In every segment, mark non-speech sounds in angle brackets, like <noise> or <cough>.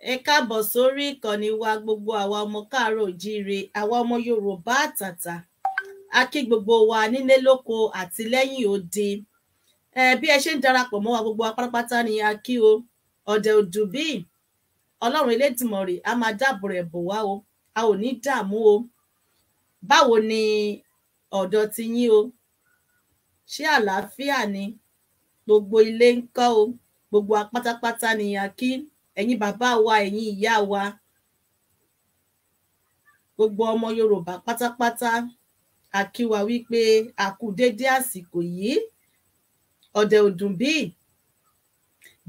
ẹ káàbọ̀ sórí ìkànnì wa gbogbo àwa ọmọ káàárọ̀ òjíire àwa ọmọ yorùbá àtàtà a kí gbogbo wa nílé lóko àti lẹ́yìn odi ẹ bí ẹ ṣe ń darapọ̀ mọ́ wa gbogbo apátápátá ni a kí o ọ̀dẹ̀ òdù bíi ọlọ́run elédìmọ̀rè a máa dáàbò rẹ̀ bò wá o a ò ní dààmú o báwo ni ọ̀dọ̀ ti yín o ṣé àlàáfíà ni gbogbo ilé ń kọ́ o gbogbo apátápátá ni a kí o ẹ̀yin bàbá wa ẹ̀yin ìyá wa gbogbo ọmọ Yorùbá pátápátá a kí wa wípé a kú déédéé àsìkò yìí ọ̀dẹ̀ ọdún bíi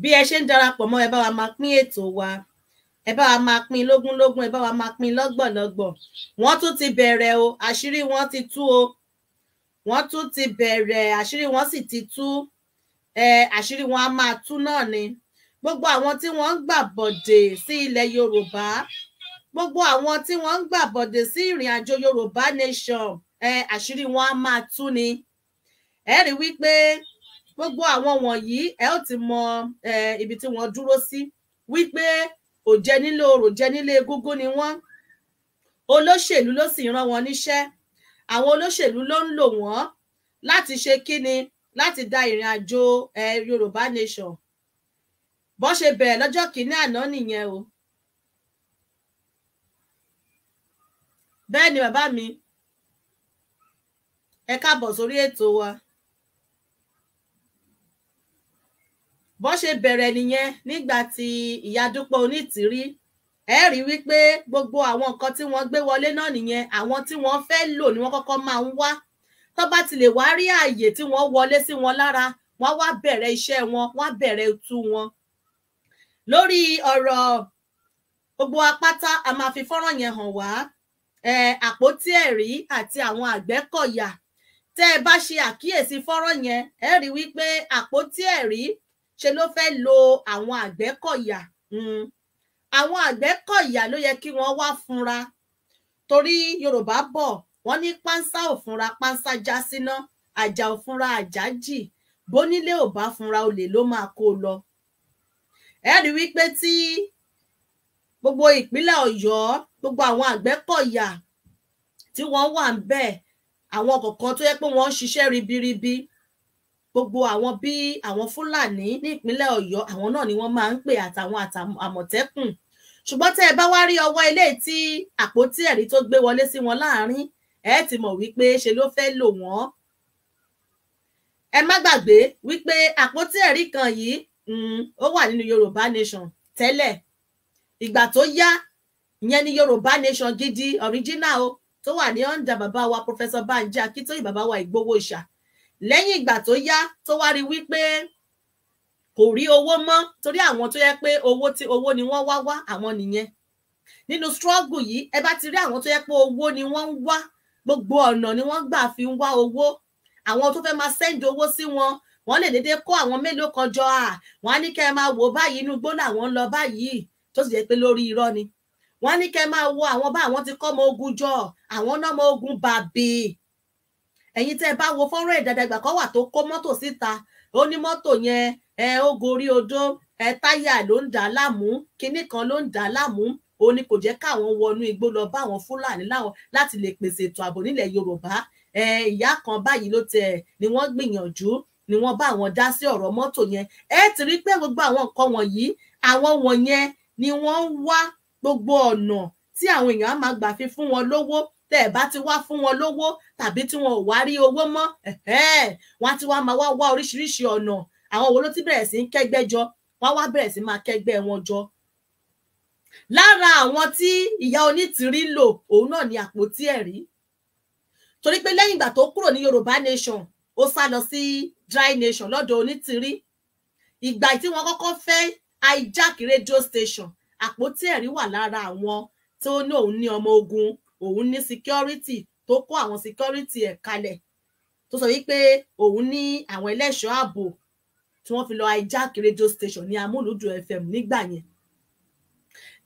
bí ẹ ṣe ń darapọ̀ mọ́ ẹ bá wa máa pín ètò wa ẹ bá wa máa pín lógúnlógún ẹ bá wa máa pín lọ́gbọ̀nlọ́gbọ̀n wọ́n tún ti bẹ̀rẹ̀ o àṣírí wọn ti tú o wọ́n tún ti bẹ̀rẹ̀ àṣírí wọn sì ti tú ẹ àṣírí wọn á máa tú náà ni gbogbo àwọn tí wọ́n ń gbàbọ̀dè sí ilẹ̀ yorùbá gbogbo àwọn tí wọ́n ń gbàbọ̀dè sí ìrìn àjò yorùbá nation àṣírí wọn á máa tú ni ẹ rí wípé gbogbo àwọn wọ̀nyí ẹ ó ti mọ ibi tí wọ́n dúró sí wípé òjẹ nílé orò jẹ nílé egúngún ni wọ́n olóṣèlú ló sì rán wọn níṣẹ́ àwọn olóṣèlú ló ń lò wọ́n láti ṣe kíni láti da ìrìn àjò yorùbá nation bọ́n ṣe bẹ̀rẹ̀ lọ́jọ́ kìíní àná nìyẹn o bẹ́ẹ̀ ni bàbá mi ẹ káàbọ̀ sórí ètò wa bọ́n ṣe bẹ̀rẹ̀ nìyẹn nígbà tí ìyá Dúpẹ́ Onítìrí ẹ rí wípé gbogbo àwọn nǹkan tí wọ́n gbé wọlé náà nìyẹn àwọn tí wọ́n fẹ́ lò ní wọ́n kọ́kọ́ máa ń wá tó bá ti lè wá rí ààyè tí wọ́n wọlé sí wọn lára wọ́n wá bẹ̀rẹ̀ iṣẹ́ wọn wọ́n bẹ̀rẹ̀ tú wọn lórí ọ̀rọ̀ gbogbo apáta a máa fi fọ́nrán yẹn hàn wá àpótí ẹ̀rí àti àwọn àgbẹ́kọ̀yà tẹ́ ẹ bá ṣe àkíyèsí fọ́nrán yẹn ẹ rí wípé àpótí ẹ̀rí ṣe ló fẹ́ lo àwọn àgbẹ́kọ̀yà hmm. àwọn àgbẹ́kọ̀yà ló yẹ kí wọ́n wá fúnra torí Yorùbá bọ̀ wọ́n ní pánsá ò fúnra pánsá já síná àjà ò fúnra jì bónílé ò bá fúnra olè ló máa kó lọ ẹ rí wípé tí gbogbo ìpínlẹ̀ Ọ̀yọ́ gbogbo àwọn Àgbẹ̀kọ̀yà tí wọ́n wà ń bẹ̀ àwọn kọ̀ọ̀kan tó yẹ pé wọ́n ń ṣiṣẹ́ ribiribi gbogbo àwọn bí àwọn Fúlàní ní ìpínlẹ̀ Ọ̀yọ́ àwọn náà ni wọ́n máa ń pè àtàwọn Àmọ̀tẹ́kùn ṣùgbọ́n tẹ́ ẹ bá wá rí ọwọ́ ilé tí àpótí ẹ̀rí tó gbé wọlé sí wọn láàrin ẹ ti mọ̀ wípé ṣe ló fẹ́ lò wọ́n ẹ má gbàgbé wípé àpótí ẹ̀rí kan yìí Mm, ó wà nínú yorùbá nation tẹ́lẹ̀ ìgbà tó yá ìyẹn ni yorùbá nation gidi original o tó wà ní ọ̀ǹda bàbá wa professor banji akintoye bàbá wa ìgbowó ìṣà lẹ́yìn ìgbà tó yá tó wá rí wípé kò rí owó mọ́ torí àwọn tó yẹ pé owó tí owó ni wọ́n wá wá àwọn nìyẹn nínú struggle yìí ẹ bá ti rí àwọn tó yẹ pé owó ni wọ́n ń wá gbogbo ọ̀nà ni wọ́n gbà fi ń wá owó àwọn tó fẹ́ máa send owó sí wọn wọ́n lè dédé kó àwọn mélòó kan jọ à wọ́n á ní kẹ́ ẹ máa wò báyìí inú igbó làwọn ń lọ báyìí tó sì jẹ́ pé lórí irọ́ ni wọ́n á ní kẹ́ ẹ máa wo àwọn bá àwọn ti kọ́ ọmọ ogun jọ àwọn náà ọmọ ogun bàbè ẹ̀yin tẹ́ ẹ bá wo fọ́nrán ìdàdàgbà kan wà tó kó mọ́tò síta ó ní mọ́tò yẹn ẹ ó gorí odó ẹ táyà ló ń dà á láàmú kinní kan ló ń dà á láàmú ó ní kò jẹ́ káwọn wọnú igbó lọ bá àwọn fúlàní láwọn láti lè pèsè ètò ààbò nílẹ̀ yorùbá ìyá kan báyìí ló tẹ ni wọ́n gbìyànjú ni wọ́n bá wọn dá sí ọ̀rọ̀ mọ́tò yẹn ẹ ti rí pé gbogbo àwọn nǹkan wọ̀nyí àwọn wọ̀nyẹn ni wọ́n ń wá gbogbo ọ̀nà tí àwọn èèyàn á máa gbà fi fún wọn lówó tẹ́ ẹ̀ bá ti wá fún wọn lówó tàbí tí wọn ò wá rí owó mọ́ wọ́n á ti wá máa wá wá oríṣiríṣi ọ̀nà àwọn wo ló ti bẹ̀rẹ̀ sí ń kẹ́gbẹ́ jọ wọ́n á wá bẹ̀rẹ̀ sí máa kẹ́gbẹ́ wọn jọ lára àwọn tí ìyá onítìrí lò òun náà ni àpótí ẹ̀rí torí pé lẹ́yìn ìgbà tó kúrò ní Yorùbá Nation ó sá lọ sí dry nation lọ́dọ̀ onítìrí ìgbà tí wọ́n kọ́kọ́ fẹ́ hijack radio station àpótí ẹ̀rí wà lára àwọn tó ní òun ní ọmọ ogun òun ní security tó kó àwọn security ẹ̀ kalẹ̀ tó sọ wípé òun ní àwọn ẹlẹ́ṣọ́ ààbò tí wọ́n fi lọ hijack radio station ní amúlùdùn fm nígbà yẹn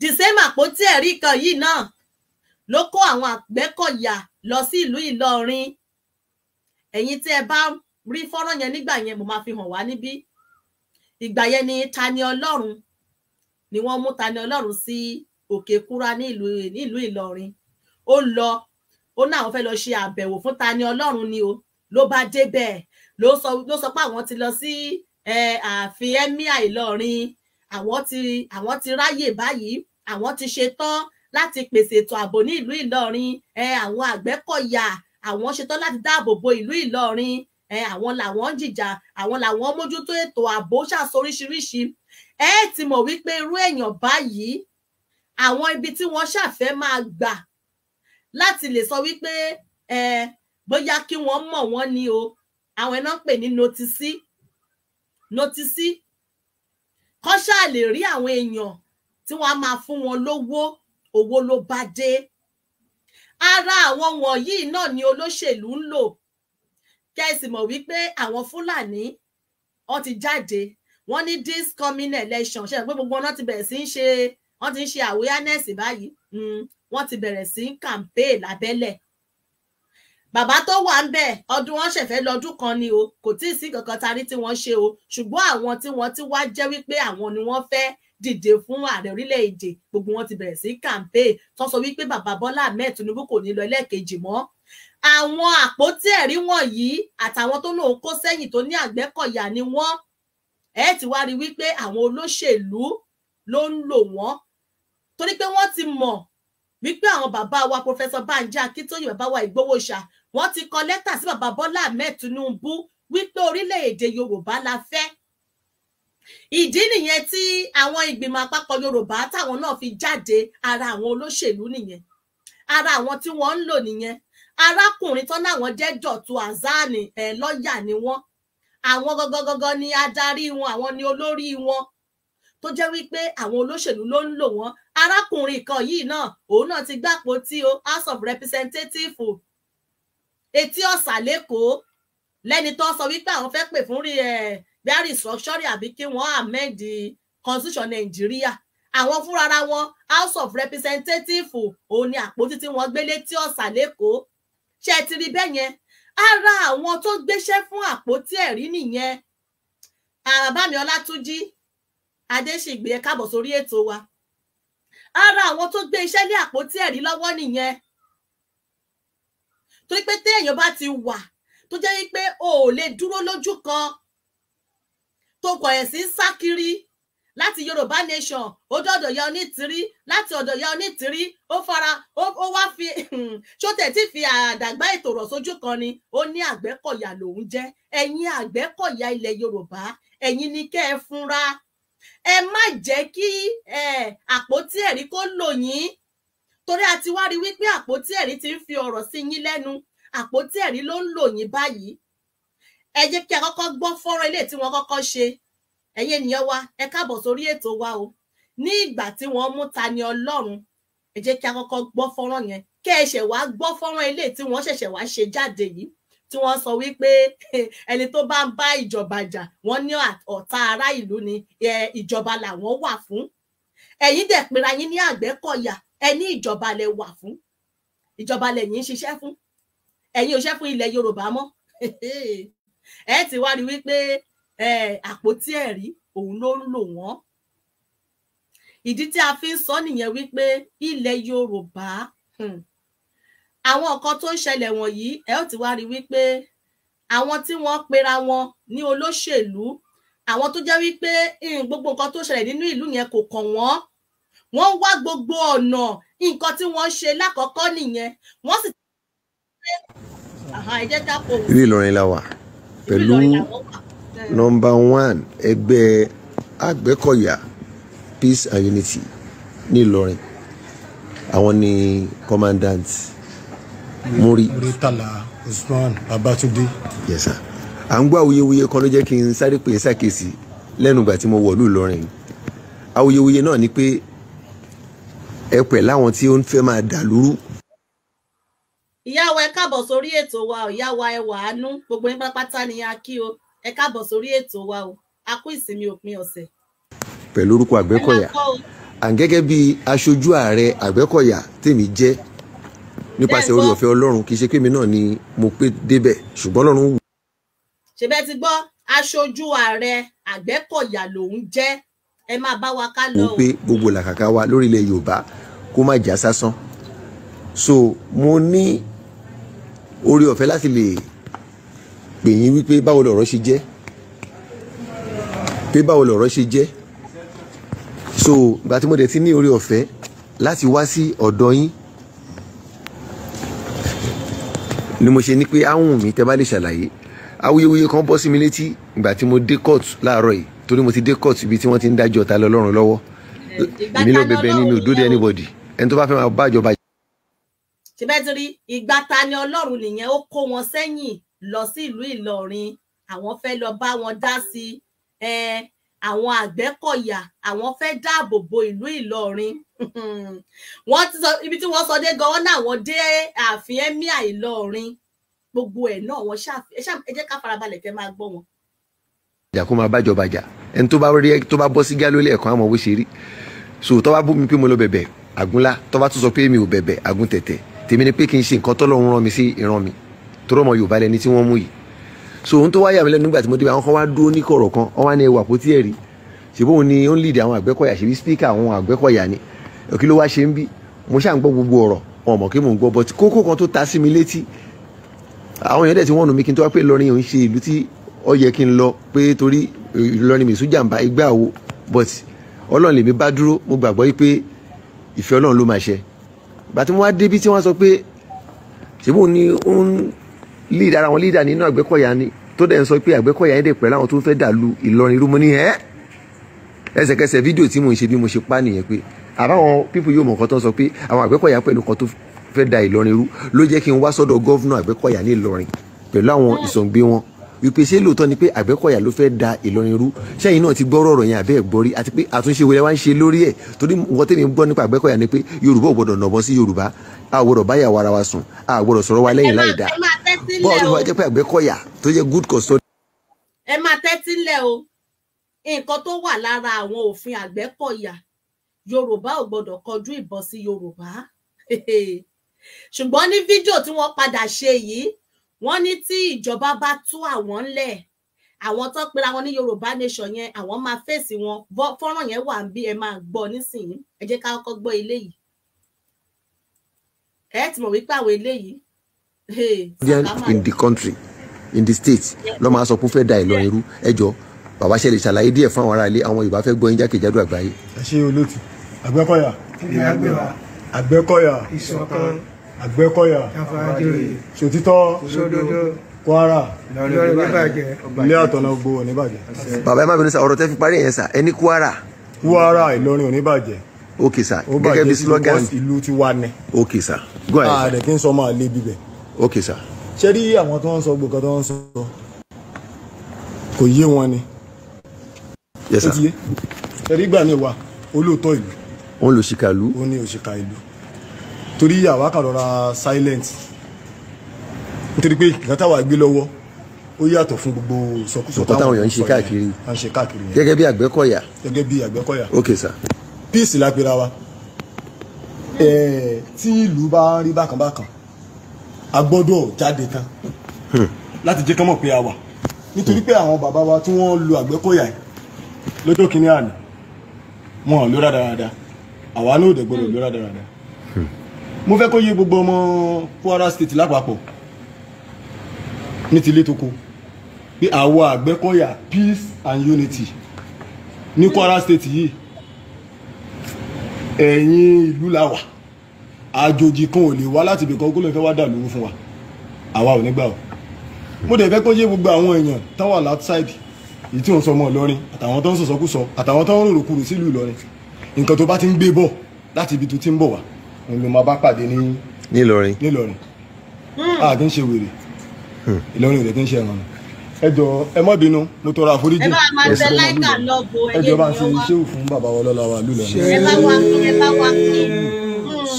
the same àpótí ẹ̀rí kan yìí náà ló kó àwọn àgbẹ̀kọ̀yà lọ sí ìlú ìlọrin ẹ̀yin tí ẹ bá rí fọ́nrán yẹn nígbà yẹn mo máa fi hàn wá níbí ìgbà yẹn ni Tani Ọlọ́run ni wọ́n mú Tani Ọlọ́run sí òkè kúra ní Ìlọrin ó lọ ó ní àwọn fẹ́ lọ ṣe àbẹ̀wò fún Tani Ọlọ́run ni o ló bá débẹ̀ ló sọ ló sọ pé àwọn ti lọ sí ààfin Emir Ìlọrin àwọn ti àwọn ti ráyè báyìí àwọn ti ṣetán láti pèsè ètò ààbò ní ìlú Ìlọrin àwọn Àgbẹ̀kọ̀yà àwọn ṣetán láti dáàbò bo ìlú Ìlọrin àwọn làwọn jìjà àwọn làwọn mójútó ètò ààbò ṣàṣoríṣiríṣi ẹ ti mọ̀ wípé irú èèyàn báyìí àwọn ibi tí wọ́n ṣàfẹ́ máa gbà láti lè sọ wípé ẹ bóyá kí wọ́n mọ̀ wọ́n ni o àwọn iná ń pè ní notisí notisí kọ́ ṣáà lè rí àwọn èèyàn tí wọ́n á máa fún wọn lówó owó ló bá dé ara àwọn wọ̀nyí náà ni olóṣèlú ń lò kẹ́sì mọ̀ wípé àwọn fúlàní wọ́n ti jáde wọ́n ní this coming election ṣe pé gbogbo wọn ti bẹ̀rẹ̀ sí í ṣe wọ́n ti ń ṣe awareness báyìí hmm, wọ́n ti bẹ̀rẹ̀ sí í campaign lábẹ́lẹ̀ bàbá tó wà ń bẹ̀ ọdún wọn ṣẹ̀fẹ̀ lọ́dún kan ni o kò tí ì sí kankan tarí tí wọ́n ṣe o ṣùgbọ́n àwọn tí wọ́n ti wá jẹ́ wípé àwọn ni wọ́n fẹ́ dìde fún ààrẹ orílẹ̀-èdè gbogbo wọn ti bẹ̀rẹ̀ sí campaign tó sọ wípé bàbá Bọ́lá Ahmed Tinubu kò ní lọ ẹlẹ́ẹ̀kejì mọ́ àwọn àpótí ẹ̀rí wọ̀nyí àtàwọn tó lóun kó sẹ́yìn tó ní àgbẹ́kọ̀yà ni wọ́n ẹ ti wá rí wípé àwọn olóṣèlú ló ń lò wọ́n torí pé wọ́n ti mọ̀ wípé àwọn bàbá wa Professor Banji Akíntóyè bàbá wa Ìgbòhoṣà wọ́n ti kọ lẹ́tà sí bàbá Bọ́lá Ahmed Tinubu wípé orílẹ̀-èdè Yorùbá la fẹ́ ìdí nìyẹn tí àwọn ìgbìmọ̀ àpapọ̀ Yorùbá táwọn náà fi jáde ara àwọn olóṣèlú nìyẹn ara àwọn tí wọ́n ń lò nìyẹn arákùnrin tán láwọn jẹ́ Dọ̀tun Hassan ẹ̀ lọ́ọ̀yà ni wọ́n àwọn gangan ni adarí wọn àwọn ni olórí wọn tó jẹ́ wípé àwọn olóṣèlú ló ń lò wọ́n arákùnrin kan yìí náà òun náà ti gbàpò tí o House of Representatives etí ọ̀sà lẹ́kọ̀ọ́ lẹ́ni tó sọ wípé àwọn fẹ́ pè fún rí ẹ̀ bẹ́ẹ̀ restructuring àbí kí wọ́n amend constitution Nàìjíríà àwọn fúnra wọn House of Representatives òun ni àpótí tí wọ́n gbélé tí ọ̀sà lẹ́kọ̀ọ́ ṣe ti rí bẹ́ẹ̀ yẹn ara àwọn tó gbéṣẹ́ fún àpótí ẹ̀rí nìyẹn àbámi ọlátúnjí adéṣègbè ẹ káàbọ̀ sórí ètò wa ara àwọn tó gbé iṣẹ́ lé àpótí ẹ̀rí lọ́wọ́ nìyẹn torí pé téèyàn bá ti wà tó jẹ́ wípé o ò lè dúró lójú kan tó kọ̀ ẹ̀ sí sá kiri láti yorùbá nation ó dọ̀dọ̀ ya onítìrí láti ọ̀dọ̀ ya tiri, ó fara ó wá fi hmm, ṣótẹ̀ tí fi àdàgbà ètò ọ̀rọ̀ sójú kan ni ó ní àgbẹ́kọ̀yà lòún jẹ́ ẹ̀yin àgbẹ́kọ̀yà ilẹ̀ yorùbá ẹ̀yin ni kẹ́ ẹ fúnra ẹ má jẹ́ kí àpótí ẹ̀rí kó lò yín torí a ti wá rí wípé àpótí ẹ̀rí ti ń fi ọ̀rọ̀ sí yín lẹ́nu àpótí ẹ̀rí ló ń lò yín báyìí ẹ jẹ́ kí a kọ́kọ́ gbọ́ fọ́rọ̀ ilé tí wọ́n kọ́kọ́ ṣe ẹ̀yin ènìyàn wa ẹ káàbọ̀ sórí ètò wa o ní ìgbà tí wọ́n mú ta ni ọlọ́run ẹ jẹ́ kí a kọ́kọ́ gbọ́ fọ́nrán yẹn kẹ́ ẹ ṣẹ̀ wá gbọ́ fọ́nrán ilé tí wọ́n ṣẹ̀ṣẹ̀ wá ṣe jáde yìí tí wọ́n sọ wípé <laughs> ẹni tó bá ń bá ìjọba jà wọ́n ní ọ̀tá ará ìlú ni ìjọba làwọn wà fún ẹ̀yin dẹ̀ pera yín ní àgbẹ̀kọ̀yà ẹ ní ìjọba lẹ wà fún ìjọba lẹ̀yin ń ṣiṣẹ́ fún ẹ̀yin ò ṣe fún ilẹ̀ yorùbá mọ́ <laughs> ẹ ti wá rí wípé àpótí ẹ̀rí òun ló ń lò wọ́n ìdí tí a fi ń sọ nìyẹn wípé ilẹ̀ Yorùbá hmm, àwọn nǹkan tó ń ṣẹlẹ̀ wọ̀nyí ẹ ó ti wá rí wípé àwọn tí wọ́n pera wọn ní olóṣèlú àwọn tó jẹ́ wípé hmm, gbogbo nǹkan tó ṣẹlẹ̀ nínú ìlú yẹn kò kàn wọ́n wọ́n ń wá gbogbo ọ̀nà nǹkan tí wọ́n ṣe lákọ̀ọ́kọ́ nìyẹn wọ́n sì. ilé Ìlọrin la wà pẹ̀lú number one ẹgbẹ́ àgbẹ̀kọ̀yà peace and unity ní Ìlọrin àwọn ni commandant Muri. Muritala Usman Babatunde. yes sir à ń gbọ́ awuyewuye kan ló jẹ́ kí n sáré pè é ṣàkíyèsí lẹ́nu ìgbà tí mo wọ̀lú Ìlọrin awuyewuye náà ni pé ẹ pẹ̀ láwọn tí ó ń fẹ́ máa dà lúrú. ìyá wa ẹ káàbọ̀ sórí ètò wa ìyá wa ẹ wàánú gbogbo yín pátápátá ni a kí o ẹ káàbọ̀ sórí ètò wa o a kú ìsinmi òpin ọ̀sẹ̀. pẹ̀lú orúkọ àgbẹ̀kọ̀yà and gẹ́gẹ́ bí aṣojú ààrẹ àgbẹ̀kọ̀yà tèmi jẹ́ nípasẹ̀ orí ọ̀fẹ́ ọlọ́run kì í ṣe pé mi náà ni mo pé débẹ̀ ṣùgbọ́n ọlọ́run wù. ṣèbẹ́ ti gbọ́ aṣojú ààrẹ àgbẹ̀kọ̀yà lòún jẹ́ ẹ máa bá wa ká lọ. mo pé gbogbo làkàkà wa lórílẹ̀ yorùbá kó má já sásán so mo ní orí ọ̀fẹ́ láti lè pè yín wípé báwo lọ̀rọ̀ ṣe jẹ́ pé báwo lọ̀rọ̀ ṣe jẹ́ so ìgbà tí mo dẹ̀ ti ní orí ọ̀fẹ́ láti wá sí ọ̀dọ̀ yín ni mo ṣe ní pé áhùn mi tẹ́ bá lè ṣàlàyé awuyewuye kan bọ́ sí mi létí ìgbà tí mo dé court láàárọ̀ yìí torí mo ti dé court ibi tí wọ́n ti ń dájọ́ ta lọ́lọ́run lọ́wọ́ èmi ló bẹ̀bẹ̀ ní mi anybody ẹni tó bá fẹ́ máa bá ìjọba. ṣùgbọ́n ti rí ìgbà ta ni ọlọ́run nìyẹn ó kó wọn sẹ́yìn lọ sí ìlú Ìlọrin àwọn fẹ́ lọ bá wọn dá sí àwọn Àgbẹ̀kọ̀yà àwọn fẹ́ dáàbò bo ìlú Ìlọrin <laughs> wọ́n ti sọ ibi tí wọ́n sọ dé gan náà wọ́n dé ààfin Emir Ìlọrin gbogbo ẹ̀ náà wọ́n ṣáà ẹ jẹ́ ká farabalẹ̀ kẹ́ máa gbọ́ wọn. ìjà kó máa bájọba jà ẹni tó bá rí ẹ tó bá bọ́ sí gálólé ẹ̀kan àmọ́ bó ṣe so tó bá bú mi pé mo lọ bẹ̀bẹ̀ àgúnlá tó bá tún sọ pé mi ò bẹ̀bẹ̀ àgúntẹ̀tẹ̀ tèmi ni pé kí n ṣe nǹkan tọ́lọ́run rán mi sí ìran mi torọ́mọ Yorùbá lẹni tí wọ́n mú yìí so ohun tó wá yà mí lẹ́nu nígbà tí mo débi àwọn kan wá dúró ní kọ̀rọ̀ kan wọ́n wá ní àpótí ẹ̀rí ṣèbó ni ó ń lead àwọn àgbẹ̀kọ̀yà ṣèbí speaker àwọn àgbẹ̀kọ̀yà ni kí ló wá ṣe ń bí mo ṣáà ń gbọ́ gbogbo ọ̀rọ̀ wọn mọ̀ kí mò ń gbọ́ but kókó kan tó ta sí mi létí àwọn èèyàn dẹ̀ tí wọ́n nù mí kí n tó wá pé Ìlọrin òun ṣe ìlú tí ó yẹ kí n lọ pé torí Ìlọrin mi ìsújàmbá igbá àwo but Ọlọ́run lèmi bá dúró mo gbàgbọ́ yìí pé ìfẹ́ Ọlọ́run ló máa ṣe gbàtí mo wá débi tí wọ́n sọ pé ṣèbó ni ó ń lead ara wọn leader nínú Àgbẹ̀kọ̀yà ni tó dẹ̀ ń sọ pé Àgbẹ̀kọ̀yà yẹn dẹ̀ pẹ̀lú àwọn tó ń fẹ́ dàlú Ìlọrin irú mo ní ẹ́ ẹsẹ̀kẹsẹ̀ fídíò tí mo ń ṣe bí mo ṣe pa nìyẹn pé àbáwọn people yóò mọ̀ nǹkan tó ń sọ pé àwọn Àgbẹ̀kọ̀yà pẹ̀lú nǹkan tó fẹ́ da Ìlọrin irú ló jẹ́ kí n wá sọ́dọ̀ gọ́vnà Àgbẹ̀kọ̀yà ní Ìlọrin pẹ̀lú àwọn ìsọ̀ǹgbé wọn wípé ṣé lóòótọ́ ni pé Àgbẹ̀kọ̀yà ló fẹ́ da Ìlọrin rú ṣẹ́yìn náà ti gbọ́rọ̀ ọ̀rọ̀ yẹn àbẹ́ ẹ̀ gbọ́rí àti pé àtúnṣe wẹlẹ́ wá ń ṣe lórí ẹ̀ torí nǹkan tèmi gbọ́ nípa Àgbẹ̀kọ̀yà ni pé Yorùbá ò gbọ́dọ̀ nàbọ́ sí Yorùbá a ò gbọ́dọ̀ báyàwó ara wa sùn a ò gbọ́dọ̀ sọ̀rọ̀ wa lẹ́yìn láì dáa bọ́ọ̀lù wa jẹ́ pé àgbẹ̀kọ̀yà tó jẹ́ good custody. ẹ máa tẹ́tí lẹ̀ o nǹkan tó wà lára àwọn òfin àgbẹ̀kọ̀yà yorùbá ò gbọ́dọ̀ kọjú ìbọn sí yorùbá <laughs> ṣùgbọ́n ní fídíò tí wọ́n padà ṣe yìí wọ́n ní tí ìjọba bá tú àwọn ńlẹ̀ àwọn tó pera wọn ní yorùbá nation yẹn àwọn máa fèsì wọn fọ́nrán yẹn wà bí ẹ máa gbọ́ nísìnyí ẹ jẹ́ ká kọ́kọ́ gbọ́ eléyìí ẹ ti mọ̀ wípé àwọn eléyìí indian in the country in the state lọ́mọ aṣọ kó fẹ́ da Ìlọrin rú ẹjọ́ bàbá ṣe lè ṣàlàyé díẹ̀ fún àwọn ará àwọn Yorùbá fẹ́ gbọ́ yín jákèjádò àgbáyé. ẹ ṣe olóòtú Àgbẹ̀kọ̀yà Àgbẹ̀kọ̀yà ìṣọ̀kan Àgbẹ̀kọ̀yà ṣòtítọ́ ṣòdodo Kwara ilé àtọ̀nà gbogbo ò bàbá ẹ má bínú sá ọ̀rọ̀ tẹ́ fi parí yẹn sá ẹ ní Kwara. Kwara Ìlọrin ò ok sir gẹ́gẹ́ bí slogan ìlú ti wá ní. ok sir go ahead. ààrẹ kí n sọ máa lé bíbẹ ok sir. ṣé rí àwọn tó ń sọ gbogbo tó ń sọ kò yé wọn ni. yes sir. ṣé rí gbà ní wa olóòótọ́ ìlú. òun ló ṣìkà ìlú. òun ni òṣìkà ìlú torí àwa kà rọra silent nítorí pé ìgbà táwa gbé lọ́wọ́ ó yàtọ̀ fún gbogbo sọkúsọ táwọn èèyàn ń ṣe káàkiri gẹ́gẹ́ bí àgbẹ̀kọ̀yà gẹ́gẹ́ bí àgbẹ̀kọ̀yà ok sir. peace la pera wa tí ìlú bá ń rí bákan bákan a gbọ́dọ̀ jáde tán hmm. láti jẹ́ kán mọ̀ pé a wà nítorí pé àwọn bàbá wa tí wọ́n lu àgbẹ̀kọ̀yà lọ́jọ́ kìíní àná wọn ò lò rádaràda àwa náà ò dẹ̀ gbọ́dọ̀ lò rádaràda hmm. mo fẹ́ kó yé gbogbo ọmọ Kwara State lápapọ̀ ní tilé tó kó pé àwa àgbẹ̀kọ̀yà peace and unity ní Kwara State yìí ẹ̀yìn ìlú la wà àjòjì kan ò lè wá láti ibìkan kó ló fẹ́ wá dàlúrú fún wa àwa ò ní gbà o mo dẹ̀ fẹ́ kó yé gbogbo àwọn èèyàn táwọn àlàtsáìdì èyí tí wọ́n sọ ọmọ Ìlọrin àtàwọn tó ń sọ̀sọ́kùsọ àtàwọn tó ń rò ròkúrò sílùú Ìlọrin nǹkan tó bá ti ń gbé bọ̀ láti ibi tó ti ń bọ̀ wá òun ló máa bá pàdé ní nílọrin nílọrin a kì í ṣe wèrè Ìlọrin rẹ̀ kì í ṣe ẹ̀ràn ẹ jọ ẹ má bínú mo tọrọ àforíjì ẹ jọ bá ń ṣe iṣẹ́ òfin bàbá wọlọ́lá wa lùlọ. ẹ bá wà mí ẹ bá wà mí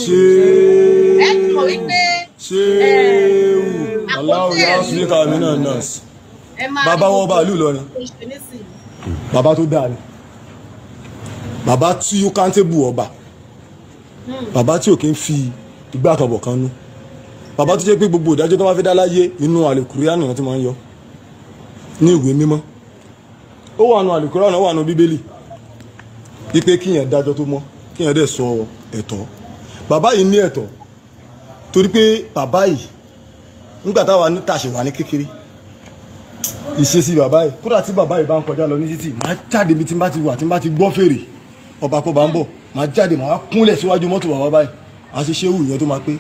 ṣe é ṣe é aláwọ̀ ní kàmí náà nọ́ọ̀sì bàbá wọn bá ìlú Ìlọrin bàbá tó dáa ni bàbá tí ó káńtébù ọba hmm. bàbá tí ò kí ń fi ìgbà àkàbọ̀ kan nú bàbá tó jẹ́ pé gbogbo ìdájọ́ tó bá fẹ́ dá láyé inú àlùkùránì náà ti máa ń yọ ní ìwé mímọ́ ó wà nù àlùkùránì náà wà nù bíbélì ipe kíyàn dájọ́ tó mọ́ kíyàn dẹ̀ sọ ẹ̀tọ́ bàbá yìí ní ẹ̀tọ́ torí pé bàbá yìí nígbà táwa ní tàṣe wà ní kékeré ìṣesí bàbá yìí kódà tí bàbá yìí bá ń kọjá lọ ní títì máa jáde bí tí n bá ti wà tí n bá ti gbọ́ fèrè ọba kó bá ń bọ̀ máa jáde máa kúnlẹ̀ síwájú mọ́tò bàbá báyìí àṣeṣe wù yẹn tó máa pé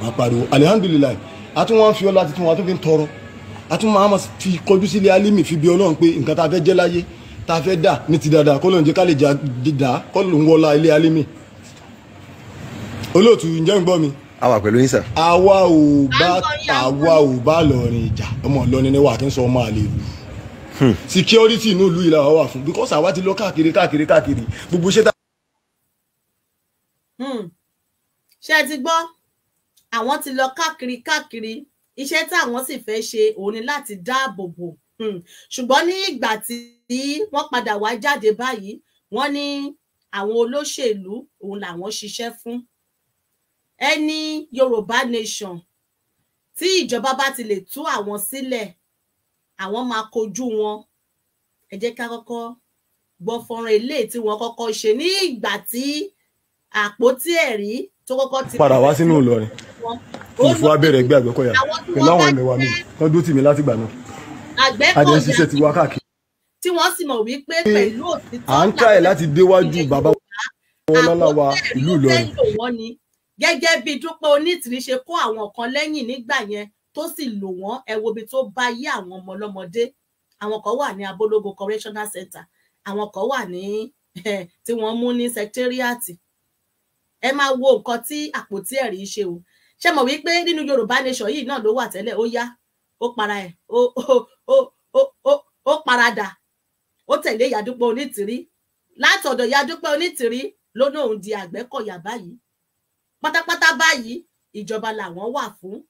máa pariwo alihamdulilayi àtún wọn fi ọlá titun wọn àtún fi ń tọrọ àtún máa fi kọjú sílé alimi fi bí ọlọ́run pé nǹkan tá a fẹ́ jẹ́ láyé tá a fẹ́ dà ní ti dáadáa kọ́ lóun jẹ́ ká lè dà kọ́ lóun wọlá ilé alimi olóòtú ǹjẹ́ ń gbọ́ mi. a wà pẹ̀lú yín sà. àwa ò bá àwa ò bá lọrin ìjà ọmọ ìlọrin ni wà kí n sọ ọmọ àlè ìlú hmm. security inú ìlú la wà fún because àwa ti lọ káàkiri káàkiri káàkiri gbogbo ṣé tá. Hmm. ṣé ẹ ti gbọ́ àwọn ti lọ káàkiri káàkiri iṣẹ́ táwọn sì fẹ́ ṣe òun ni láti dáàbò bò hmm. ṣùgbọ́n ní ìgbà tí wọ́n padà wá jáde báyìí wọ́n ní àwọn olóṣèlú òun làwọn ṣiṣẹ́ fún ẹni yorùbá nation tí ìjọba bá ti lè tú àwọn sílẹ̀ àwọn máa kojú wọn ẹ jẹ́ ká kọ́kọ́ gbọ́ fọ́nrán ilé tí wọ́n kọ́kọ́ ṣe ní ìgbà tí àpótí ẹ̀rí tó kọ́kọ́ ti. padà wá sínú ìlọrin ìfọ abẹ́rẹ́ ẹgbẹ́ àgbẹ̀kọ̀yà pẹ̀lú àwọn ẹ̀mẹ̀wà mi wọ́n dúró tì mí látìgbà náà àdé ń ṣiṣẹ́ ti wá káàkiri. tí wọ́n sì mọ̀ wípé hmm. pẹ̀lú òtítọ́ à ń tàyè láti déwájú bàbá wọn lọ́lá wa ìlú ìlọrin gẹ́gẹ́ bí Dúpẹ́ Onítìrí ṣe kó àwọn kan lẹ́yìn nígbà yẹn tó sì lò wọ́n ẹ wo ibi tó bá yé àwọn ọmọ àwọn kan wà ní Abologo correctional center àwọn kan wà ní eh, tí wọ́n mú ní secretariat ẹ máa wo nǹkan tí àpótí ẹ̀rí ṣe o ṣe mọ̀ wípé nínú Yorùbá nation yìí náà ló wà tẹ́lẹ̀ ó yá ó para ẹ̀ ó ó ó ó ó paradà ó tẹ̀lé Ìyá Dúpẹ́ Onítìrí látọ̀dọ̀ Ìyá Dúpẹ́ Onítìrí ló náà di Àgbẹ̀kọ̀yà báyìí pátápátá báyìí ìjọba làwọn wà fún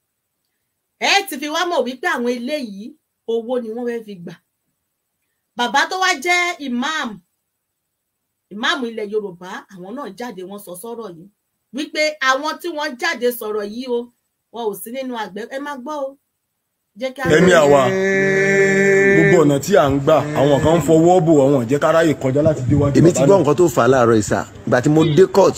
ẹ ti fi wá mọ̀ wípé àwọn eléyìí owó ni wọ́n fẹ́ẹ́ fi gbà bàbá tó wá jẹ́ imam imam ilẹ̀ Yorùbá àwọn náà jáde wọ́n sọ sọ́rọ̀ yìí wípé àwọn tí wọ́n jáde sọ̀rọ̀ yìí o wọn ò sí nínú àgbẹ̀ ẹ má gbọ́ o jẹ́ ká. ẹ̀mí àwa gbogbo ọ̀nà tí à ń gbà àwọn kan ń fọwọ́ bò àwọn ìjẹ́káráyè kọjá láti déwájú. èmi ti gbọ́ nǹkan tó fà á láàárọ̀ ìsà ìgbà mo dé court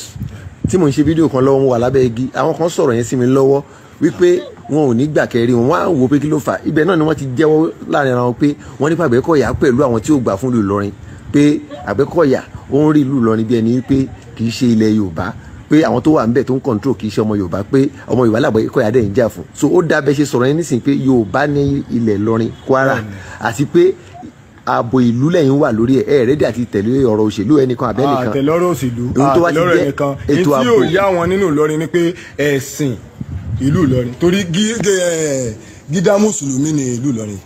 tí mò ń ṣe fídíò kan lọ́wọ́ mo wà lábẹ́ igi àwọn kan sọ̀rọ̀ yẹn sí mi lọ́wọ́ wípé wọn ò ní gbà kẹrí wọn á wò pé kí ló fà ibẹ̀ náà ni wọ́n ti jẹ́wọ́ láàrin ara wọn pé wọ́n nípa Àgbẹ̀kọ̀yà pẹ̀lú àwọn tí ó gbà fún ìlú Ìlọrin pé Àgbẹ̀kọ̀yà ó ń rí ìlú Ìlọrin bí ẹni pé kì í ṣe ilẹ̀ Yorùbá pé àwọn tó wà ń bẹ̀ tó ń control kì í ṣe ọmọ Yorùbá pé ọmọ Yorùbá l'Àgbẹ̀kọ̀yà dẹ̀ ń jà fún so ó dábẹ́ ṣe sọ̀rọ̀ yẹn nísìnyí pé Yorùbá ní ilẹ̀ Ìlọrin Kwara àti pé ààbò ìlú lẹ́yìn wà lórí ẹ̀ ẹ̀ rẹ́dí àti tẹ̀lé ọ̀rọ̀ òṣèlú ẹnìkan àbẹ́ nìkan àtẹ̀lé ọ̀rọ̀ òṣèlú àtẹ̀lé ẹnìkan ètò ààbò ètò yóò yá wọn nínú Ìlọrin ni pé ẹ̀sìn ìlú Ìlọrin torí gídá mùsùlùmí ni ìlú Ìlọrin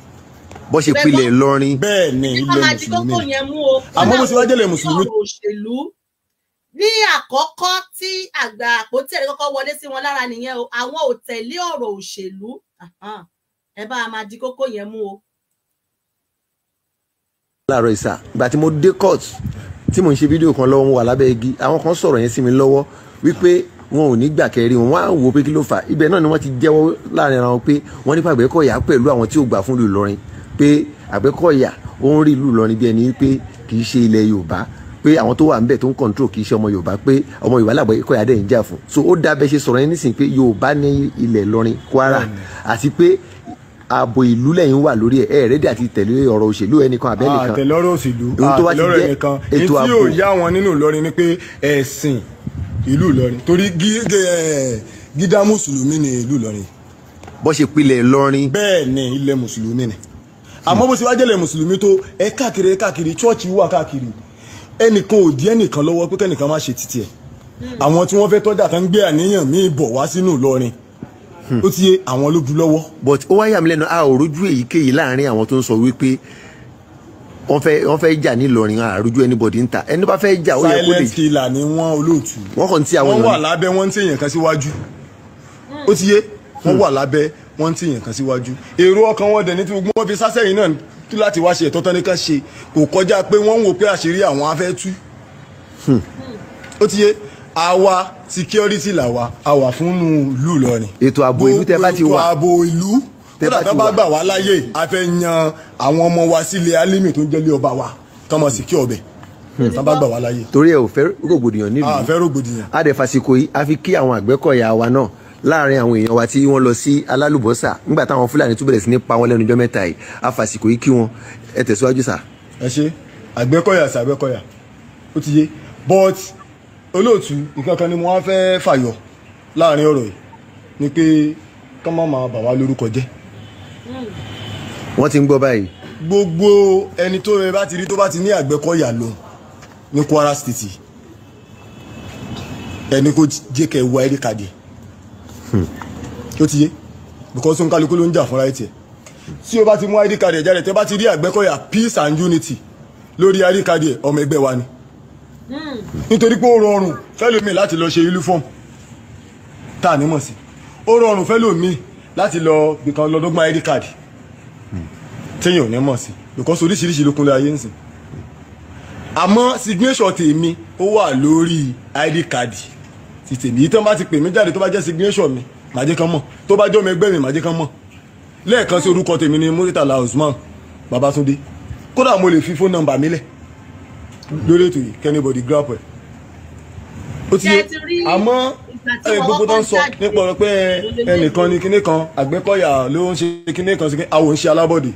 bó ṣe pilẹ̀ Ìlọrin bẹ́ẹ̀ ni ilẹ̀ mùsùlùmí àmọ́ bó ṣe wá jẹ́lẹ̀ mùsùlùmí. ní àkọ́kọ́ tí àgbà àpótí ẹ̀rí kọ́kọ́ wọlé sí wọn lára nìyẹn o láàárọ̀ ìsà ìgbà tí mo dé court tí mo ń ṣe fídíò kan lọ́wọ́ mo wà lábẹ́ igi àwọn kan sọ̀rọ̀ yẹn sí mi lọ́wọ́ wípé wọn ò ní gbà kẹrí wọn wá wò pé kí ló fà ibẹ̀ náà ni wọ́n ti jẹ́wọ́ láàrin ara wọn pé wọ́n nípa Àgbẹ̀kọ̀yà pẹ̀lú àwọn tí ò gbà fún ìlú Ìlọrin pé Àgbẹ̀kọ̀yà ó ń rí ìlú Ìlọrin bí ẹni pé kì í ṣe ilẹ̀ Yorùbá pé àwọn tó wà ń bẹ̀ tó ń control kì í ṣe ọmọ Yorùbá pé ọmọ Yorùbá làgbọ̀ ikọ̀ yà dẹ̀ ń jà fún so ó dábẹ́ ṣe sọ̀rọ̀ yẹn nísìnyí pé Yorùbá ní ilẹ̀ Ìlọrin Kwara àti pé ààbò ìlú lẹ́yìn wà lórí ẹ̀ ẹ̀ rẹ́dí àti tẹ̀lé ọ̀rọ̀ òṣèlú ẹnìkan àbẹ́nìkan àtẹ̀lé ọ̀rọ̀ òṣèlú àtẹ̀lé ọ̀rọ̀ ẹnìkan èyí tí yóò yá wọn nínú Ìlọrin ni pé ẹ̀sìn ìlú Ìlọrin torí gídá mùsùlùmí ni ìlú Ìlọrin. bó ṣe pilẹ̀ Ìlọrin. bẹ́ẹ̀ ni ilẹ̀ mùsùlùmí ni àmọ́ bó ṣe wá jẹ́lẹ̀ mùsùlùmí tó ẹ káàkiri ẹ káàkiri chọ́ọ̀chì wà káàkiri ẹnìkan ò dí ẹnìkan lọ́wọ́ pé kẹ́nìkan má ṣe títì ẹ̀ hmm. àwọn tí wọ́n fẹ́ tọ́jà kan gbé àníyàn míì bọ̀ wá sínú Ìlọrin Hmm. ó ti yé àwọn lójú lọ́wọ́. but ó wáyà mí lẹ́nu a ò rójú èyíkéyìí láàrin àwọn tó ń sọ wípé wọ́n fẹ́ wọ́n fẹ́ jà nílọrin àrùjọ anybody ń ta ẹni bá fẹ́ jà ó yẹ kó lè. silent killer ni wọ́n olóòtú. wọ́n kàn ti àwọn èèyàn. wọ́n hmm. hmm. wà lábẹ́ wọ́n ń tẹ̀yàn kan síwájú. ó ti yé wọ́n wà lábẹ́ wọ́n ń tẹ̀yàn kan síwájú. èrò ọkàn wọn dẹ̀ ní tí wọ́n fi sásẹ̀yìn náà tú láti wá ṣe ẹ̀tọ́ tán ní ká ṣe kò kọjá pé wọ́n ń wò pé àṣírí àwọn á tú. ó ti yé àwa security làwa àwa fún ìlú Ìlọrin. ètò ààbò ìlú tẹ bá ti wà ètò ààbò ìlú tẹ bá ti wà kódà tó bá gbà wá láyè a fẹ́ yan àwọn ọmọ wa sílé alimi tó ń jẹ́lé ọba wa kán mọ̀ secure ọbẹ̀ hmm. tó bá gbà wá láyè. torí ẹ ò fẹ́ rògbòdìyàn nílùú a fẹ́ rògbòdìyàn. a dẹ̀ fàsìkò yìí a fi kí àwọn àgbẹ̀kọ̀yà wa náà láàrin àwọn èèyàn wa tí wọ́n lọ sí alálùbọ́sà nígbà táwọn fúlàní tún bẹ̀rẹ̀ sí ní pa wọ́n lẹ́nu ọjọ́ mẹ́ta yìí a fàsìkò yìí kí wọn ẹ tẹ̀síwájú sà. ẹ ṣe àgbẹ̀kọ̀yà sàgbẹ̀kọ̀yà ó ti yé but olóòtú nǹkan kan ni mo wá fẹ́ẹ́ fàyọ láàrin ọ̀rọ̀ yìí ni pé kán má máa bà wá lórúkọ jẹ́. wọ́n ti ń gbọ́ báyìí. gbogbo ẹni tó rẹ bá ti rí tó bá ti ní àgbẹ̀kọ̀yà lọ ní Kwara State ẹni kò jẹ́ kẹ́ wá ẹ̀rí kàdé hmm. ó ti yé because òun kálukú ló ń jà fúnra ẹ̀ tiẹ̀ tí o bá ti mú id card jáde tẹ́ bá ti rí àgbẹ̀kọ̀yà peace and unity lórí id card ẹ̀ ọmọ ẹgbẹ́ wa ni nítorí pé ó rọrùn fẹ́lómi láti lọ ṣe uniform tá a nímọ̀ sí ó rọrùn fẹ́lómi láti lọ bìkan lọ́dọ́gbọ́n id card téèyàn ò ní mọ̀ sí because oríṣiríṣi ló kúnlẹ̀ ayé ń sìn àmọ́ signature tèmi ó wà lórí id card ti tèmi yìí tán bá ti pè mí jáde tó bá jẹ́ signature mi màá jẹ́ kán mọ̀ tó bá jẹ́ ọmọ ẹgbẹ́ mi màá jẹ́ kán mọ̀ lẹ́ẹ̀kan sí orúkọ tèmi ni Muritala Usman Babatunde kódà mo lè fi fóònù nọ́mbà mi lẹ̀ 0244 lórí ètò yìí kẹ́nìbọ̀dì grapple ẹ̀ ó ti yé àmọ́ gbogbo tó ń sọ nípa ọ̀rọ̀ pé ẹnìkan ni kinní kan àgbẹ̀kọ̀yà ló ń ṣe kinní kan àwọn ń ṣe alábọ̀dì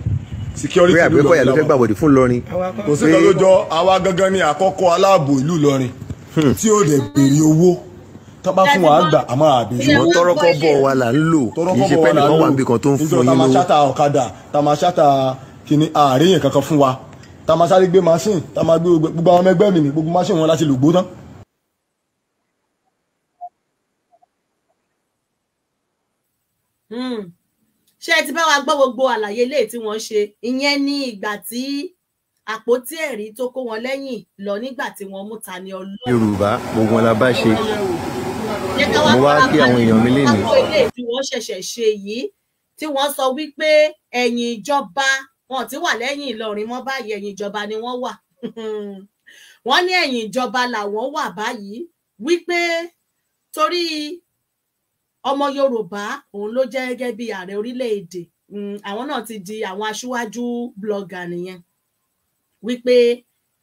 security ló lọ àgbẹ̀kọ̀yà ló fẹ́ gbàbọ̀dì fún lọrin. kò sí kan lójọ àwa gangan ni àkọ́kọ́ aláàbò ìlú lọrin hmm. tí ó dẹ̀ béèrè owó tọ́ba fún wa gbà àmọ́ àbí. ṣùgbọ́n tọrọkọ bọ̀ wa là ń lò kì í ṣe pẹ́ẹ́nì kan wà níbi kan tó ń fún yín lówó. nítorí tá a máa ṣáta ọ̀kadà tá a máa ṣáta kìnnì àárín yẹn kankan fún wa tá a máa sáré gbé machine tá a máa gbé gbogbo àwọn ẹgbẹ́ mi ní gbogbo machine wọn láti lògbó tán. Hmm. ṣé ẹ ti bá wa gbọ́ gbogbo àlàyé eléyìí tí wọ́n ṣe ìyẹn ní ìgbà tí àpótí ẹ̀rí tó kó wọn lẹ́yìn lọ nígbà tí wọ́n mú Tani Olohun. Yorùbá gbogbo ọ̀la bá ṣe mo wá kí àwọn èèyàn mi lè ní. wọ́n ṣẹ̀ṣẹ̀ ṣe yìí tí wọ́n sọ wípé ẹ̀yìn ìjọba wọn ti wà lẹ́yìn Ìlọrin mọ́ báyìí ẹ̀yìn ìjọba ni wọ́n wà <laughs> wọ́n ní ẹ̀yìn ìjọba làwọn wà báyìí wípé torí ọmọ Yorùbá òun ló jẹ́ gẹ́gẹ́ bí ààrẹ orílẹ̀-èdè mm, àwọn náà ti di àwọn aṣíwájú blogger nìyẹn wípé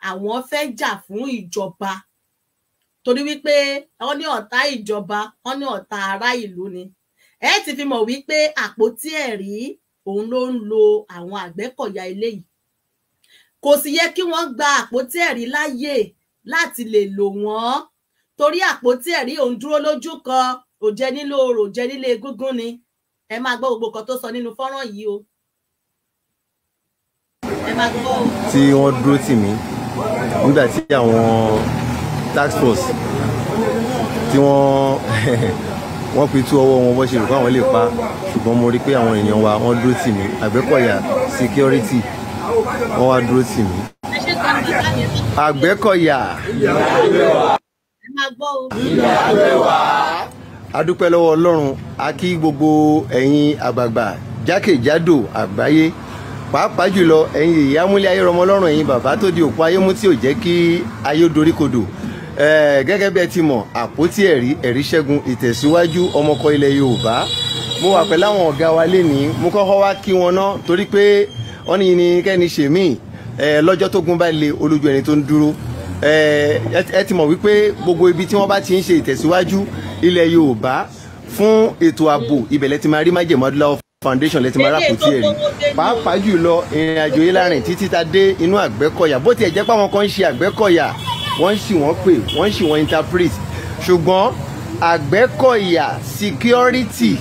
àwọn fẹ́ jà fún ìjọba torí wípé wọ́n ní ọ̀tá ìjọba wọ́n ní ọ̀tá ará ìlú ni ẹ ti fi mọ̀ wípé àpótí ẹ̀rí òun ló ń lo àwọn àgbẹ́kọ̀yà eléyìí kò sì yẹ kí wọ́n gba àpótí ẹ̀rí láàyè láti lè lò wọ́n torí àpótí ẹ̀rí òun dúró lójú kan òjẹ nílò oòrò jẹ nílé egúngún ni ẹ máa gbọ́ gbogbo kan tó sọ nínú fọ́nrán yìí o. tí wọ́n dúró tì mí nígbà tí àwọn tax force tí wọ́n <laughs> wọ́n fi tú ọwọ́ wọn wọ́n ṣe àwọn lè pa ṣùgbọ́n mo rí pé àwọn èèyàn wa wọ́n dúró tì mí àgbẹ̀kọ̀yà security wọ́n wá dúró tì mí. àgbẹ̀kọ̀yà. adúpẹ́ lọ́wọ́ ọlọ́run a kí gbogbo ẹ̀yin àgbààgbà jákèjádò àgbáyé pàápàá jùlọ ẹ̀yin ìyá múlẹ̀ ayé rọmọ ọlọ́run ẹ̀yin bàbá tó di òkú ayé mú tí ò jẹ́ kí ayé doríkodò gẹ́gẹ́ bí ẹ ti mọ̀ àpótí ẹ̀rí ẹ̀rí ṣẹ́gun ìtẹ̀síwájú ọmọkọ ilẹ̀ yorùbá mo wà pẹ̀lú àwọn ọ̀gá wa lénìí mo kọ́kọ́ wá kí wọn ná torí pé wọ́n ní ní kẹ́ni ṣèmí lọ́jọ́ tó gun bá le olójú ẹni tó ń dúró ẹ ti mọ̀ wípé gbogbo ibi tí wọ́n bá ti ń ṣe ìtẹ̀síwájú ilẹ̀ yorùbá fún ètò ààbò ibẹ̀lẹ̀ ti máa rí májèmọ́ adúláwọ̀ foundation lẹ́tí mara kò tí ì rí pàápàá jùlọ ìrìn àjò yìí láàrin títí ta dé inú àgbẹ́kọ̀yà bó tiẹ̀ jẹ́ pé kan ń ṣe àgbẹ́kọ̀yà wọ́n sì wọ́n pè wọ́n sì wọ́n interpret ṣùgbọ́n àgbẹ̀kọ̀yà security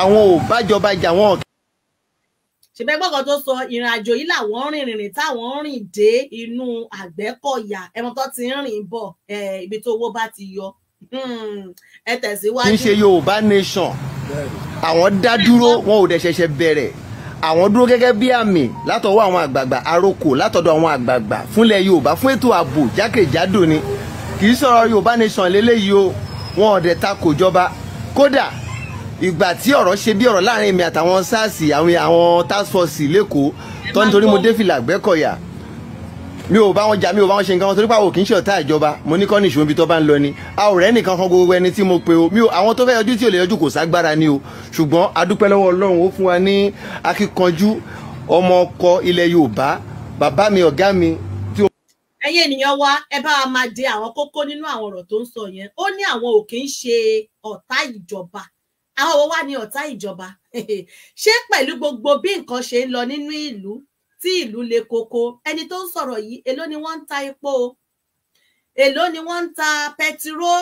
àwọn ò bájọba jà wọn. ṣùgbọ́n gbọ́kàn tó sọ ìrìn àjò yìí làwọn ń rìn rìn táwọn ń rìn dé inú àgbẹ̀kọ̀yà ẹ̀wọ̀n tó ti ń rìn bọ̀ ibi tó owó bá ti yọ hmm, ẹ tẹ̀síwájú. kì í ṣe Yorùbá nation àwọn dá dúró wọn ò dẹ̀ ṣẹ̀ṣẹ̀ bẹ̀rẹ̀ àwọn dúró gẹ́gẹ́ bí àmì látọwọ́ àwọn àgbààgbà àrokò látọ̀dọ̀ àwọn àgbààgbà fúnlẹ̀ yorùbá fún ètò ààbò jákèjádò ni kì í sọ̀rọ̀ yorùbá nation lélẹ́yìí o wọn ò dẹ̀ ta kò jọba kódà ìgbà tí ọ̀rọ̀ ṣe bí ọ̀rọ̀ láàrin èmi àtàwọn sars àwọn àwọn task force lẹ́kọ̀ọ́ tó nítorí mo dé fìlà gbẹ́kọ̀yà mi ò bá wọn jà mi ò bá wọn ṣe nǹkan torí pàwọ̀ kì í ṣe ọ̀tá ìjọba mo ní kọ́ ní ibi tó bá ń lọ ni a ò rẹ́ nìkan kan gbogbo ẹni tí mo pe o mi ò àwọn tó fẹ́ yọjú tí ò lè yọjú kò ságbára ni o ṣùgbọ́n adúpẹ́ lọ́wọ́ ọlọ́run ó fún wa ní akíkanjú ọmọ ọkọ ilẹ̀ yorùbá bàbá mi ọ̀gá mi tí ó. ẹ̀yin ènìyàn wa ẹ bá wa máa de àwọn kókó nínú àwọn ọ̀rọ̀ tó ń sọ yẹn ó ní àwọn ò kì í ṣe ọ̀tá ìjọba àwọn wo wá ọ̀tá ìjọba <laughs> ṣé pẹ̀lú gbogbo bí nǹkan ṣe ń lọ nínú ìlú tí ìlú le koko ẹni tó ń sọ̀rọ̀ yìí èló ni wọ́n ń ta epo èló ni wọ́n ń ta pẹtiró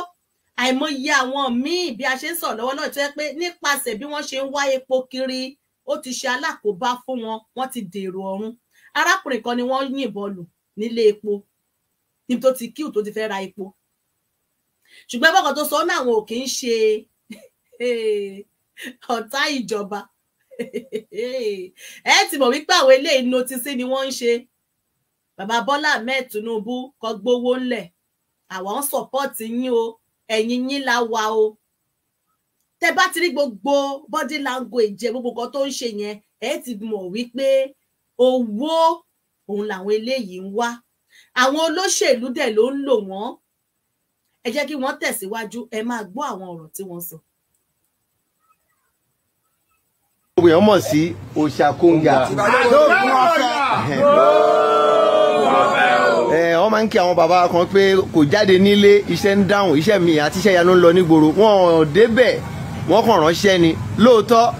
àìmọye àwọn míì bí a ṣe ń sọ̀rọ̀ lọ́wọ́ náà tó yẹ pé nípasẹ̀ bí wọ́n ṣe ń wá epo kiri ó ti ṣe alákòóbá fún wọn wọ́n ti dèrò ọ̀run arákùnrin kan ni wọ́n yìnbọn lù nílé epo níbi tó ti kíù tó ti fẹ́ ra epo ṣùgbọ́n bọ́kàn tó sọ náà àwọn ò kì í ṣe <laughs> ọ̀tá ìjọba ẹ ti mọ̀ wípé àwọn eléyìí notisí ni wọ́n ń ṣe bàbá Bọ́lá Ahmed Tinubu kọ́ gbowó ńlẹ̀ àwọn ń sọ̀pọ́ọ̀tì yín o ẹ̀yìn yín la wà o tẹ bá ti rí gbogbo body language gbogbo nǹkan tó ń ṣe yẹn ẹ ti mọ̀ wípé owó òun làwọn eléyìí ń wá àwọn olóṣèlú dẹ̀ ló ń lò wọ́n ẹ jẹ́ kí wọ́n tẹ̀síwájú ẹ máa gbọ́ àwọn ọ̀rọ̀ tí wọ́n sọ. So gbogbo èèyàn mọ̀ sí òṣàkóńgà wọ́n máa ń kí àwọn bàbá kan pé kò jáde nílé iṣẹ́ ń dáhùn iṣẹ́ mi àti iṣẹ́ ìyanu ń lọ nígboro wọn ò débẹ̀ wọ́n kàn ránṣẹ́ ni lóòótọ́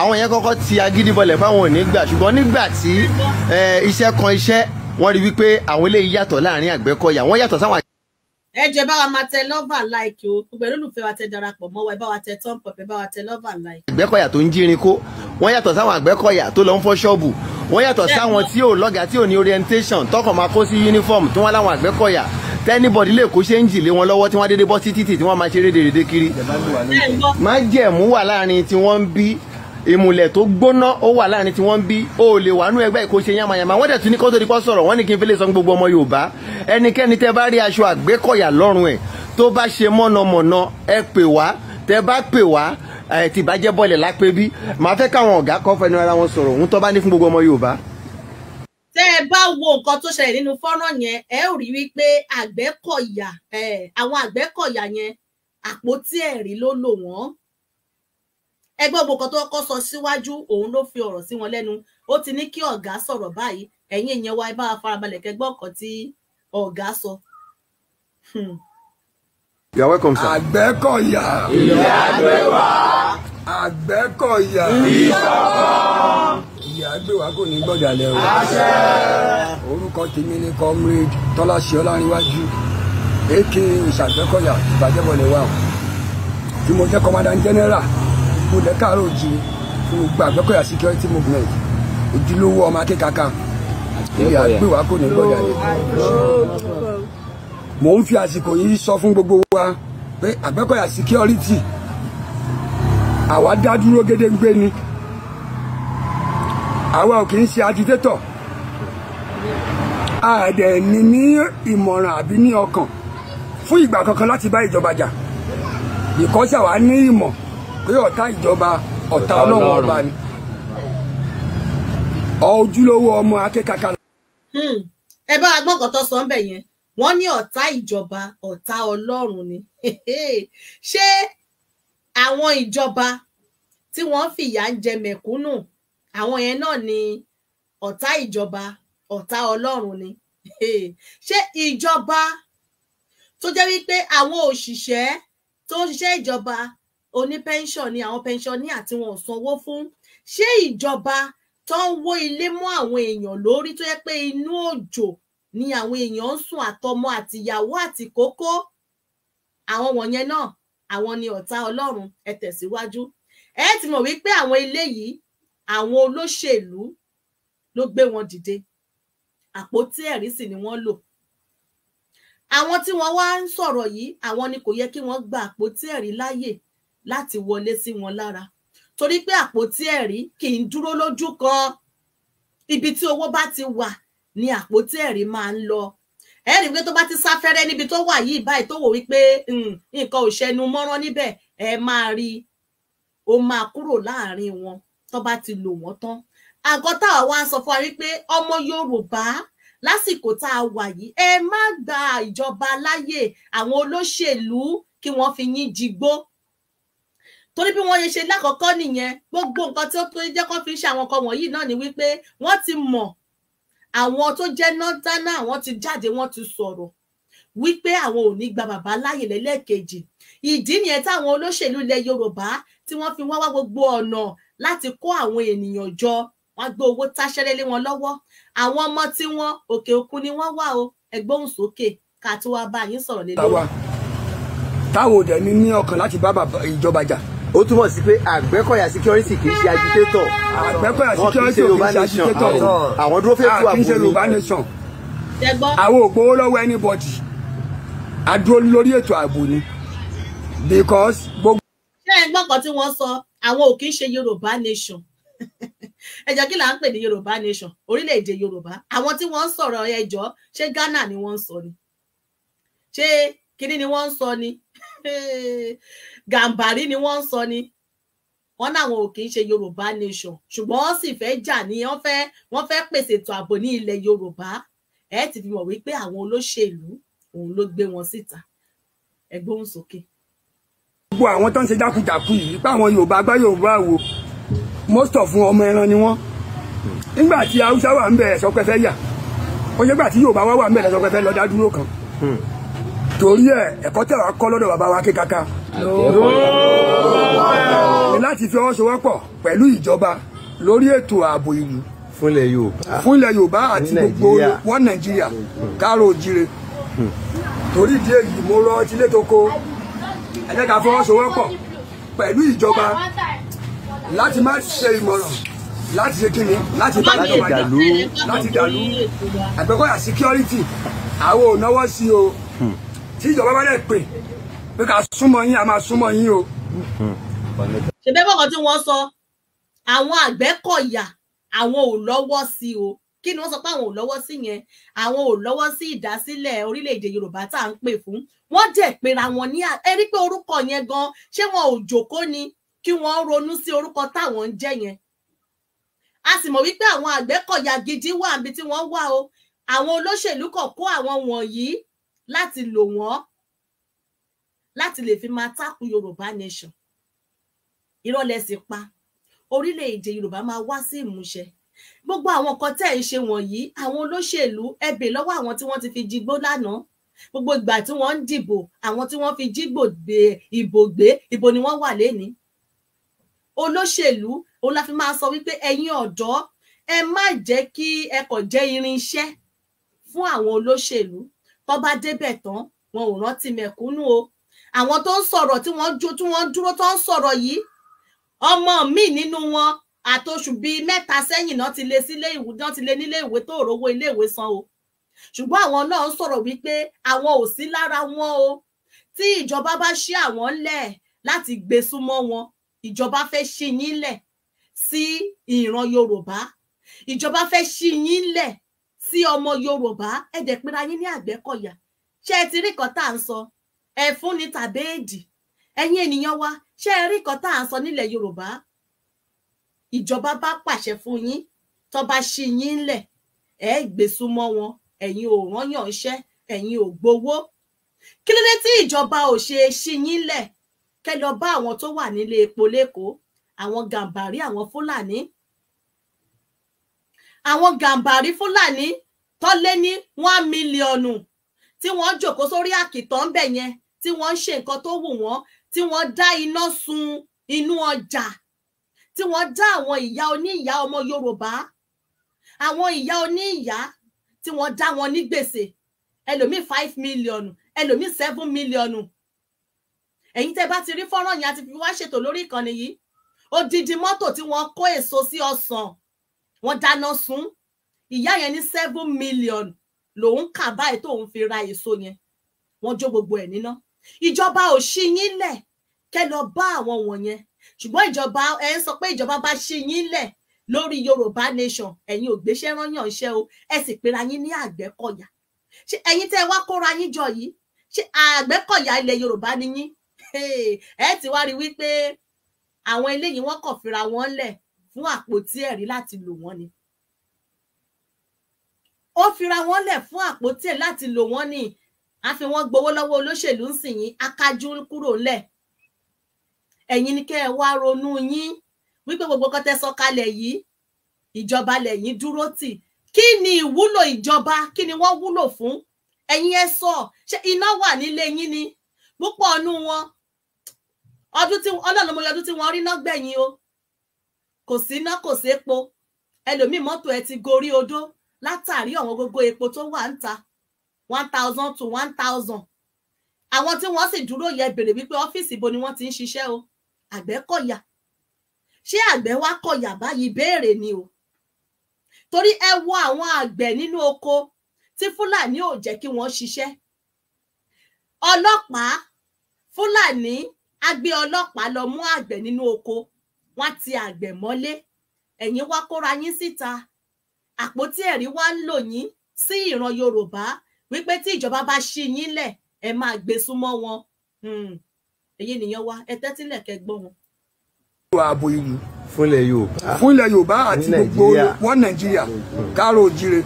àwọn yẹn kọ́kọ́ ti agídí bọlẹ̀ fáwọn òní gbà ṣùgbọ́n nígbà tí iṣẹ́ kan iṣẹ́ wọ́n rí wípé àwọn eléyìí yàtọ̀ láàrin Àgbẹ̀kọ̀yà wọ́n yàtọ̀ sáwọn ẹ jẹ́ bá wa máa tẹ lọ́ọ̀bà láìkì o gbogbo olólùfẹ́ wa tẹ darapọ̀ mọ́ wa ẹ bá wa tẹ tọ́ǹpù ẹ bá wa tẹ lọ́ọ̀bà láìkì. àgbẹ̀kọ̀yà tó ń jírin kó wọ́n yàtọ̀ sáwọn àgbẹ̀kọ̀yà tó lọ ń fọ́ ṣọ́ọ̀bù wọ́n yàtọ̀ sáwọn tí ò lọ́gàá tí ò ní orientation tọkàn máa kó sí uniform tí wọ́n láwọn àgbẹ̀kọ̀yà tẹ́nibọ̀dì lè kó ṣéǹjì lé wọn lọ́wọ́ tí wọ́n dédé bọ́ sí títì tí wọ́n máa ṣe rédèrèdè kiri. má jẹ̀mú wà láàrin tí wọ́n ń bí ìmùlẹ̀ tó gbóná ó wà láàrin tí wọ́n ń bí ó lè wà nú ẹgbẹ́ ìkó ṣe yánmayànmá wọ́n dẹ̀ tún ní kó tó di kó sọ̀rọ̀ wọ́n ní kí n fi lè sọ gbogbo ọmọ Yorùbá ẹnikẹ́ni tẹ́ bá rí aṣọ àgbékọ̀yà lọ́rùn ẹ̀ tó bá ṣe mọ̀nàmọ̀nà ẹ pè wá tẹ́ bá pè wá ẹ ti bá jẹ́ bọ́ọ̀lẹ̀ lápẹ́ bí màá fẹ́ káwọn ọ̀gá kọ́ fẹnu ara wọn sọ̀rọ̀ òun tó bá ní fún gbogbo ọmọ Yorùbá. tẹ́ ẹ bá wo nǹkan tó ṣẹlẹ̀ nínú fọ́nrán yẹn ẹ ó rí wípé àgbẹ̀kọ̀yà àwọn àgbẹ̀kọ̀yà yẹn àpótí ẹ̀rí ló lò wọ́n ẹgbẹ́ gbogbo tó kọ́ sọ síwájú òun ló fi ọ̀rọ̀ sí wọn lẹ́nu ó ti ní kí ọ̀gá sọ̀rọ̀ báyìí ìyẹn wa ẹ farabalẹ̀ kẹgbẹ́ ọkọ̀ tí ọ̀gá sọ. Hmm. You are welcome sir. Àgbẹ̀kọ̀yà. Ìyá gbé wá. Àgbẹ̀kọ̀yà. Ìṣọ̀kan. Ìyá gbé wá kò ní gbọ́dọ̀ alẹ́ o. Àṣẹ. Orúkọ tèmi ni comrade Tọ́láṣẹ́ Ọlárìnwájú èké ìṣàgbẹ́kọ̀yà ìbàjẹ́bọ̀lẹ̀ Tí mo jẹ́ Commandant General gbogbo ilẹ̀ káàárọ̀ òjìrì fún gbogbo Àgbẹ̀kọ̀yà security movement ojúlówó ọmọ akékaka ìyá gbéwà kò ní gbọ́dọ̀ yẹn. mò ń fi àsìkò yìí sọ fún gbogbo wa pé Àgbẹ̀kọ̀yà security àwa dá dúró gédéńgbé ni àwa ò kì í ṣe agitator àdẹ̀ ni ní ìmọ̀ràn àbí ní ọkàn fún ìgbà kankan láti bá ìjọba jà ìkọ́sẹ̀ wa ní ìmọ̀ pé ọ̀tá ìjọba ọ̀tá ọlọ́run ọba ni ojúlówó ọmọ akékaka. Hmm. ẹ bá agbọ́ǹkan tó sọ ń bẹ̀ yẹn wọ́n ní ọ̀tá ìjọba ọ̀tá ọlọ́run ni <laughs> ṣé àwọn ìjọba tí wọ́n fìyà ń jẹ mẹ̀kúnnù àwọn yẹn náà ni ọ̀tá ìjọba ọ̀tá ọlọ́run ni <laughs> ṣé ìjọba tó jẹ́ wípé àwọn òṣìṣẹ́ tó ń ṣiṣẹ́ ìjọba oní pension ni àwọn pensioner tí wọn ò sanwó fún ṣé ìjọba tó ń wó ilé mọ́ àwọn èèyàn lórí tó yẹ pé inú òjò ni àwọn èèyàn ń sùn àtọmọ àtìyàwó àti kókó àwọn wọ̀nyẹn náà àwọn ni ọ̀tá Ọlọ́run ẹ tẹ̀síwájú ẹ ti mọ̀ wípé àwọn ilé yìí àwọn olóṣèlú ló gbé wọn dìde àpótí ẹ̀rí sì ni wọ́n lò àwọn tí wọ́n wá ń sọ̀rọ̀ yìí àwọn ni kò yẹ kí wọ́n gba àpótí ẹ̀rí láàyè láti wọlé sí wọn lára torí pé àpótí ẹ̀rí kì í dúró lójú kan ibi tí owó bá ti wà ni àpótí ẹ̀rí máa ń lọ ẹ rí i pé tó bá ti sáfẹ́rẹ́ níbi tó wà yìí báyìí tó wò wípé hmm, nǹkan ò ṣẹnu mọ́rán níbẹ̀ ẹ máa rí i máa kúrò láàrin wọn tó bá ti lò wọ́n tán àgọ́ táwa wá sọ fún wa wípé ọmọ Yorùbá lásìkò tá a wà yìí ẹ má gba ìjọba láyè àwọn olóṣèlú kí wọ́n fi yín jigbó torí bí wọ́n ṣe ṣe lákọ̀ọ́kọ́ nìyẹn gbogbo nǹkan tí ó tó jẹ́ kó fi ṣe àwọn ọkọ wọ̀nyí náà ni wípé wọ́n ti mọ̀ àwọn tó jẹ́ nọtánà àwọn ti jáde wọ́n ti sọ̀rọ̀ wípé àwọn ò ní gba bàbá láyè lẹ́lẹ́kejì ìdí nìyẹn táwọn olóṣèlú ilẹ̀ Yorùbá tí wọ́n fi wá wá gbogbo ọ̀nà láti kó àwọn ènìyàn jọ wọ́n gbé owó táṣẹ́rẹ́ lé wọn lọ́wọ́ àwọn ọmọ tí wọ́n òkè òkun ni wọ́n wà o ẹgbóhùn sókè ká tó wá bá yín sọ̀rọ̀ lé táwọn ò dẹ̀ ní ní ọkàn láti bá ìjọba jà ó túmọ̀ sí pé àgbẹ̀kọ̀yà security kì í ṣe agitator àgbẹ̀kọ̀yà security kì í ṣe agitator àwọn dúró fẹ́ tú àbò ni àwọn ò gbowó lọ́wọ́ anybody a dúró lórí ètò ààbò ni because gbogbo. ṣé ẹ gbọ́ nǹkan tí wọ́n sọ àwọn ò kì í ṣe Yorùbá nation <laughs> ẹjọ kí là ń pè ní Yorùbá nation orílẹ̀-èdè Yorùbá àwọn tí wọ́n ń sọ̀rọ̀ ẹjọ́ ṣé Ghana ni wọ́n ń sọ ni ṣé kinní ni wọ́n ń sọ ni <laughs> gàǹbàrí ni wọ́n ń sọ ni wọ́n náwọn ò kì í ṣe yorùbá nation ṣùgbọ́n wọ́n sì fẹ́ jà ní wọ́n fẹ́ wọ́n fẹ́ pèsè ètò ààbò ní ilẹ̀ yorùbá ẹ ti fi mọ̀ wípé àwọn olóṣèlú òun ló gbé wọn síta ẹ gbóhùn sókè. gbogbo àwọn tó ń ṣe jákujàku yìí páwọn yorùbá gbá yorùbá wo most of wọn ọmọ ẹran ni wọn nígbà tí haúsá wà ń bẹ ẹ sọ pé fẹ́ yà ó yẹ gbà tí yorùbá wà wà ń bẹ ẹ sọ pé fẹ́ lọ dá dúró kan. Hmm torí ẹ ẹ̀kọ́ tẹ̀ wá kọ́ lọ́dọ̀ bàbá wa kékaka ní láti fi ọwọ́ sowọ́pọ̀ pẹ̀lú ìjọba lórí ètò ààbò ìlú fúnlẹ̀ Yorùbá fúnlẹ̀ Yorùbá àti gbogbo wọn Nàìjíríà káàrọ̀ òjire torí ìdí èyí mo rọ ọtí létoko ẹ jẹ́ ká fọwọ́ sowọ́pọ̀ pẹ̀lú ìjọba láti má ṣe ìmọ̀ràn láti ṣe kíni láti bá ìjọba jà láti dàlú àgbẹ̀kọ̀yà security àwọn ò náwó sí o tí ìjọba bá dẹ̀ pè pé ká súnmọ́ yín a máa súnmọ́ yín o. ṣe bẹ́ẹ̀ bọ́kàn tí wọ́n sọ àwọn àgbẹ̀kọ̀yà àwọn ò lọ́wọ́ sí o kí ni wọ́n sọ pé àwọn ò lọ́wọ́ sí yẹn àwọn ò lọ́wọ́ sí ìdásílẹ̀ orílẹ̀-èdè yorùbá tá à ń pè fún wọ́n dẹ̀ pera wọn ní ẹrí pé orúkọ yẹn gan ṣé wọn ò jòkó ni kí wọ́n ronú sí orúkọ táwọn ń jẹ́ yẹn a sì mọ̀ wípé àwọn àgbẹ̀kọ̀yà gidi wà níbi tí wọ́n wà o àwọn olóṣèlú kan kó àwọn wọ̀nyí láti lò wọ́n láti lè fi máa tákù yorùbá nation ìrọ̀lẹ́ sì pa orílẹ̀-èdè yorùbá máa wá sí ìmúṣẹ gbogbo àwọn nǹkan tẹ́ ẹ̀ ń ṣe wọ̀nyí àwọn olóṣèlú ẹbẹ̀ lọ́wọ́ àwọn tí wọ́n ti fi jigbó lánàá gbogbo ìgbà tí wọ́n ń dìbò àwọn tí wọ́n fi jígbò gbé ìbò gbé ìbò ni wọ́n wà lénìí olóṣèlú òun la fi máa sọ wípé ẹ̀yin ọ̀dọ́ ẹ má jẹ́ kí ẹ kọ̀ jẹ́ irinṣẹ́ fún àwọn olóṣèlú tó bá débẹ̀ tán wọn ò rántí mẹ̀kúnnù o àwọn tó ń sọ̀rọ̀ tí wọ́n jó tí wọ́n dúró tó ń sọ̀rọ̀ yìí ọmọ mi nínú wọn àtòṣù bíi mẹ́ta sẹ́yìn náà ti lé sílé ìwé náà ti lé nílé ìwé tó rówó ilé ìwé san o ṣùgbọ́n àwọn náà ń sọ̀rọ̀ wípé àwọn ò sí lára wọn o tí ìjọba bá ṣí àwọn lẹ̀ láti gbé súnmọ́ wọn ìjọba fẹ́ ṣí yín lẹ̀ sí ìran Yorùbá ìjọba fẹ́ ṣí yín lẹ̀ sí ọmọ yorùbá ẹ dẹ̀ pera yín ní àgbẹ̀kọ̀yà ṣé ẹ ti rí kan tá à ń sọ ẹ̀fún ni tàbéèdì ẹ̀yin ènìyàn wa ṣé ẹ rí kan tá à ń sọ nílẹ̀ yorùbá ìjọba bá pàṣẹ fún yín tó bá ṣí yín ńlẹ̀ ẹ gbé súnmọ́ wọn ẹ̀yin ò rányàn iṣẹ́ ẹ̀yin ò gbowó kí ló dé tí ìjọba ò ṣe ṣí yín ńlẹ̀ kẹ́ lọ bá àwọn tó wà nílé epo lẹ́kọ̀ọ́ àwọn gàǹbàrí àwọn fúlàní àwọn gàǹbàrí fúlàní tó lé ní one million tí wọ́n jòkó sórí àkìtàn ńbẹ̀ yẹn tí wọ́n ń ṣe nǹkan tó wù wọ́n tí wọ́n dá iná sun inú ọjà tí wọ́n dá àwọn ìyá oníyá ọmọ Yorùbá àwọn ìyá oníyá tí wọ́n dá wọn ní gbèsè ẹlòmíì five million ẹlòmíì seven million ẹ̀yin tẹ́ bá ti rí fọ́nrán yẹn àti fi wá ṣètò lórí ìkànnì yìí odidi mọ́tò tí wọ́n kó èso sí ọsàn wọ́n dáná sun ìyá yẹn ní seven million lòun kà báyìí tóun fi ra èso yẹn wọ́n jó gbogbo ẹ̀ níná ìjọba ò ṣí yín lẹ̀ kẹ́ lọ bá àwọn wọ̀nyẹn ṣùgbọ́n ìjọba ẹ ń sọ pé ìjọba bá ṣí yín lẹ̀ lórí yorùbá nation ẹ̀yin ò gbéṣẹ́ rányàn iṣẹ́ o ẹ sì pera yín ní àgbẹ̀kọ̀yà ṣé ẹ̀yin tẹ́ wá kóra yín jọ yìí ṣé àgbẹ̀kọ̀yà ilẹ̀ yorùbá ni yín ẹ ti wá rí wípé àwọn eléyìí wọ́n kàn fira wọn lẹ̀ fún àpótí ẹ̀rí láti lò wọ́n ni ó fira wọn lẹ̀ fún àpótí ẹ̀ láti lò wọ́n ni a fi wọ́n gbowó lọ́wọ́ olóṣèlú ń sìn yín akájú kúrò ńlẹ̀ ẹ̀yin ni kẹ́ ẹ wá ronú yín wípé gbogbo kan sọ kalẹ̀ yìí ìjọba lẹ́yìn dúró tì kí ni ìwúlò ìjọba kí ni wọ́n wúlò fún ẹ̀yin ẹ sọ ṣé iná wà nílé yín ni púpọ̀ ọ̀nù wọn ọdún tí ọlọ́run mo yọ ọdún tí wọ́n rí náà gbẹ̀yìn o kò síná kò sépo ẹlòmíì mọ́tò ẹ ti gorí odó látàrí ọ̀wọ́n gógó epo tó wà ń ta one thousand to one thousand àwọn tí wọ́n sì dúró yẹ bèrè wípé ọ́fíìsì ibo ni wọ́n ti ń ṣiṣẹ́ o àgbẹ̀ kọ̀yà ṣé àgbẹ̀ wá kọ̀yà báyìí béèrè ni o torí ẹ wo àwọn àgbẹ̀ nínú oko tí fúlàní ò jẹ́ kí wọ́n ṣiṣẹ́ ọlọ́pàá fúlàní á gbé ọlọ́pàá lọ mú àgbẹ̀ nínú oko wọ́n ti àgbẹ̀ mọ́lé ẹ̀yin wá kóra yín síta àpótí ẹ̀rí wá ń lò yín sí ìran Yorùbá wípé tí ìjọba bá ṣí yín lẹ̀ ẹ máa gbé súnmọ́ wọn èyí hmm. nìyẹn wá ẹ tẹ́tílẹ̀ kẹgbọ́n wọn. ààbò ìlú fúnlẹ̀ Yorùbá fúnlẹ̀ Yorùbá àti gbogbo wọn Nàìjíríà kárò òjire.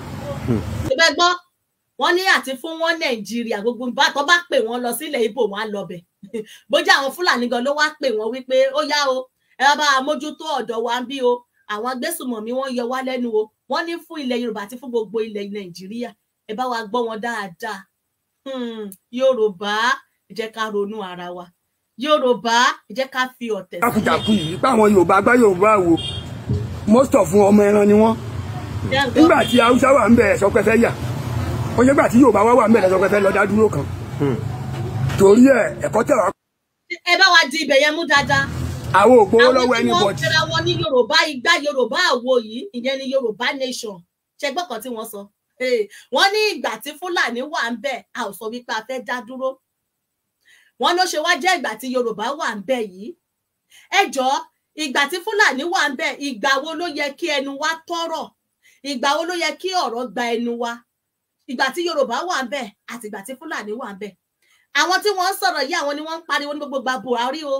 ìbẹ́ gbọ́ wọ́n ní àti fún wọn Nàìjíríà gbogbo bàtọ́ bá pè wọ́n lọ sílẹ̀ Ìbò wọn á lọ bẹ̀ <laughs> bójú àwọn Fúlàní gan ló wá pè wọ́n wípé ó yá o ẹ bá àmójútó ọ̀dọ̀ wa ń bí o àwọn agbésùmọ̀mí wọ́n yọ wá lẹ́nu o wọ́n ní fún ilẹ̀ yorùbá àti fún gbogbo ilẹ̀ nàìjíríà ẹ bá wa gbọ́ wọn dáadáa hmm, yorùbá ẹ jẹ́ ká ronú ara wa yorùbá ẹ jẹ́ ká fi ọ̀tẹ̀ sí. jákujàku yìí báwọn yorùbá àgbà yorùbá wo most of wọn ọmọ ẹran ni wọn nígbà tí haúsá wà ń bẹ ẹsọ pẹfẹ yà wọn yẹ gbà tí yorùbá wà wà ń bẹ ẹsọ pẹfẹ lọ dá dúró kan hmm. torí ẹ ẹ̀kọ́ tẹ wá. ẹ bá wa di ibẹ̀ yẹn mú dáadáa àwọn ògbówó lọ́wọ́ ẹni bọ̀dì. àwọn tí wọ́n tẹ́ra wọn ní yorùbá igbá yorùbá àwo yìí ìyẹn ni yorùbá nation ṣẹgbọ́n kan tí wọ́n sọ wọ́n ní ìgbà tí fúlàní wà ń bẹ̀ a ò sọ wípé a fẹ́ dá dúró wọ́n ló ṣe wá jẹ́ ìgbà tí yorùbá wà ń bẹ̀ yìí ẹ jọ ìgbà tí fúlàní wà ń bẹ̀ ìgbà wo ló yẹ kí ẹnu wa tọ̀rọ̀ ìgbà wo ló yẹ kí ọ̀rọ̀ gba ẹnu wa ìgbà tí yorùbá wà ń bẹ̀ àti ìgbà tí fúlàní wà ń bẹ̀ àwọn tí wọ́n ń sọ̀rọ̀ yìí àwọn ni wọ́n ń pariwo ní gbogbo gba Buhari o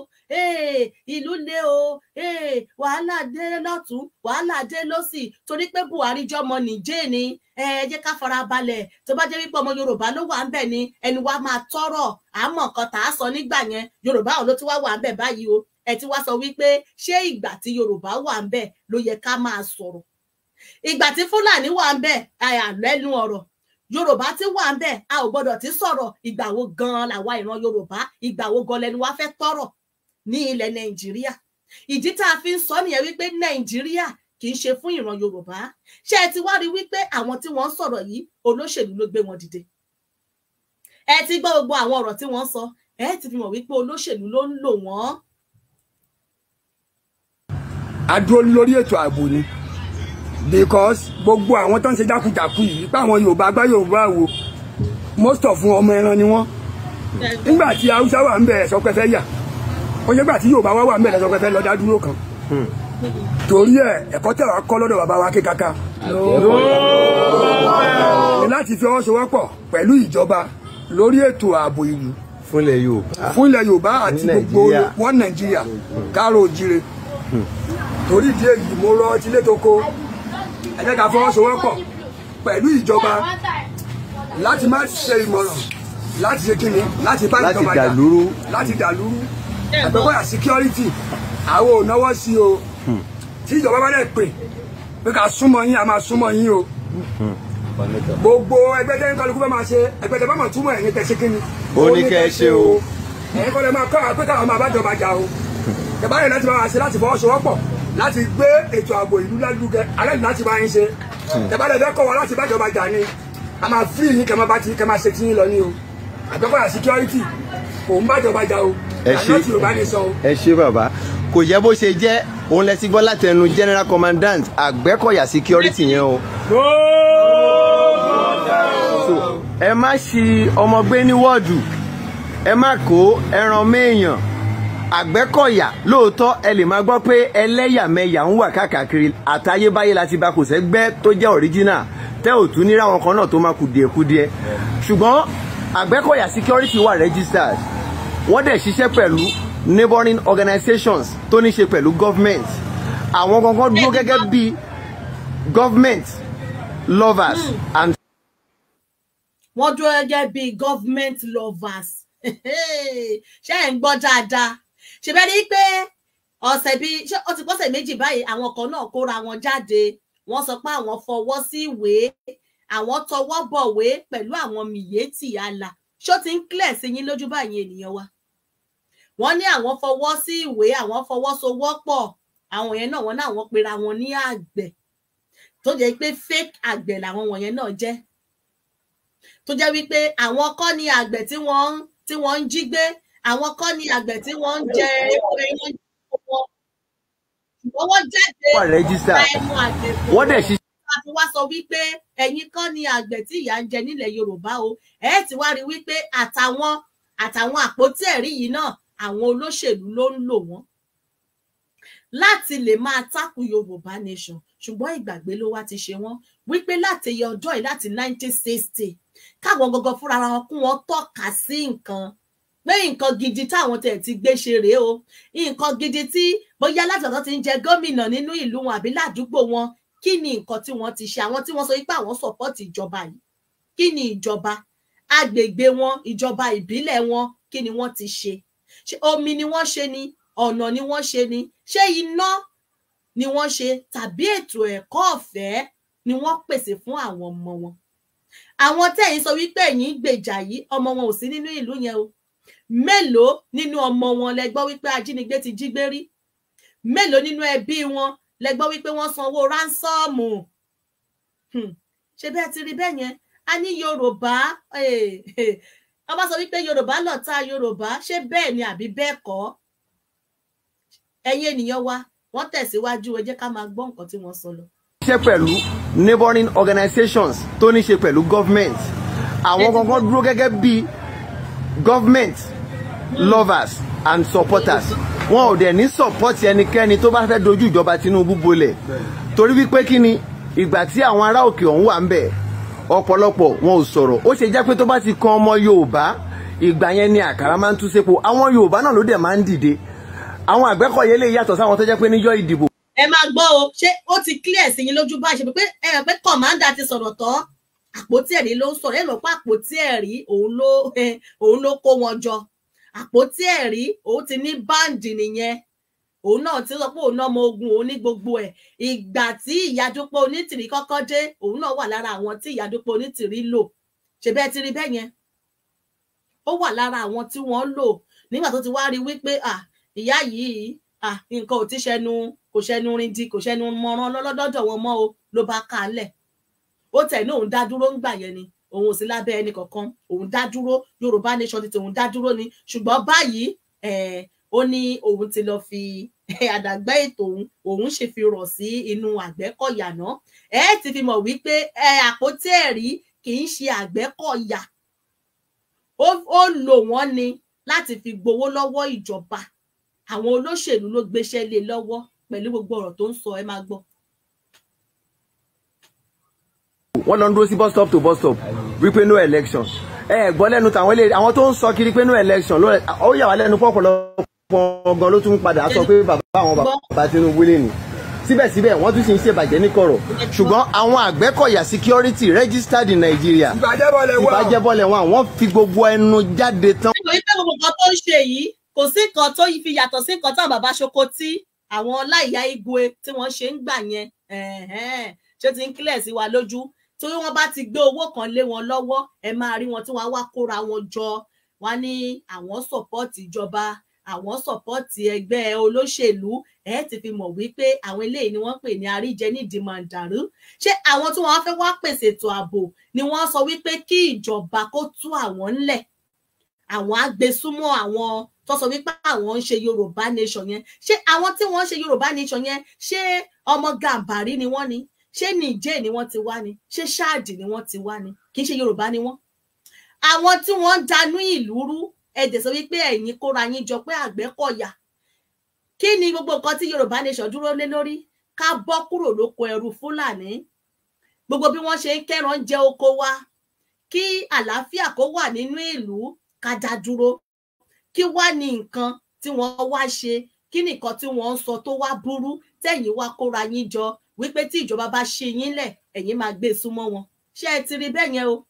ìlú le o wàhálà dé lọ́tún wàhálà dé lọ́sì torí pé Buhari jọmọ nìjẹ́ ni ẹ jẹ́ ká fara balẹ̀ tó bá jẹ́ wípé ọmọ Yorùbá ló wà ń bẹ̀ ni ẹni wa máa tọrọ àmọ́ nǹkan tá a sọ nígbà yẹn Yorùbá ò ló ti wá wà ń bẹ̀ báyìí o ẹ ti wá sọ wípé ṣé ìgbà tí Yorùbá wà ń bẹ̀ ló yẹ ká máa sọ̀rọ̀ ìgbà tí Fúlàní wà ń bẹ̀ àyà lẹ́nu ọ̀rọ̀ yorùbá ti wà ń bẹ a ò gbọ́dọ̀ ti sọ̀rọ̀ ìgbà wo gan làwa ìran yorùbá ìgbà wo gan lẹnu wa fẹ́ tọrọ ní ilẹ̀ nàìjíríà ìdí tá a fi ń sọ nìyẹn wípé nàìjíríà kì í ṣe fún ìran yorùbá ṣé ẹ ti wá rí wípé àwọn tí wọ́n ń sọ̀rọ̀ yìí olóṣèlú ló gbé wọn dìde ẹ ti gbọ́ gbogbo àwọn ọ̀rọ̀ tí wọ́n sọ ẹ ti fi mọ̀ wípé olóṣèlú ló ń lò wọ́n. a dúró lórí ètò ààbò ni because gbogbo àwọn tó ń ṣe jákujàku yìí pé àwọn Yorùbá gbá Yorùbá wo most of wọn ọmọ ẹran ni wọn nígbà tí Haúsá wà ń bẹ sọ pé fẹ́ yà ó yẹ gbà tí Yorùbá wà wà ń bẹ sọ pé fẹ́ lọ dá dúró kan torí ẹ ẹ̀kọ́ tẹ wàá kọ́ lọ́dọ̀ bàbá wa kékaka láti fi ọwọ́ sowọ́pọ̀ pẹ̀lú ìjọba lórí ètò ààbò ìlú fúnlẹ̀ Yorùbá fúnlẹ̀ Yorùbá àti gbogbo wọn Nàìjíríà káàró òjire torí ìdí èyí mo rọ ọtí létòkó ẹ jẹ́ ká fọwọ́sowọ́pọ̀ pẹ̀lú ìjọba láti má ṣe ìmọ̀ràn láti ṣe kíni láti bá ìjọba jà láti dàlúrú àgbẹ̀kọ̀yà security àwọn ò náwó sí o hmm. tí ìjọba bá dẹ̀ pè pé ká súnmọ́ yín a máa súnmọ́ yín o hmm. gbogbo ẹgbẹ́ tẹ́ ń kálukú bá máa ṣe ẹgbẹ́ tẹ́ bá máa túmọ̀ ẹ̀yìn tẹ́ ṣe kíni. ó ní kẹ́ ẹ ṣe o. ẹ̀yin kọ́ lè máa kọ́ àwọn pé káwọn máa bá ìjọba jà o. ìbáraẹ̀ láti máa ṣe láti fọwọ́sowọ́pọ̀ láti gbé ètò ààbò ìlú ládùúgẹ alẹ́ láti bá yín ṣe hmm. tẹ̀bálẹ̀ dẹ́kọ̀ wa láti bájọba jà ni a máa fi yín kẹ́ máa bá ti kẹ́ máa ṣe tí yín lọ ní o àgbẹ̀kọ̀yà security kò ń bájọba jà o àná tí yorùbá ní sọ o. ẹ ṣé bàbá kò jẹ́ bó ṣe jẹ́ òun lẹ ti gbọ́ látẹnu general commandant àgbẹ̀kọ̀yà security yẹn o. ẹ má ṣi ọmọ gbé ní wọ́ọ̀dù ẹ má kó ẹran méèyàn àgbẹ́kọ̀yà lóòótọ́ ẹ lè máa gbọ́ pé ẹlẹ́yàmẹ̀yà ń wà káàkiri àtayébáyé láti bá kò sẹ́gbẹ́ tó jẹ́ original tẹ́ ò tún níra wọn kan náà tó máa kùdìẹ̀kudiẹ ṣùgbọ́n àgbẹ́kọ̀yà security wà registered wọ́n dẹ̀ ṣiṣẹ́ pẹ̀lú neighboring organizations tó ní ṣe pẹ̀lú government àwọn gangan dúró gẹ́gẹ́ bí government lovers and. wọ́n dúró gẹ́gẹ́ bí government lovers <laughs> ṣé ẹ̀ ń gbọ́ dáadáa ṣe bẹ́ẹ̀ ni pé ọ̀sẹ̀ bíi ṣé ó ti pọ́sẹ̀ méjì báyìí àwọn kan náà kóra wọn jáde wọ́n sọ pé àwọn fọwọ́ sí ìwé àwọn tọwọ́ bọ̀wé pẹ̀lú àwọn mìyétì àlà ṣó ti ń clear sí yín lójú báyìí ènìyàn wa wọ́n ní àwọn fọwọ́ sí ìwé àwọn fọwọ́sowọ́pọ̀ àwọn yẹn náà wọ́n náà wọ́n pera wọn ní àgbẹ̀ tó jẹ́ pé fake àgbẹ̀ làwọn wọ̀nyẹn náà jẹ́ tó jẹ́ wípé àwọn kọ́ ni àgbẹ̀ tí wọ́n ń jí gbé àwọn kọ́ ni àgbẹ̀ tí wọ́n ń jẹ ewé wọn ṣùgbọ́n wọ́n jáde ẹnu àgbẹ̀ fún mi fi wá sọ wípé ẹ̀yin kan ni àgbẹ̀ tí ìyà ń jẹ nílẹ̀ Yorùbá o ẹ ti wá rí wípé àtàwọn àtàwọn àpótí ẹ̀rí yìí náà àwọn olóṣèlú ló ń lò wọ́n láti lè máa takú Yorùbá nation ṣùgbọ́n ìgbàgbé ló wá ti ṣe wọ́n wípé láti yẹ ọjọ́ yìí láti 1960 káwọn gangan fúnra wọn kún wọn tọ́ka sí nǹkan pé nǹkan gidi táwọn tẹ̀ ti gbé ṣe rèé o nǹkan gidi tí bóyá látọ̀tọ̀ ti ń jẹ gómìnà nínú ìlú wọn àbí ládùúgbò wọn kí ni nǹkan tí wọ́n ti ṣe àwọn tí wọ́n sọ pé àwọn sọ̀pọ́tì ìjọba yìí kí ni ìjọba agbègbè wọn ìjọba ìbílẹ̀ wọn kí ni wọ́n ti ṣe omi ni wọ́n ṣe ni ọ̀nà ni wọ́n ṣe ni ṣé iná ni wọ́n ṣe tàbí ètò ẹ̀kọ́ ọ̀fẹ́ ni wọ́n pèsè fún àwọn ọmọ wọn àwọn tẹ̀yìn sọ wípé ẹ̀yin gbèjà yìí ọmọ wọn ò sí nínú ìlú yẹn o mélòó nínú ọmọ wọn lẹ gbọ́ wípé ajínigbé ti jí gbé rí mélòó nínú ẹbí wọn lẹ gbọ́ wípé wọ́n sanwó ránsọ́ọ̀mù hmm. ṣe bẹ́ẹ̀ ti rí bẹ́ẹ̀ yẹn a ní yorùbá ọba eh, eh, sọ wípé yorùbá lọ̀tá yorùbá ṣé bẹ́ẹ̀ ni àbí bẹ́ẹ̀ kọ́ ẹ̀yin ènìyàn wa wọ́n tẹ̀síwájú ẹ jẹ́ ká máa gbọ́ nǹkan tí wọ́n sọ lọ. ṣe pẹ̀lú neighboring organizations tó ní ṣe pẹ̀lú government àwọn gangan dúró gẹ́gẹ́ bí government lovers and supporters wọn ò dẹ̀ ní support ẹnikẹ́ni tó bá fẹ́ dojú ìjọba Tinubu bolẹ̀ torí wípé kí ni ìgbà tí àwọn ará òkè ọ̀hún wà ń bẹ̀ ọ̀pọ̀lọpọ̀ wọn ò sọ̀rọ̀ ó ṣe jẹ́ pé tó bá ti kan ọmọ Yorùbá ìgbà yẹn ni àkàrà máa ń tú sépo àwọn Yorùbá náà ló dẹ̀ máa ń dìde àwọn Àgbẹ̀kọ̀yé lè yàtọ̀ sáwọn tó jẹ́ pé níjọ́ ìdìbò. ẹ máa gbọ́ o ṣé ó ti clear sí yín lójú bá ṣe pé ẹ rẹ̀ pé kọ̀mándà ti sọ̀rọ̀ tán àpótí ẹ̀rí ló ń sọ̀rọ̀ ẹ lọ́pọ̀ àpótí ẹ̀rí <laughs> òun ló kó wọn jọ àpótí ẹ̀rí òun ti ní báǹdì nìyẹn òun náà ti sọ pé òun náà mọ ogun òun ní gbogbo ẹ̀ ìgbà tí ìyádúpọ̀ onítìrí kọ́kọ́ dé òun náà wà lára àwọn tí ìyádúpọ̀ onítìrí lò ṣèbẹ ti rí bẹ́ẹ̀ yẹn ó wà lára àwọn tí wọ́n lò nígbà tó ti wá rí wípé ìyá yìí nǹkan ò ti ṣẹnu kò ṣẹnu rindi kò ṣẹnu mọ̀ràn lọ́lọ́dọ́dọ̀ wọn mọ́ o ló bá kálẹ̀ ó tẹ̀ ní òun dá dúró ń gbà yẹn ni òun ò sí lábẹ́ ẹni kankan òun dá dúró yorùbá nation ti tòun dá ni ṣùgbọ́n báyìí ó ní òun ti lọ fi àdàgbà ètò òun òun ṣe fi rọ̀ sí inú àgbẹ́kọ̀yà náà ẹ ti fi mọ̀ wípé àpótí ẹ̀rí kì í ṣe àgbẹ́kọ̀yà ó lò wọ́n ni láti fi gbowó lọ́wọ́ ìjọba àwọn olóṣèlú ló gbéṣẹ́ lé lọ́wọ́ pẹ̀lú gbogbo ọ̀rọ̀ tó ń sọ ẹ máa gbọ́ wọ́n lọ ń dúró sí bus stop to bus stop wípé no election ẹ gbọ́ lẹ́nu tàwọn ilé àwọn tó ń sọ kiri pé no election ó yà wá lẹ́nu pọ̀pọ̀lọpọ̀ gan ló tún padà sọ pé bàbá àwọn bàbá Tinubu lè nì síbẹ̀síbẹ̀ wọ́n tún ṣe ń ṣèbàjẹ́ ní kọ̀rọ̀ ṣùgbọ́n àwọn àgbẹ̀kọ̀yà security registered in Nigeria ìbàjẹ́bọ̀lẹ̀ wọn àwọn fi gbogbo ẹnu jáde tán. nítorí pé gbogbo nǹkan tó ń ṣe yìí kò sí nǹkan tó fi yàtọ̀ torí wọn bá ti gbé owó kan lé wọn lọ́wọ́ ẹ máa rí wọn tí wọn wá kóra wọn jọ wọn ní àwọn sọpọ́ọ̀tì ìjọba àwọn sọpọ́ọ̀tì ẹgbẹ́ olóṣèlú ẹ ti fi mọ̀ wípé àwọn eléyìí ni wọ́n pè ní àríjẹ nídìí màndàrú ṣé àwọn tí wọ́n fẹ́ wá pèsè ètò ààbò ni wọ́n sọ wípé kí ìjọba kó tú àwọn ńlẹ̀ àwọn agbésúmọ́ àwọn tó sọ wípé àwọn ń ṣe Yorùbá nation yẹn ṣé àwọn tí wọ́n ń ṣe Yorùbá nation yẹn ṣé ọmọ Gàmbàrí ni wọ́n ni ṣé Niger ni wọ́n ti wá ni ṣé ṣáàdì ni wọ́n ti wá ni kì í ṣe Yorùbá ni wọ́n àwọn tí wọ́n ń danú ìlú rú ẹ̀dẹ̀ sọ wípé ẹ̀yin kóra yín jọ pé Àgbẹ̀kọ̀yà kí ni gbogbo nǹkan tí Yorùbá nation dúró lé lórí ká bọ́ kúrò lóko ẹrú Fúlàní gbogbo bí wọ́n ṣe ń kẹ́ran jẹ oko wa kí àlàáfíà kó wà nínú ìlú ká dá dúró kí wá ní nǹkan tí wọ́n wá ṣe kí nìkan tí wọ́n ń sọ tó wá burú tẹ̀yin wá kóra yín jọ wípé tí ìjọba bá ṣe yín lẹ̀ ẹ̀yin máa gbé e súnmọ́ wọn ṣé ẹ ti rí bẹ́ẹ̀ yẹn o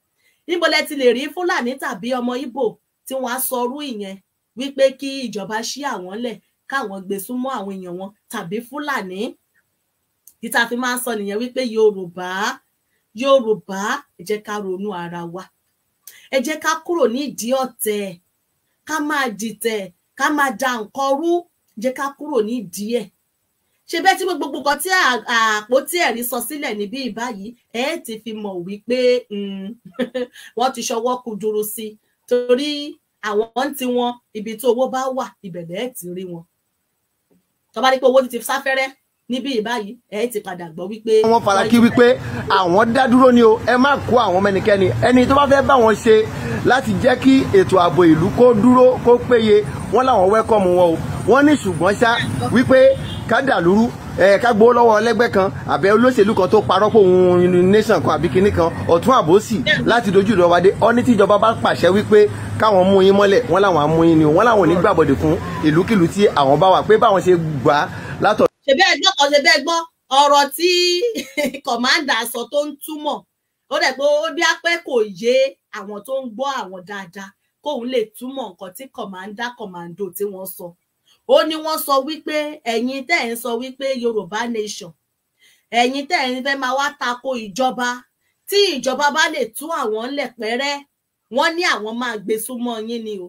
níbo lẹ ti lè rí fúlàní tàbí ọmọ ibo tí wọ́n á sọrú ìyẹn wípé kí ìjọba ṣí àwọn lẹ̀ káwọn gbé e súnmọ́ àwọn èèyàn wọn tàbí fúlàní títa fi máa ń sọ nìyẹn wípé yorùbá yorùbá ẹ jẹ́ ká ronú ara wa ẹ jẹ́ ká kúrò nídìí ọ̀tẹ̀ ká máa dìtẹ̀ ká máa da nǹkan rú ẹ jẹ́ ká kúrò nídìí ẹ̀ ṣe bẹ́ẹ̀ tí gbogbo nǹkan tí àpótí ẹ̀rí sọ sílẹ̀ níbí báyìí ẹ̀ ti fi mọ̀ wípé mm, <laughs> wọ́n ti ṣọwọ́ kúdùrú sí i torí àwọn ń ti wọn ibi tí owó bá wà ìbẹ̀lẹ̀ ẹ̀ ti rí wọn. tó bá ní pé owó ti ti sáfẹ́rẹ́ níbí báyìí ẹ̀ ti padà gbọ́ wípé. wọ́n fara kí wípé àwọn dá dúró ni o ẹ má kó àwọn mẹ́nikẹ́ni ẹni tó bá fẹ́ bá wọn ṣe láti jẹ́ kí ètò ààbò ìlú kó dúró kó péye wọ́n láwọn wẹ́kọ̀mù wọn o wọ́n ní ṣùgbọ́n ṣá wípé ká dàlúrú ẹ ká gbowó lọ́wọ́ ẹlẹ́gbẹ́ kan àbẹ olóṣèlú kan tó parọ́ pé òun nation kan àbí kinní kan ọ̀tún àbòsì láti dojú ìjọba dé ọ ní tíjọba bá pàṣẹ wípé káwọn mú yín mọ́lẹ̀ wọ́n láwọn á mú yín ni wọ́n láwọn ò ní gbàbọ̀dè fún ìlúkìlú tí àwọn bá wà pé báwọn ṣe gbà á látọ̀. ṣebí ẹgbọ́n kan ṣebí ẹgbọ́n ọ̀rọ̀ tí <laughs> kọ̀mándà sọ tó ń túmọ̀ ó dẹ̀ pé ó bí apẹ́ kò yé àwọn tó ń gbọ́ àwọn dáadáa kóun lè túmọ̀ nǹkan tí kọ̀mándà kọ̀mándò tí wọ́n sọ ó ní wọ́n sọ wípé ẹ̀yin tẹ́ ẹ̀ ń sọ wípé yorùbá nation ẹ̀yin tẹ́ ẹ̀ ń fẹ́ máa wá tako ìjọba tí ìjọba bá lè tú àwọn ńlẹ̀ pẹ́rẹ́ wọ́n ní àwọn máa gbé súnmọ́ yín ni o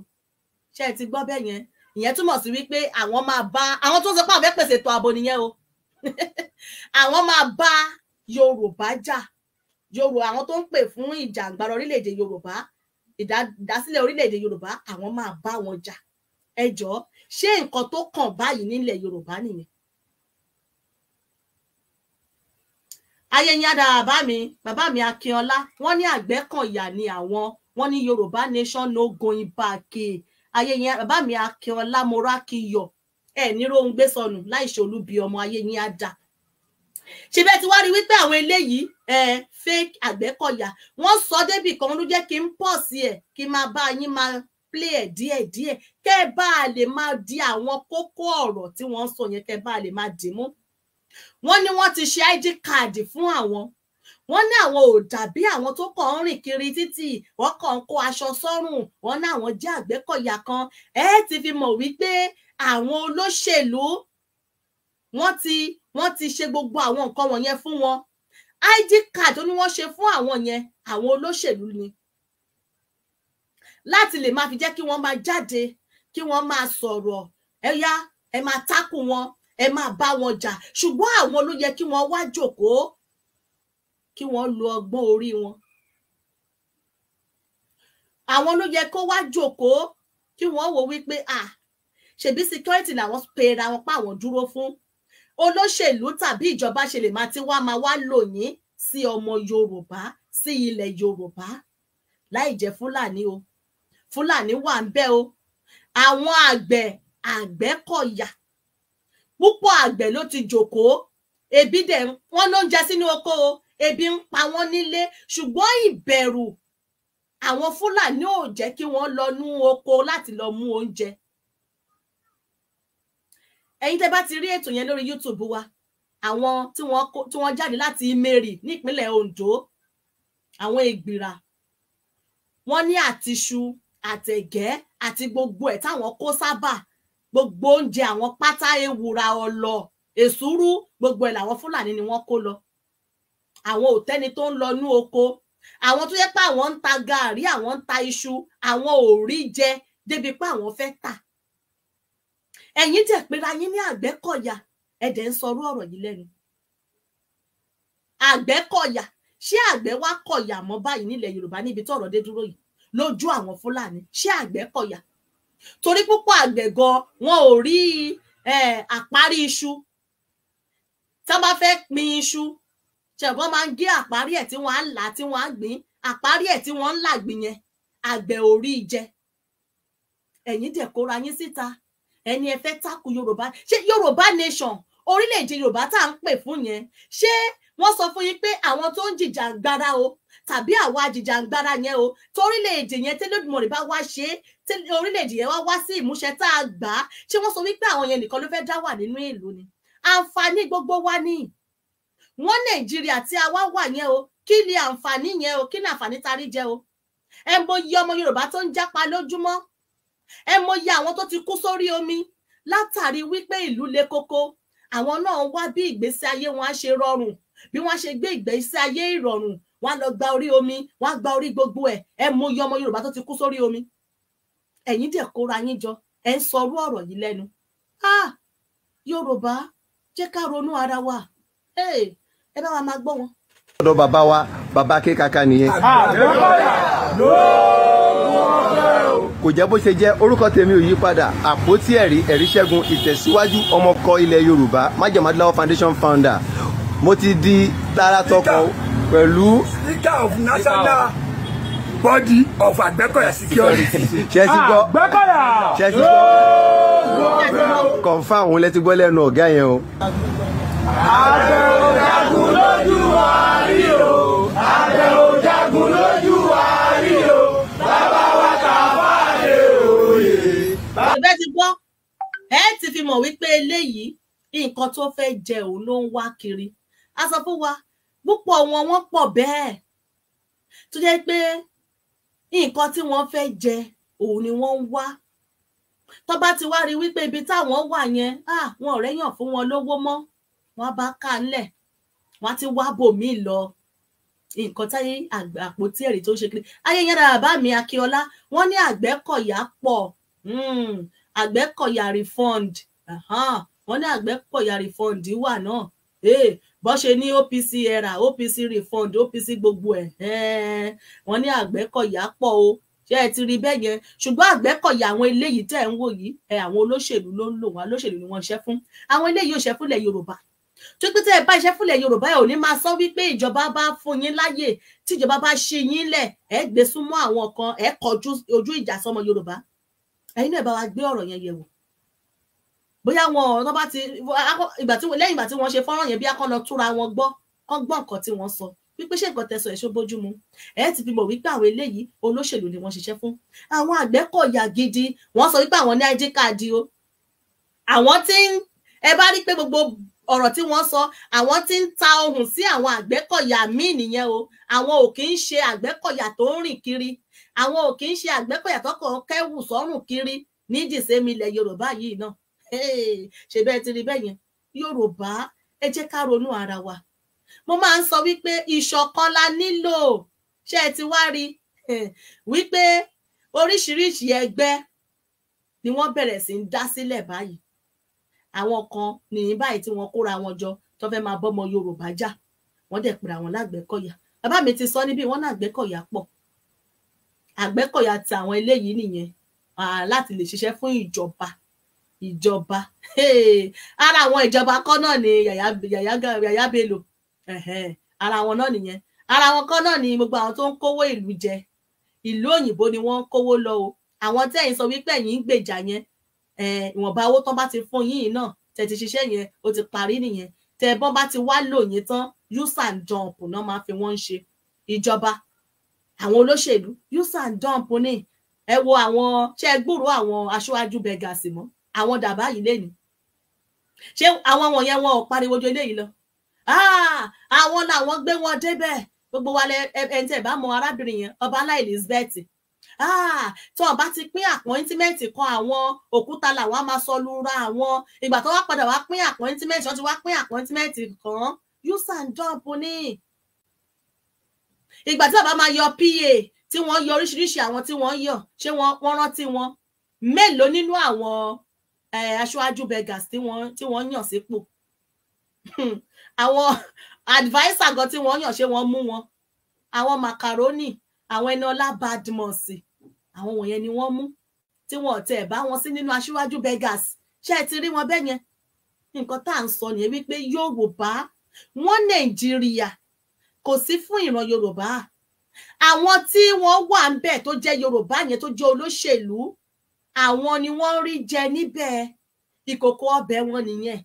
ṣé ti gbọ́ bẹ́ẹ̀ yẹn ìyẹn túmọ̀ sí wípé àwọn máa bá àwọn tó ń sọ pé àwọn fẹ́ pèsè ètò ààbò nìyẹn o <laughs> àwọn máa bá yorùbá jà yorùbá àwọn tó ń pè fún ìjàǹgbara orílẹ̀-èdè yorùbá ìdásílẹ̀ orílẹ̀-èdè yorùbá àwọn máa bá wọn jà ẹ jọ̀ọ́ ṣé nǹkan tó kàn báyìí nílẹ̀ yorùbá nìyẹn ayẹyẹ dára bàbá mi bàbá mi akínọlá wọn ní àgbẹ̀kọ̀yà ni àwọn wọn ní yorùbá nation no going back ayẹyẹ bàbá mi akínọlá morakiyọ ẹ ní rohun gbé sọnù láìṣe olúbi ọmọ ayẹyẹ ada ṣe bẹ́ẹ̀ ti wá rí wípé àwọn eléyìí fake àgbẹ̀kọ̀yà wọ́n sọ débì kan ló jẹ́ kí n pọ̀ sí ẹ̀ kí n máa bá yín máa play ẹ̀ díẹ̀díẹ̀ kẹ́ ẹ bá a lè máa di àwọn kókó ọ̀rọ̀ tí wọ́n ń sọ yẹn kẹ́ bá a lè máa dì mú wọ́n ní wọ́n ti ṣe id card fún àwọn wọ́n ní àwọn ò dàbí àwọn tó kàn ń rìn kiri títì wọ́n kàn ń kó aṣọ sọ́rùn wọ́n ní àwọn jẹ́ àgbẹ́kọ̀yà kan ẹ ti fi mọ̀ wípé àwọn olóṣèlú wọ́n ti wọ́n ti ṣe gbogbo àwọn nǹkan wọ̀nyẹn fún wọn id card ó ní wọ́n ṣe fún àwọn yẹn àwọn olóṣèlú ni láti lè máa fi jẹ́ kí wọ́n máa jáde kí wọ́n máa sọ̀rọ̀ ẹ yá ẹ máa tákù wọn ẹ máa bá wọn jà ṣùgbọ́n àwọn ló yẹ kí wọ́n wá jókòó kí wọ́n lo ọgbọ́n orí wọn àwọn ló yẹ kó wá jókòó kí wọ́n wò wípé à ṣèbí security làwọn pera wọn pa àwọn dúró fún olóṣèlú tàbí ìjọba ṣe lè máa ti wá máa wá lò yín sí ọmọ yorùbá sí ilẹ̀ yorùbá láì jẹ́ fúlàní o fúlàní wà ń bẹ o àwọn àgbẹ̀ àgbẹ̀kọ̀yà púpọ̀ àgbẹ̀ ló ti jókòó ebi dẹ̀ wọ́n ló ń jẹ sínú oko o ebi ń pa wọ́n nílé ṣùgbọ́n ìbẹ̀rù àwọn fúlàní ò jẹ́ kí wọ́n lọ nú oko láti lọ mú oúnjẹ ẹ̀yin tẹ́ bá ti rí ètò yẹn lórí YouTube wa àwọn tí wọ́n tí wọ́n jáde láti Imeri nípínlẹ̀ Ondo àwọn Ègbìrà wọ́n ní àtiṣu àtẹ̀gẹ́ àti gbogbo ẹ̀ táwọn kó sábà gbogbo oúnjẹ àwọn pátá ewùrà ọlọ èsúrú gbogbo ẹ̀ làwọn fúlàní ni wọ́n kó lọ àwọn òtẹ́ni tó ń lọ ní oko àwọn tó yẹ pé àwọn ń ta gaàrí àwọn ń ta iṣu àwọn ò rí jẹ débi pé àwọn fẹ́ tà ẹ̀yin dẹ̀ pera yín ní àgbẹ́kọ̀yà ẹ ń sọrú ọ̀rọ̀ yìí lẹ́nu àgbẹ́kọ̀yà ṣé àgbẹ̀ wá kọ̀yà mọ́ báyìí nílẹ̀ yorùbá níbi tọ́rọ̀ dé dúró yìí lójú àwọn fúlàní ṣé àgbẹ̀kọ̀yà torí púpọ̀ àgbẹ̀ gan wọn ò rí àparí iṣu tí wọ́n bá fẹ́ pin iṣu ṣẹ̀gbọ́n máa ń gé àparí ẹ̀ tí wọ́n á là tí wọ́n á gbìn àparí ẹ̀ tí wọ́n ń là gbìn yẹn àgbẹ̀ ò rí jẹ ẹ̀yin dẹ̀ kóra yín síta ẹni ẹ fẹ́ takú yorùbá ṣé yorùbá nation orílẹ̀-èdè yorùbá tá à ń pè fún yẹn ṣé wọ́n sọ fún yín pé àwọn tó ń jìjà gbára o tàbí àwa àjìjàngbara yẹn o torílẹ̀-èdè yẹn tẹ́lẹ̀dùmọ̀rì bá wá ṣe é orílẹ̀ yẹn wá wá sí ìmúṣẹ tá a gbà á ṣé wọ́n sọ wípé àwọn yẹn nìkan ló fẹ́ dá wà nínú ìlú ni àǹfààní gbogbo wa ni wọ́n nàìjíríà tí a wá wà yẹn o kí ni àǹfààní yẹn o kí ni àǹfààní tarí jẹ o ẹ mọ iye ọmọ yorùbá tó ń jápa lójúmọ́ ẹ mọ iye àwọn tó ti kú sórí omi látàrí wípé ìlú le koko àwọn náà wá bí ìgbésí ayé wọn á ṣe rọrùn bí wọn á ṣe gbé ìgbésí ayé ìrọ̀rùn wọ́n á lọ gba orí omi wọ́n á gba orí gbogbo ẹ̀ ẹ mú iye ọmọ Yorùbá tó ti kú sórí omi ẹ̀yin dẹ̀ kóra yín jọ ẹ̀ ń sọ orú ọ̀rọ̀ yìí lẹ́nu ah Yorùbá jẹ́ ká ronú ara wa ẹ bá wa máa gbọ́ wọn. ọ̀dọ̀ bàbá wa bàbá kékaka nìyẹn. kò jẹ́ bó ṣe jẹ́ orúkọ tèmi ò yí padà àpótí ẹ̀rí ẹ̀rí ṣẹ́gun ìtẹ̀síwájú ọmọkọ ilẹ̀ Yorùbá májèmádìláwọ̀ foundation founder mo ti di tààràtọkọ pẹ̀lú. speaker of national body of Àgbẹ̀kọ̀yà security. ṣẹ́sí gbọ́ Àgbẹ̀kọ̀yà ṣẹ́sí gbọ́ confam òun lẹ́tí gbọ́ lẹ́nu ọ̀gá yẹn o. àbẹ̀ òjagun lójú wa rí o àbẹ̀ òjagun lójú wa rí o bàbá wa kà wá lè òye. ẹgbẹ́ ti gbọ́ ẹ ti fi mọ̀ wípé eléyìí nǹkan tó fẹ́ jẹ òun ló ń wá kiri a sọ fún wa púpọ̀ wọn wọ́n pọ̀ bẹ́ẹ̀ tó jẹ́ pé nǹkan tí wọ́n fẹ́ jẹ òun ni wọ́n ń wá tó bá ti wá rí wípé ibi táwọn wà yẹn wọn ò rẹ́yàn fún wọn lówó mọ́ wọn bá ká lẹ̀ wọn ti wá bòmíì lọ nǹkan táyé àpótí ẹ̀rí tó ń ṣe kiri ayé yẹn dára bá mi akíọlá wọn ní àgbẹ̀kọ̀yà pọ̀ hmm, àgbẹ̀kọ̀yà refund wọn ní àgbẹ̀kọ̀yà refund wà náà bó ṣe ní OPC era OPC refund OPC gbogbo ẹ wọn ní Àgbẹ̀kọ̀yà pọ̀ o ṣé ẹ ti rí bẹ́ẹ̀ yẹn ṣùgbọ́n Àgbẹ̀kọ̀yà àwọn eléyìí tẹ̀ ń wò yìí ẹ àwọn olóṣèlú ló ń lò wọn olóṣèlú ni wọ́n ṣẹ́ fún àwọn eléyìí ò ṣẹ́ fúnlẹ̀ Yorùbá tó pé tẹ́ ẹ bá iṣẹ́ fúnlẹ̀ Yorùbá ẹ ò ní máa sọ wípé ìjọba bá fún yín láyè tíjọba bá ṣe yín lẹ̀ ẹ gbé súnmọ́ àwọn kan ẹ kọjú ojú ìjà sọmọ Yorùbá ẹ̀yin náà bá wa gbé ọ̀rọ̀ yẹn yẹ̀wò bóyá wọn ọ̀rọ̀ bá ti ìgbà tí lẹ́yìn ìgbà tí wọ́n ṣe fọ́nrán yẹn bí akọ́ lọ túra wọn gbọ́ kán gbọ́ nǹkan tí wọ́n sọ wípé ṣé nǹkan tẹ̀sán ẹ̀ṣọ́ bójúmu ẹ̀ ti fi mọ̀ wípé àwọn eléyìí olóṣèlú ni wọ́n ṣiṣẹ́ fún àwọn àgbẹ̀kọ̀yà gidi wọ́n sọ wípé àwọn ní id card o àwọn tí ń ẹ bá rí pé gbogbo ọ̀rọ̀ tí wọ́n sọ àwọn tí ń ta ohùn sí àwọn àgbẹ̀kọ̀yà míì nìyẹn o àwọn ò kì í ṣe àgbẹ̀kọ̀yà tó ń rìn kiri àwọn ò kì í ṣe àgbẹ̀kọ̀yà tó kàn kẹ́wù sọ́rùn kiri ní dìsẹ́mi ilẹ̀ Yorùbá yìí náà ṣe bẹ́ẹ̀ ti rí bẹ́ẹ̀ yẹn yorùbá ẹ jẹ́ ká ronú ara wa mo máa ń sọ wípé ìṣọ̀kan la nílò ṣé ẹ ti wá rí <laughs> wípé oríṣiríṣi ẹgbẹ́ ni wọ́n bẹ̀rẹ̀ sí ń dá sílẹ̀ báyìí àwọn kan nìyí báyìí tí wọ́n kóra wọn jọ tó fẹ́ máa bọ́mọ yorùbá jà wọ́n dẹ̀ pèrè àwọn lágbẹ́kọ̀yà bàbá mi ti sọ níbí wọ́n náà àgbẹ́kọ̀yà pọ̀ àgbẹ́kọ̀yà ti àwọn eléyìí nìyẹn láti lè ṣiṣẹ́ fún ìjọba ìjọba ara àwọn ìjọba kọ́ náà ni yàyà bello ara wọn náà nìyẹn ara wọn kọ́ náà ni gbogbo àwọn tó ń kówó ìlú jẹ ìlú òyìnbó ni wọ́n ń kówó lọ o àwọn tẹ́yìn sọ wípé ẹ̀yin ń gbèjà yẹn ìwọ̀nba owó tán bá ti fún yín náà tẹ́ ti ṣiṣẹ́ yẹn ó ti parí nìyẹn tẹ́ bọ́n bá ti wá lò yín tán use and náà máa fi wọ́n ṣe ìjọba àwọn olóṣèlú use and ni ẹ wo àwọn ṣe gbúròó àwọn aṣáájú bẹgàsì mọ́ àwọn dàbá yìí lẹ́nu ṣé àwọn wọ̀nyẹn wọn ò pariwo ju eléyìí lọ ah, àwọn làwọn gbé wọn débẹ̀ gbogbo wa ẹni tẹ́ bá mọ arábìnrin yẹn ọbańlá Elizabeth ah, tí wọn bá ti pín àpọ́ńtímẹ́ǹtì kan àwọn òkúta làwọn á máa sọ lura àwọn ìgbà tó wá padà wá pín àpọ́ńtímẹ́ǹtì wọn ti wá pín àpọ́ńtímẹ́ǹtì kan use and dump ní ìgbà tí bàbá máa yọ pa tí wọ́n yọ oríṣiríṣi àwọn tí wọ́n yọ ṣé wọ́n rántí wọn mélòó nínú àwọn aṣáájú beggars tí wọ́n tí wọ́n yàn sípò <laughs> àwọn adviser gan tí wọ́n yàn ṣé wọ́n mú wọn àwọn macaroni àwọn Ẹniọlá Badmus àwọn wọ̀nyẹn ni wọ́n mú tí wọ́n tẹ̀ bá wọn sí nínú aṣíwájú beggars ṣé ẹ ti rí wọn bẹ́ẹ̀ yẹn nǹkan tá à ń sọ nìyẹn wípé Yorùbá wọn Nàìjíríà kò sí fún ìran Yorùbá àwọn tí wọ́n wà ń bẹ̀ tó jẹ́ Yorùbá yẹn tó jẹ́ olóṣèlú àwọn ni wọ́n rí jẹ níbẹ̀ ìkòkò ọbẹ̀ wọn nìyẹn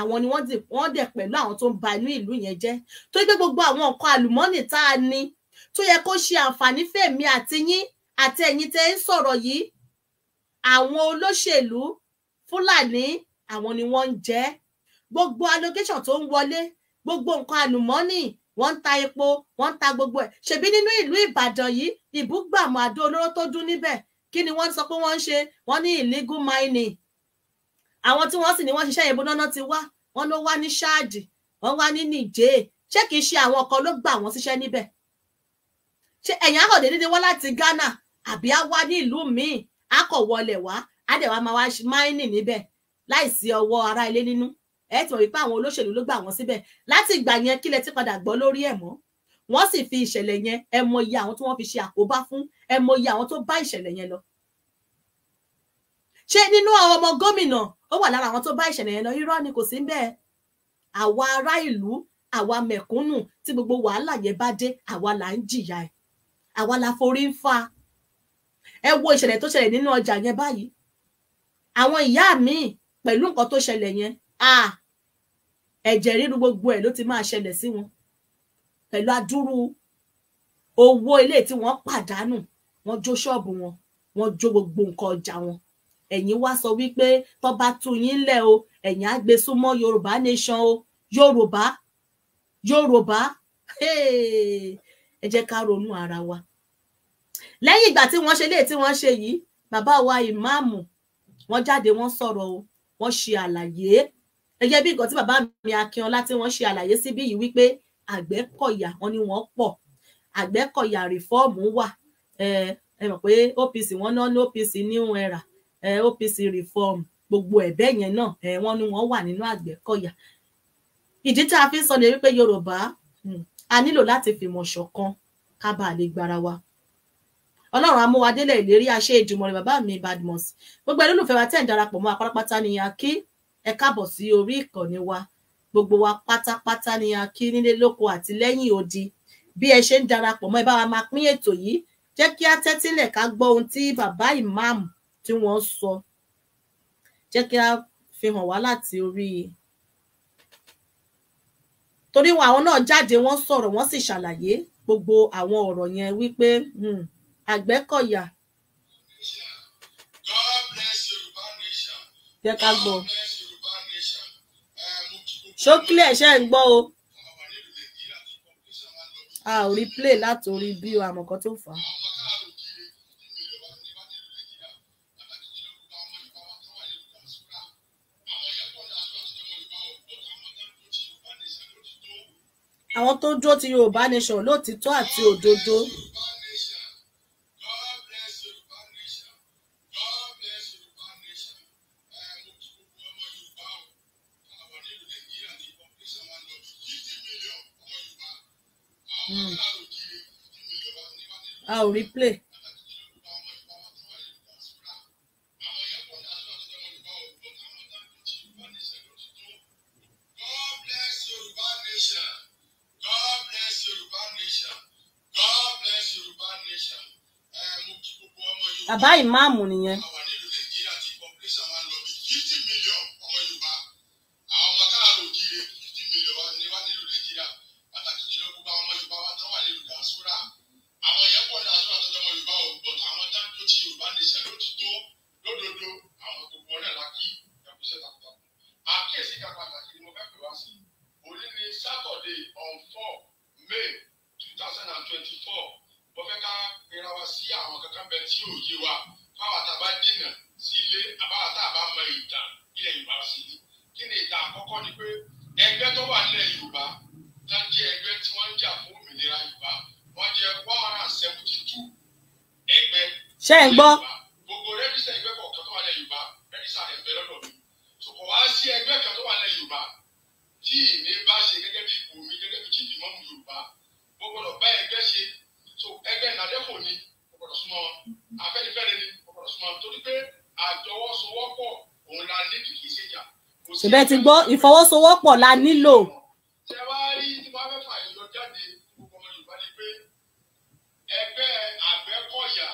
àwọn ni wọ́n dẹ̀ pẹ̀lú àwọn tó ń ba inú ìlú yẹn jẹ́ tó gbé gbogbo àwọn nǹkan àlùmọ́nì tá a ní tó yẹ kó ṣe àǹfààní fèmí àti yín àti ẹ̀yin tẹ́ ń sọ̀rọ̀ yìí àwọn olóṣèlú fúlàní àwọn ni wọ́n ń jẹ gbogbo allocation tó ń wọlé gbogbo nǹkan àlùmọ́nì wọ́n ń ta epo wọ́n ń ta gbogbo ẹ̀ ṣèbí nínú ìlú ìbàdàn yìí ìbúgbàmù àdó olóró tó dún níbẹ̀ kí ni wọ́n sọ pé wọ́n ń ṣe wọ́n ní illegal mining àwọn tí wọ́n sì ní wọ́n ṣiṣẹ́ ìbò náà ti wá wọ́n ló wá ní ṣáàdì wọ́n wá ní nìjẹ́ ṣé kìí ṣe àwọn kan ló gbà wọ́n síṣẹ́ níbẹ̀ ṣé ẹ̀yìn akọ̀ déédéé wá láti Ghana àbí á wá ní ìlú míì á kọ̀ wọlé wá á dẹ̀ wá máa wá mining níbẹ̀ láìsí ọwọ́ ara ilé nínú ẹ̀ tí wọ́n wípé àwọn olóṣèlú ló gbà wọ́n síbẹ̀ láti ìgbà yẹn kílẹ̀ ti padà gbọ́ lórí ẹ̀ mọ́ wọ́n sì fi ìṣẹ̀lẹ̀ yẹn ẹ mọ iye àwọn tí wọ́n fi ṣe àkóbá fún ẹ mọ iye àwọn tó bá ìṣẹ̀lẹ̀ yẹn lọ ṣé nínú àwọn ọmọ gómìnà ó wà lára àwọn tó bá ìṣẹ̀lẹ̀ yẹn lọ irọ́ ni kò sí ń bẹ́ẹ̀ àwa ará ìlú àwa mẹ̀kúnnù tí gbogbo wàhálà yẹn bá dé àwa là ń jìyà ẹ̀ àwa la forí ń fa ẹ wo ìṣẹ̀lẹ̀ tó ṣẹlẹ̀ nínú ọjà yẹn báyìí àwọn ìyá mi pẹ̀lú nǹkan tó ṣẹlẹ̀ yẹn ẹ̀jẹ̀ ríru gbogbo ẹ̀ ló ti máa ṣẹlẹ̀ sí wọn pẹ̀lú adúrú owó ilé tí wọ́n pàdánù wọ́n jó ṣọ́ọ̀bù wọn wọ́n jó gbogbo nǹkan ọjà wọn ẹ̀yin wá sọ wípé tó bá tú yín lẹ̀ o ẹ̀yin á gbé súnmọ́ yorùbá nation o yorùbá yorùbá ẹ jẹ́ ká ronú ara wa lẹ́yìn ìgbà tí wọ́n ṣe léè tí wọ́n ṣe yìí bàbá wa ìmáàmù wọ́n jáde wọ́n sọ̀rọ̀ o wọ́n ṣe àlàyé gẹ́gẹ́ bí nǹkan tí bàbá mi akínọlá tí wọ́n ṣe àlàyé síbí yìí wípé àgbẹ̀kọ̀yà wọn ni wọ́n pọ̀ àgbẹ̀kọ̀yà rìfọ́ọ̀mù wà ẹ mọ̀ pé OPC wọn náà ní OPC new era OPC reform gbogbo ẹ̀bẹ́ yẹn náà wọ́n ní wọ́n wà nínú àgbẹ̀kọ̀yà ìdí tá a fi ń sọ ni wípé Yorùbá hmm, a nílò láti fìmọ̀ ṣọ̀kan ká bàa lè gbára wa ọlọ́run amúwadélẹ̀ ìlérí àṣẹ ìjùmọ̀rẹ́ bàbá mi Badmus gbogbo ẹlólùfẹ́ wa tẹ̀ ń darapọ̀ mọ́ apárápátá ni a kí ẹ káàbọ̀ sí orí ìkànnì wa gbogbo wa pátápátá ni a kí nílé lóko àti lẹ́yìn odi bí ẹ ṣe ń darapọ̀ mọ́ ẹ bá wa máa pín ètò yìí jẹ́ kí á tẹ́tílẹ̀ ká gbọ́ ohun tí bàbá ìmáàmù tí wọ́n sọ jẹ́ kí á fi hàn wá láti orí torí àwọn náà jáde wọ́n sọ̀rọ̀ wọ́n sì ṣàlàyé gbogbo àwọn ọ̀rọ̀ yẹn wípé hmm, Àgbẹ̀kọ̀yà jẹ́ ká gbọ́. God bless you, ṣókílẹ̀ ẹ̀ṣẹ́ ń gbọ́ o a ò rí play látòrí bí o àmọ̀kan tó fà á. àwọn tó dúró ti Yorùbá nation lótìtọ́ àti òdodo a ò rí play. bàbá ìmáàmù nìyẹn. May two thousand and twenty-four mo fẹ́ ká pera wa sí àwọn kankan bẹ tí ò yé wa fáwọn tá a bá jìnnà sí ilé àbáwọn tá a bá mọ ìtàn ilẹ̀ Yorùbá sí ni kí ni ìtàn àkọ́kọ́ ni pé ẹgbẹ́ tó wà nílẹ̀ Yorùbá tó jẹ́ ẹgbẹ́ tí wọ́n ń jà fún òmìnira Yorùbá wọ́n jẹ́ one hundred and seventy two ẹgbẹ́. ṣé ẹ gbọ́. gbogbo rẹ́díṣà ẹgbẹ́ kọ̀ọ̀kan tó wà nílẹ̀ Yorùbá rẹ́díṣà ẹgbẹ́ lọ́dọ̀ mi kò wá sí ẹgbẹ́ kan tó wà nílẹ̀ Yorùbá tí ìní bá ṣe gẹ́gẹ́ bí o gbọ́dọ̀ bá ẹgbẹ́ ṣe so ẹgbẹ́ ìnàdẹ́fò ni o gbọ́dọ̀ súnmọ́ ni o gbọ́dọ̀ torí pé àjọwọ́sowọ́pọ̀ òun la ní kìkì ìṣèjà. ṣùgbọ́n ti gbọ́ ìfọwọ́sowọ́pọ̀ la nílò. ṣé wàá rí tí wọ́n fẹ́ fà yọ jáde gbogbo ọmọ Yorùbá ni pé ẹgbẹ́ Àgbẹ̀kọ̀yà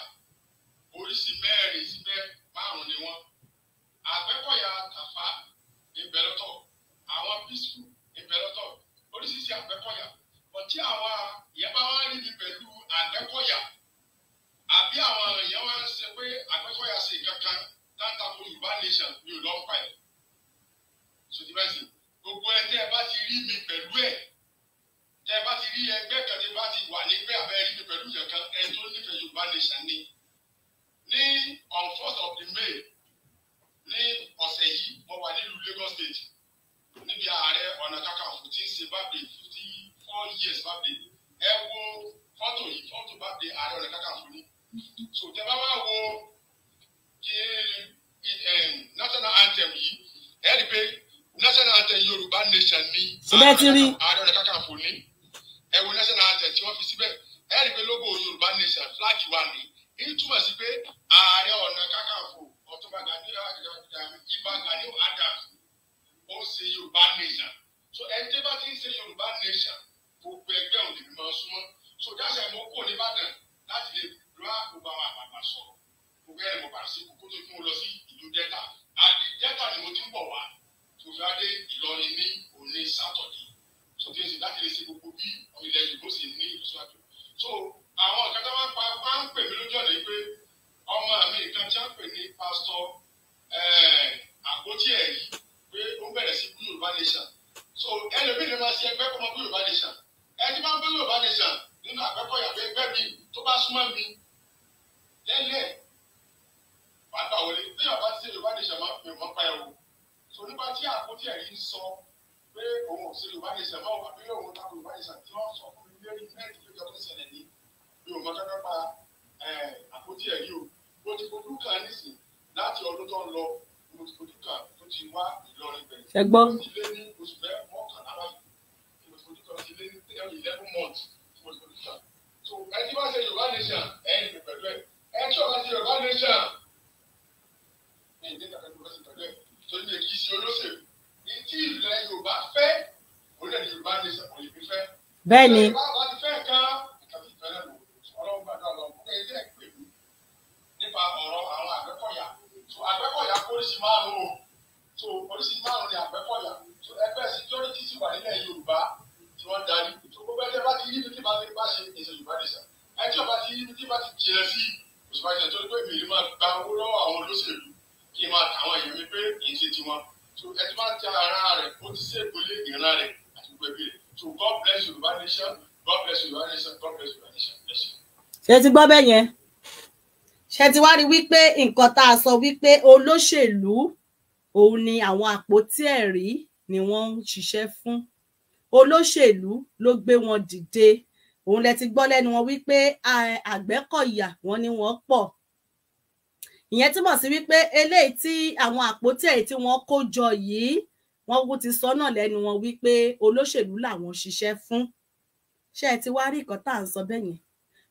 actually gbọ́. ṣe ti gbọ́ bẹ́ẹ̀ yẹn ṣe ti wá rí wípé nǹkan tá a sọ wípé olóṣèlú òun ni àwọn àpótí ẹ̀rí ni wọ́n ń ṣiṣẹ́ fún olóṣèlú ló gbé wọn dìde òun lẹ ti gbọ́ lẹ́nu wọn wípé àgbẹ̀kọ̀yà wọn ni wọ́n pọ̀ ìyẹn túmọ̀ sí wípé eléyìí tí àwọn àpótí ẹ̀rí tí wọ́n kó jọ yìí wọ́n kú ti sọ náà lẹ́nu wọn wípé olóṣèlú làwọn ṣiṣẹ́ fún ṣé ti wá nǹkan tá à ń sọ bẹ́ẹ̀ yẹn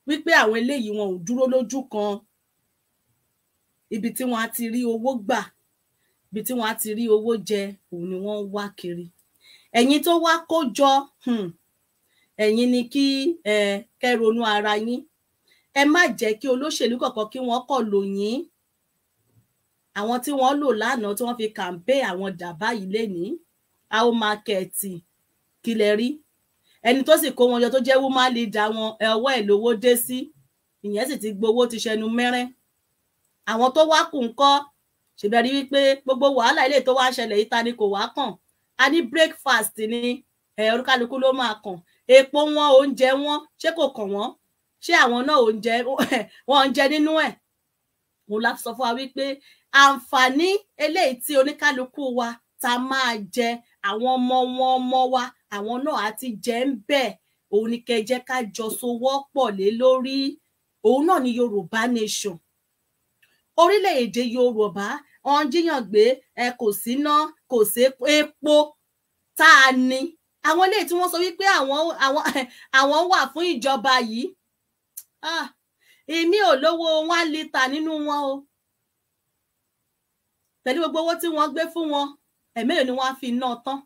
wípé àwọn eléyìí wọn ò dúró lójú kan ibi tí wọn á ti rí owó gbà ibi tí wọn á ti rí owó jẹ òun ni wọn ń wá kiri ẹ̀yin tó wá kó jọ hmm, ẹ̀yin ni kí ẹ kẹ ronú ara yín ẹ má jẹ́ kí olóṣèlú kọ̀ọ̀kan kí wọ́n kọ̀ lò yín àwọn tí wọ́n lò lánàá tí wọ́n fi kàǹpé àwọn dà báyìí lénìí àwọn mákẹ́ẹ̀tì kí lẹ rí ẹni tó sì kó wọn yọ tó jẹ́ woman leader wọn ọwọ́ ẹ̀ lówó dé sí ìyẹn sì ti gbowó ti ṣẹnu mẹ́rẹ́ àwọn tó wá kù ń kọ́ ṣèbẹ̀rí wípé gbogbo wàhálà ilé tó wá ṣẹlẹ̀ yìí ta ni kò wá kàn a ní breakfast ni olúkálukú ló máa kàn epo wọn oúnjẹ wọn ṣé kò kàn wọn ṣé àwọn náà oúnjẹ <laughs> wọn oúnjẹ nínú ẹ̀ mo la sọ fún wa wípé àǹfààní eléyìí tí oníkálukú wa ta máa jẹ àwọn ọmọ wọn ọmọ wa àwọn náà á ti jẹ́ ń bẹ̀ òun ni kẹ́ jẹ́ ká jọ sowọ́pọ̀ lé lórí òun náà ni Yorùbá nation orílẹ̀-èdè Yorùbá ọ̀n jíyàn gbé ẹ kò síná kò sí epo tá a ní àwọn eléyìí tí wọ́n sọ wípé àwọn àwọn <laughs> àwọn wà fún ìjọba yìí ah, èmi ò lówó one litre nínú wọn o pẹ̀lú gbogbo owó tí wọ́n gbé fún wọn ẹ̀mẹ́rin ni wọ́n á fi ná tán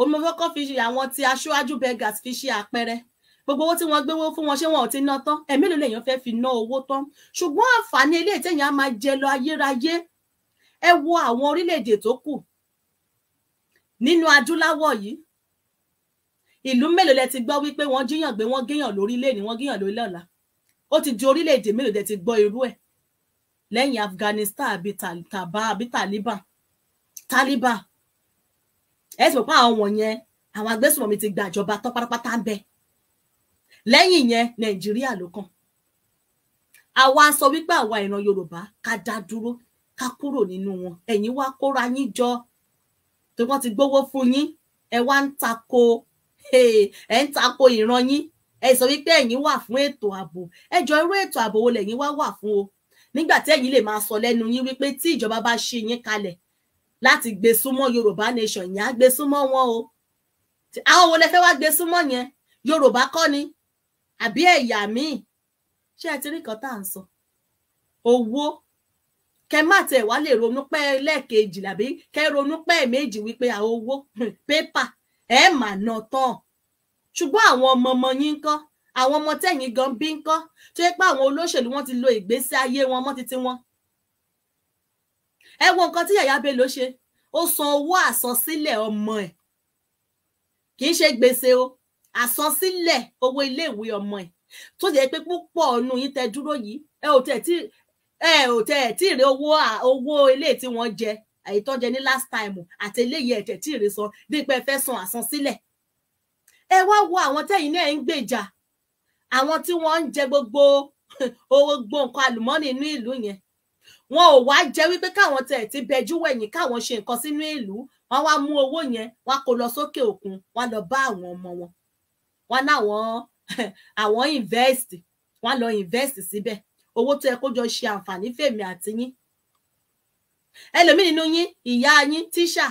òun mo fọkọ fi àwọn ti aṣáájú beggars fi ṣe àpẹẹrẹ gbogbo owó tí wọ́n gbéwó fún wọn ṣé wọn ò ti ná tán ẹ̀mí ló lèèyàn fẹ́ẹ́ fi ná owó tán ṣùgbọ́n àǹfààní ilé ìtẹ̀yìn á máa jẹ lọ ayérayé ẹ wo àwọn orílẹ̀ tó kù nínú adúláwọ̀ yìí ìlú mélòó lẹ ti gbọ́ wípé wọ́n jíyàn gbé wọ́n géyàn lórí ilé ni wọ́n géyàn lórí lọ́la ó ti di orílẹ̀ mélòó lẹ ti gbọ́ irú ẹ̀ lẹ́yìn Afghanistan àbí àbí Taliban Taliban ẹ sì mọ̀ pé àwọn wọ̀nyẹn àwọn agbésùnmọ̀mí ti gbàjọba tán pátápátá ń bẹ lẹ́yìn yẹn nàìjíríà ló kàn àwa sọ wípé àwa ìran yorùbá ká dá dúró ká kúrò nínú wọn ẹ̀yin wá kóra yín jọ tí wọ́n ti gbowó fún yín ẹ wá ń tako ẹ ń tako ìran yín ẹ sọ wípé ẹ̀yin wà fún ètò ààbò ẹ irú ètò ààbò wo lẹ̀yin wá wà fún o nígbà tí ẹ̀yin lè máa sọ lẹ́nu yín wípé tí ìjọba bá ṣe yín kalẹ̀ láti gbé súnmọ́ yorùbá nation yẹn á gbé súnmọ́ wọn o àwọn wo lẹ fẹ́ wá gbé súnmọ́ yẹn yorùbá kọ́ ni àbí ẹ̀yà míì ṣé ẹ ti rí nǹkan tá à ń sọ owó kẹ má tẹ wá lè ronú pé lẹ́ẹ̀kejì àbí kẹ ronú pé méjì wípé àwọn owó hmm, pépà ẹ mà nà tán ṣùgbọ́n àwọn ọmọ ọmọ yín ń kọ́ àwọn ọmọ tẹ̀yìn gan bí ń kọ́ tó yẹ pé àwọn olóṣèlú wọn ti lo ìgbésí ayé wọn mọ́ títí wọn ẹ wo nǹkan tí yàyà bello ṣe ó san owó àsansílẹ̀ ọmọ ẹ̀ kì í ṣe gbèsè o àsansílẹ̀ owó iléèwé ọmọ ẹ̀ tó jẹ́ pé púpọ̀ ọnu yín tẹ dúró yìí ẹ ò tẹ tí ẹ ò tẹ tí ì rí owó owó ilé tí wọ́n jẹ èyí tó jẹ ní last time àti eléyìí ẹ tẹ tí ì rí san dípẹ fẹ́ san àsansílẹ̀ ẹ wá wo àwọn tẹ̀yin náà ń gbèjà àwọn tí wọ́n ń jẹ gbogbo owó <laughs> gbọǹkan àlùmọ́nì inú ìlú yẹn wọn ò wá jẹ́ wípé káwọn tẹ̀ ti bẹjú wẹ̀yìn káwọn ṣe nǹkan sínú ìlú wọn wá mú owó yẹn wọn kó lọ sókè òkun wọn lọ bá àwọn ọmọ wọn wọn náwọn <laughs> àwọn invest wọn lọ invest síbẹ̀ owó tó yẹ kó jọ ṣe àǹfààní fèmí àti yín ẹlòmíín nínú yín ìyá yín tíṣà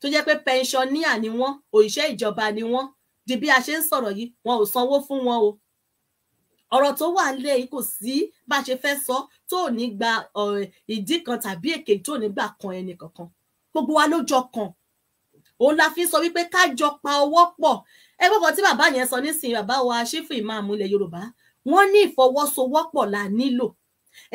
tó jẹ́ pé pensioner ni wọ́n òṣìṣẹ́ ìjọba ni wọ́n di bí a ṣe ń sọ̀rọ̀ yìí wọn ò sanwó fún wọn o ọ̀rọ̀ tó wà nílẹ̀ yìí kò sí bá a ṣe fẹ́ sọ tó ní gba ìdí kan tàbí èké tó ní gbà kan ẹnì kankan gbogbo wa ló jọ kan òun la fi sọ wípé ká jọ pa ọwọ́ pọ̀ ẹ gbọ́dọ̀ tí bàbá yẹn sọ nísìnyí bàbá wa ṣífù ìmáàmù ilẹ̀ Yorùbá wọ́n ní ìfọwọ́sowọ́pọ̀ la nílò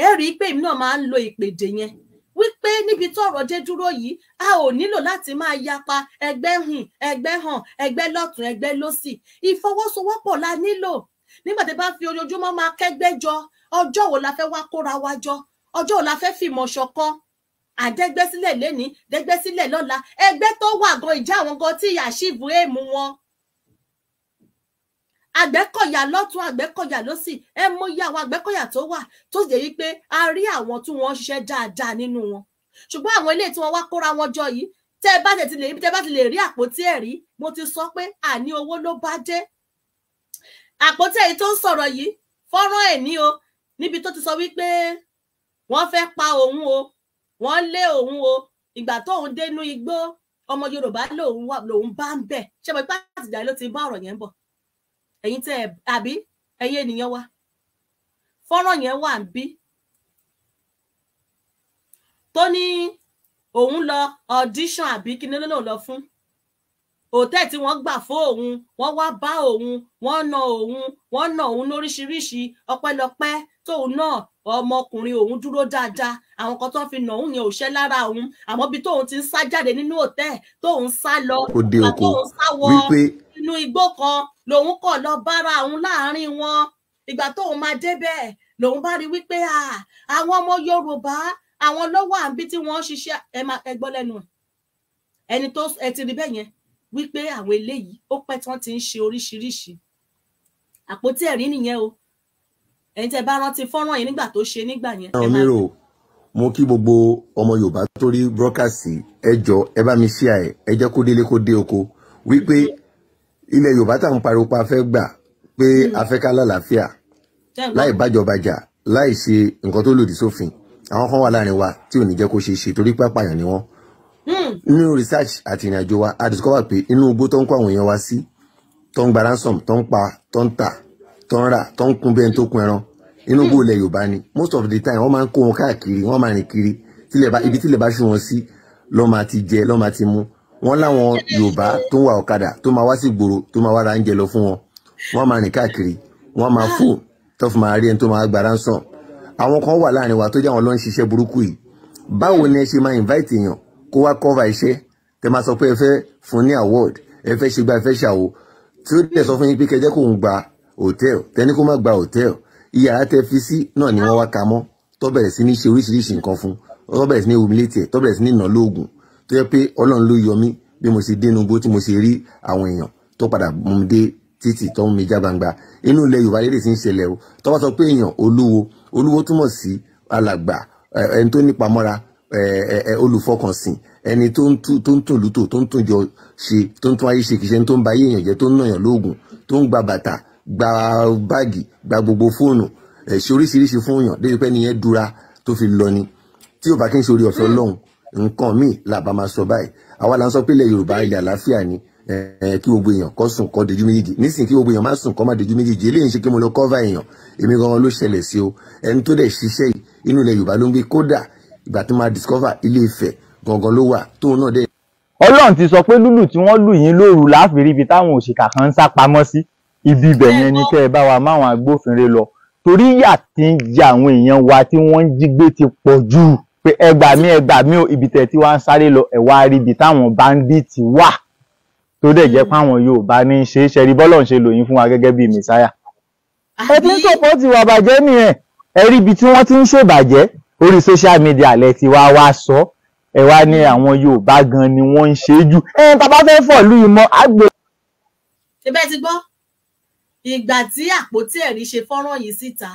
ẹ rí i pé èmi náà máa ń lo ìpèdè yẹn wípé níbi tó ọ̀rọ̀ dé dúró yìí a ò nílò láti máa yapa ẹgbẹ́ hùn ẹgbẹ́ hàn ẹgbẹ́ lọ́tùn ẹgbẹ́ lósì ìfọwọ́sowọ́pọ̀ la nílò nígbà tí bá fi ojoojúmọ́ máa kẹ́gbẹ́ jọ ọjọ́ wo la fẹ́ wá kóra wa jọ ọjọ́ wo la fẹ́ fìmọ̀ ṣọ̀kan àdẹ́gbẹ́ sílẹ̀ lẹ́ni dẹ́gbẹ́ sílẹ̀ lọ́la ẹgbẹ́ tó wà gan ìjà àwọn gan tí àṣìbù èèmù wọn àgbẹ́kọ̀yà lọ́tún àgbẹ́kọ̀yà lọ́sì ẹ mọyì àwọn àgbẹ́kọ̀yà tó wà tó sì jẹ́ wípé a rí àwọn tí wọ́n ṣiṣẹ́ dáadáa nínú wọn ṣùgbọ́n àwọn eléyìí tí wọ́n wá kóra wọn jọ yìí tẹ́ ẹ bá tẹ̀ ti lè rí àpótí ẹ̀rí mo ti sọ pé àní owó ló bá dé àpótí èyí tó ń sọ̀rọ̀ yìí fọ́nrán ẹ̀ ní o níbi tó ti sọ wípé wọ́n fẹ́ pa òun o wọ́n lé òun o ìgbà tóun dénú igbó ọmọ yorùbá lòun wà lòun bá ń bẹ̀ ṣé mo ipá àtìjà ló ti bá ọ̀rọ̀ yẹn bọ̀ ẹ̀yin tẹ́ ẹ àbí ẹ̀yin ènìyàn wa fọ́nrán yẹn wà ń bí tó ní òun lọ audition àbí kí ni ló lọ fún òtẹ́ẹ̀ tí wọ́n gbà fún òun wọ́n wá bá òun wọ́n na òun wọ́n na òun lóríṣiríṣi ọpẹ́lọpẹ́ tóun náà ọmọkùnrin òun dúró dáadáa àwọn kan tó fi nà òun yẹn ò ṣẹ́ lára òun àmọ́ bí tóun ti ń sá jáde nínú òtẹ́ẹ̀ tóun sá lọ òde òkò wípé inú igbó kan lòun kọ̀ lọ bára òun láàárín wọn ìgbà tóun máa débẹ̀ lòun bá rí wípé àwọn ọmọ Yorùbá àwọn lọ́wọ́ àbí tí wọ́n ṣiṣẹ́ ẹ gbọ́ lẹ́nu ẹni tó ẹ ti rí bẹ́ẹ̀ yẹn wípé àwọn eléyìí ó pẹ́ tí wọ́n ti ń ṣe oríṣiríṣi àpótí ẹ̀rí nìyẹn o ẹ̀yin tẹ́ bá rántí fọ́nrán yẹn nígbà tó ṣe nígbà yẹn. àwọn mérò mo kí gbogbo ọmọ yorùbá tó rí búrọ́kàsì ẹ jọ ẹ bá mi ṣí àyè ẹ jẹ́ kó délé kó dé oko wípé ilẹ̀ yorùbá tá à ń pariwo pa fẹ́ gbà pé hmm. afẹ́ká lálàáfíà láì bájọba jà láì ṣe nǹkan tó lòdì sófin àwọn kan wà láàrin wa tí ò ní jẹ́ kó ṣe ṣe torí pápáyàn ni wọ́n nínú research àti ìrìnàjò wa a discover pé inú igbó tó ń kó àwọn èèyàn wa sí tó ń gba ransom tó ń pa tó ń tà tó ń rà tó ń kun bẹ́ẹ̀ tó kun ẹran inú igbó ilẹ̀ yorùbá ni most of the time wọ́n máa ń kó wọn káàkiri wọ́n máa rìn kiri ibi tílẹ̀ bá ṣú wọn sí lọ́ máa ti jẹ lọ́ máa ti mu wọ́n láwọn yorùbá tó ń wa ọ̀kadà tó máa wá sí ìgboro tó máa wá ra oúnjẹ lọ fún wọn wọ́n máa rìn káàkiri wọ́n máa fò tó fi máa rí báwo ni ẹ ṣe máa invite èèyàn kó wá cover iṣẹ́ tẹ máa sọ pé ẹ fẹ́ fún ní award ẹ fẹ́ ṣe gba ẹ fẹ́ ṣàwò tí ó dẹ̀ sọ fún yín pé kẹjẹ́ kò ń gba hotel tẹni kó má gba hotel iyàrá tẹ fi sí náà ni wọ́n wá ka mọ́ tó bẹ̀rẹ̀ sí ní ṣe oríṣiríṣi nǹkan fún tó bẹ̀rẹ̀ sí ní humilate tó bẹ̀rẹ̀ sí ní ìnà lóògùn tó yẹ pé ọlọ́run ló yọ mí bí mo ṣe dénú bó tí mo ṣe rí àwọn èèyàn tó padà mú mi dé títì tó mú mi já gbangba inú ilẹ̀ yorùbá lédè sí ń ṣẹlẹ̀ o tó bá sọ pé èèyàn olúwo olúwo túmọ̀ sí alàgbà ẹni tó nípamọ́ra olùfọkànsìn ẹni tó ń tó ń tòlú tò tó ń tòjọ ṣe tó ń tún ayé ṣe kìṣẹ́ tó ń ba ayé èèyàn jẹ́ tó ń nàyàn lóògùn tó ń gba bàtà gba báàgì gba gbogbo fóònù ẹ̀ ṣe oríṣiríṣi fún yàn débi pé nìyẹn dura tó fi lọ ni tí ò bá kí n ṣe orí ọ̀fẹ́ ọlọ́run nǹkan míì làbá máa sọ báyìí àwa là ń sọ pé ilẹ̀ yorùbá ilẹ̀ àlàáfíà ni kí gbogbo èèyàn kó sùn kó dojú méjèèjì nísìnyí kí gbogbo èèyàn má sùn kó má dojú méjèèjì eléyìí ń ṣe kí mo lọ kọ́va èèyàn èmi gan-an ló ṣẹlẹ̀ sí o ẹni tó dẹ̀ ṣiṣẹ́ yìí inú ilẹ̀ yorùbá ló ń gbé kódà ìgbà tí máa discover ilé Ifẹ̀ gangan ló wà tóun náà dé. Ọlọ́run ti sọ pé lùlù tí wọ́n lù yín lóru láàfin ibi táwọn òṣìkà kan ń sá pamọ́ sí ibi ibẹ̀ yẹn ni kẹ́ ẹ bá wa máwọn agbófinró lọ torí ìyà tí ń jẹ àwọn èèyàn wa tí wọ́n ń jí gbé ti pọ̀ jù pé ẹ mí ẹ mí o ibi tẹ̀ tí wọ́n sáré lọ ẹ̀ wá táwọn báńdíìtì wà tó dẹ̀ jẹ́ páwọn Yorùbá ní í ṣe é ṣe rí bọ́lọ̀ ń ṣe lòyìn fún wa gẹ́gẹ́ bíi mẹ̀sáyà. ẹ ti ń sọ̀pọ̀ ti wà bàjẹ́ nìyẹn ẹ rí ibi tí wọ́n ti ń ṣèbàjẹ́ orí social media lẹ ti wá wá sọ ẹ wá ní àwọn Yorùbá gan ni wọ́n ń ṣe jù ẹ bàbá fẹ́ fọ̀lú ìmọ̀ àgbè. ṣebẹ́ ti gbọ́ ìgbà tí àpótí ẹ̀rí ṣe fọ́nrán yìí síta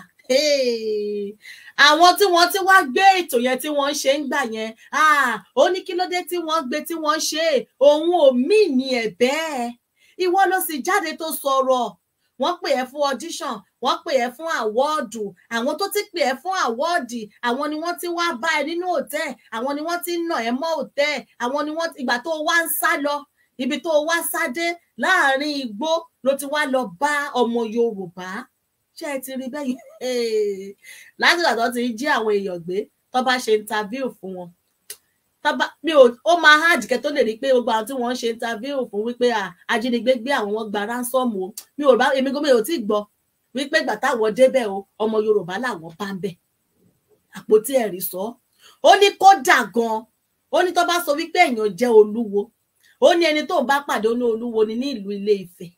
àwọn tí wọ́n ti wá gbé ètò yẹn tí wọ́n ṣe ń gbà yẹn ah! ó ní kí ló dé tí wọ́n gbé tí wọ́n ṣe òun ò mí ní ẹ̀ bẹ́ẹ̀ ìwọ ló sì jáde tó sọ̀rọ̀ wọ́n pè ẹ́ fún audition wọ́n pè ẹ́ fún àwọ́ọ̀dù àwọn tó ti pè ẹ́ fún àwọ́ọ̀dì àwọn ni wọ́n ti wá bá ẹ nínú òtẹ́ àwọn ni wọ́n ti nà ẹ́ mọ́ òtẹ́ àwọn ni wọ́n ìgbà tó wá ń sá lọ ibi tó wá sádé láàrin igbó ló ti wá lọ bá ọmọ Yorùbá ṣé ẹ ti rí bẹ́yìn <laughs> láti ìgbà tó ti jí àwọn èèyàn gbé tó bá ṣe interview fún wọn mi ò ó máa hard kẹ tó lè rí pé gbogbo àwọn tí wọ́n ń ṣe interview fún wípé ajínigbé gbé àwọn wọn gba ransom o mi ò bá èmi gómìnà ò tí gbọ́ wípé ìgbà táwọn débẹ̀ o ọmọ Yorùbá làwọn bá ń bẹ̀ àpótí ẹ̀rí sọ ó ní kódà gan ó ní tó bá sọ wípé èèyàn jẹ́ olúwo ó ní ẹni tó ń bá pàdé ní olúwo ni ní ìlú Ilé Ifẹ̀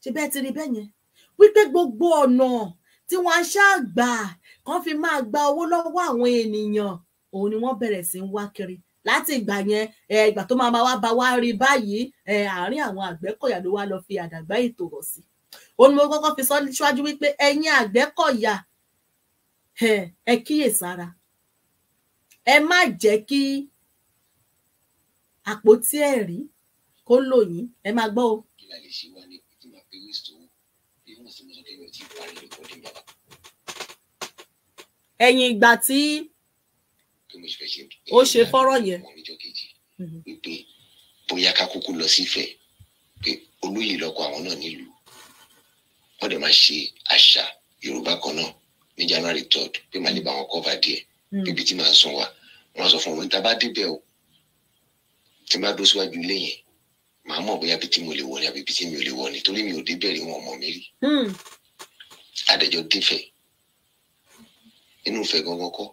ṣe bẹ́ẹ̀ ti rí bẹ́ẹ̀ yẹn wípé gbogbo ọ̀nà tí wọ́n ṣáà gbà kán fi máa gba owó lọ́wọ́ àwọn ènìyàn òun ni wọ́n bẹ̀rẹ̀ sí ń wá kiri láti ìgbà yẹn ìgbà tó máa wá bá wá rí báyìí àárín àwọn àgbẹ̀kọ̀yà ló wá lọ fi àdàgbà ètò rọ̀ sí òun ni mo kọ́kọ́ fi sọ síwájú wípé ẹ̀yin àgbẹ̀kọ̀yà ẹ kíyèsára ẹ má jẹ́ kí àpótí ẹ̀rí kó lò yín ẹ má gbọ́ o. ẹ̀yìn ìgbà tí ó ṣe fọ́rọ̀ yẹn mm-hmm. wípé bóyá ká kúkú lọ sífẹ̀ pé olóyè lọ́kọ àwọn náà nílùú wọ́n dẹ̀ máa ṣe àṣà yorùbá kan náà ní january third pé màá lè bá wọn kọ́fà díẹ̀ mm. bíbi tí màá sùn wà wọ́n sọ fún wọn tá a bá débẹ̀ o tí n dó síwájú ilé yẹn màá mọ̀ bóyá bíi tí mo lè wọ ni àbí bíi tí mi ò lè wọ ni torí mi ò débẹ̀ rí wọn ọmọ mi rí mm. adẹ̀jọ́ dẹ́fẹ̀ inú ìfẹ́ gangan kọ́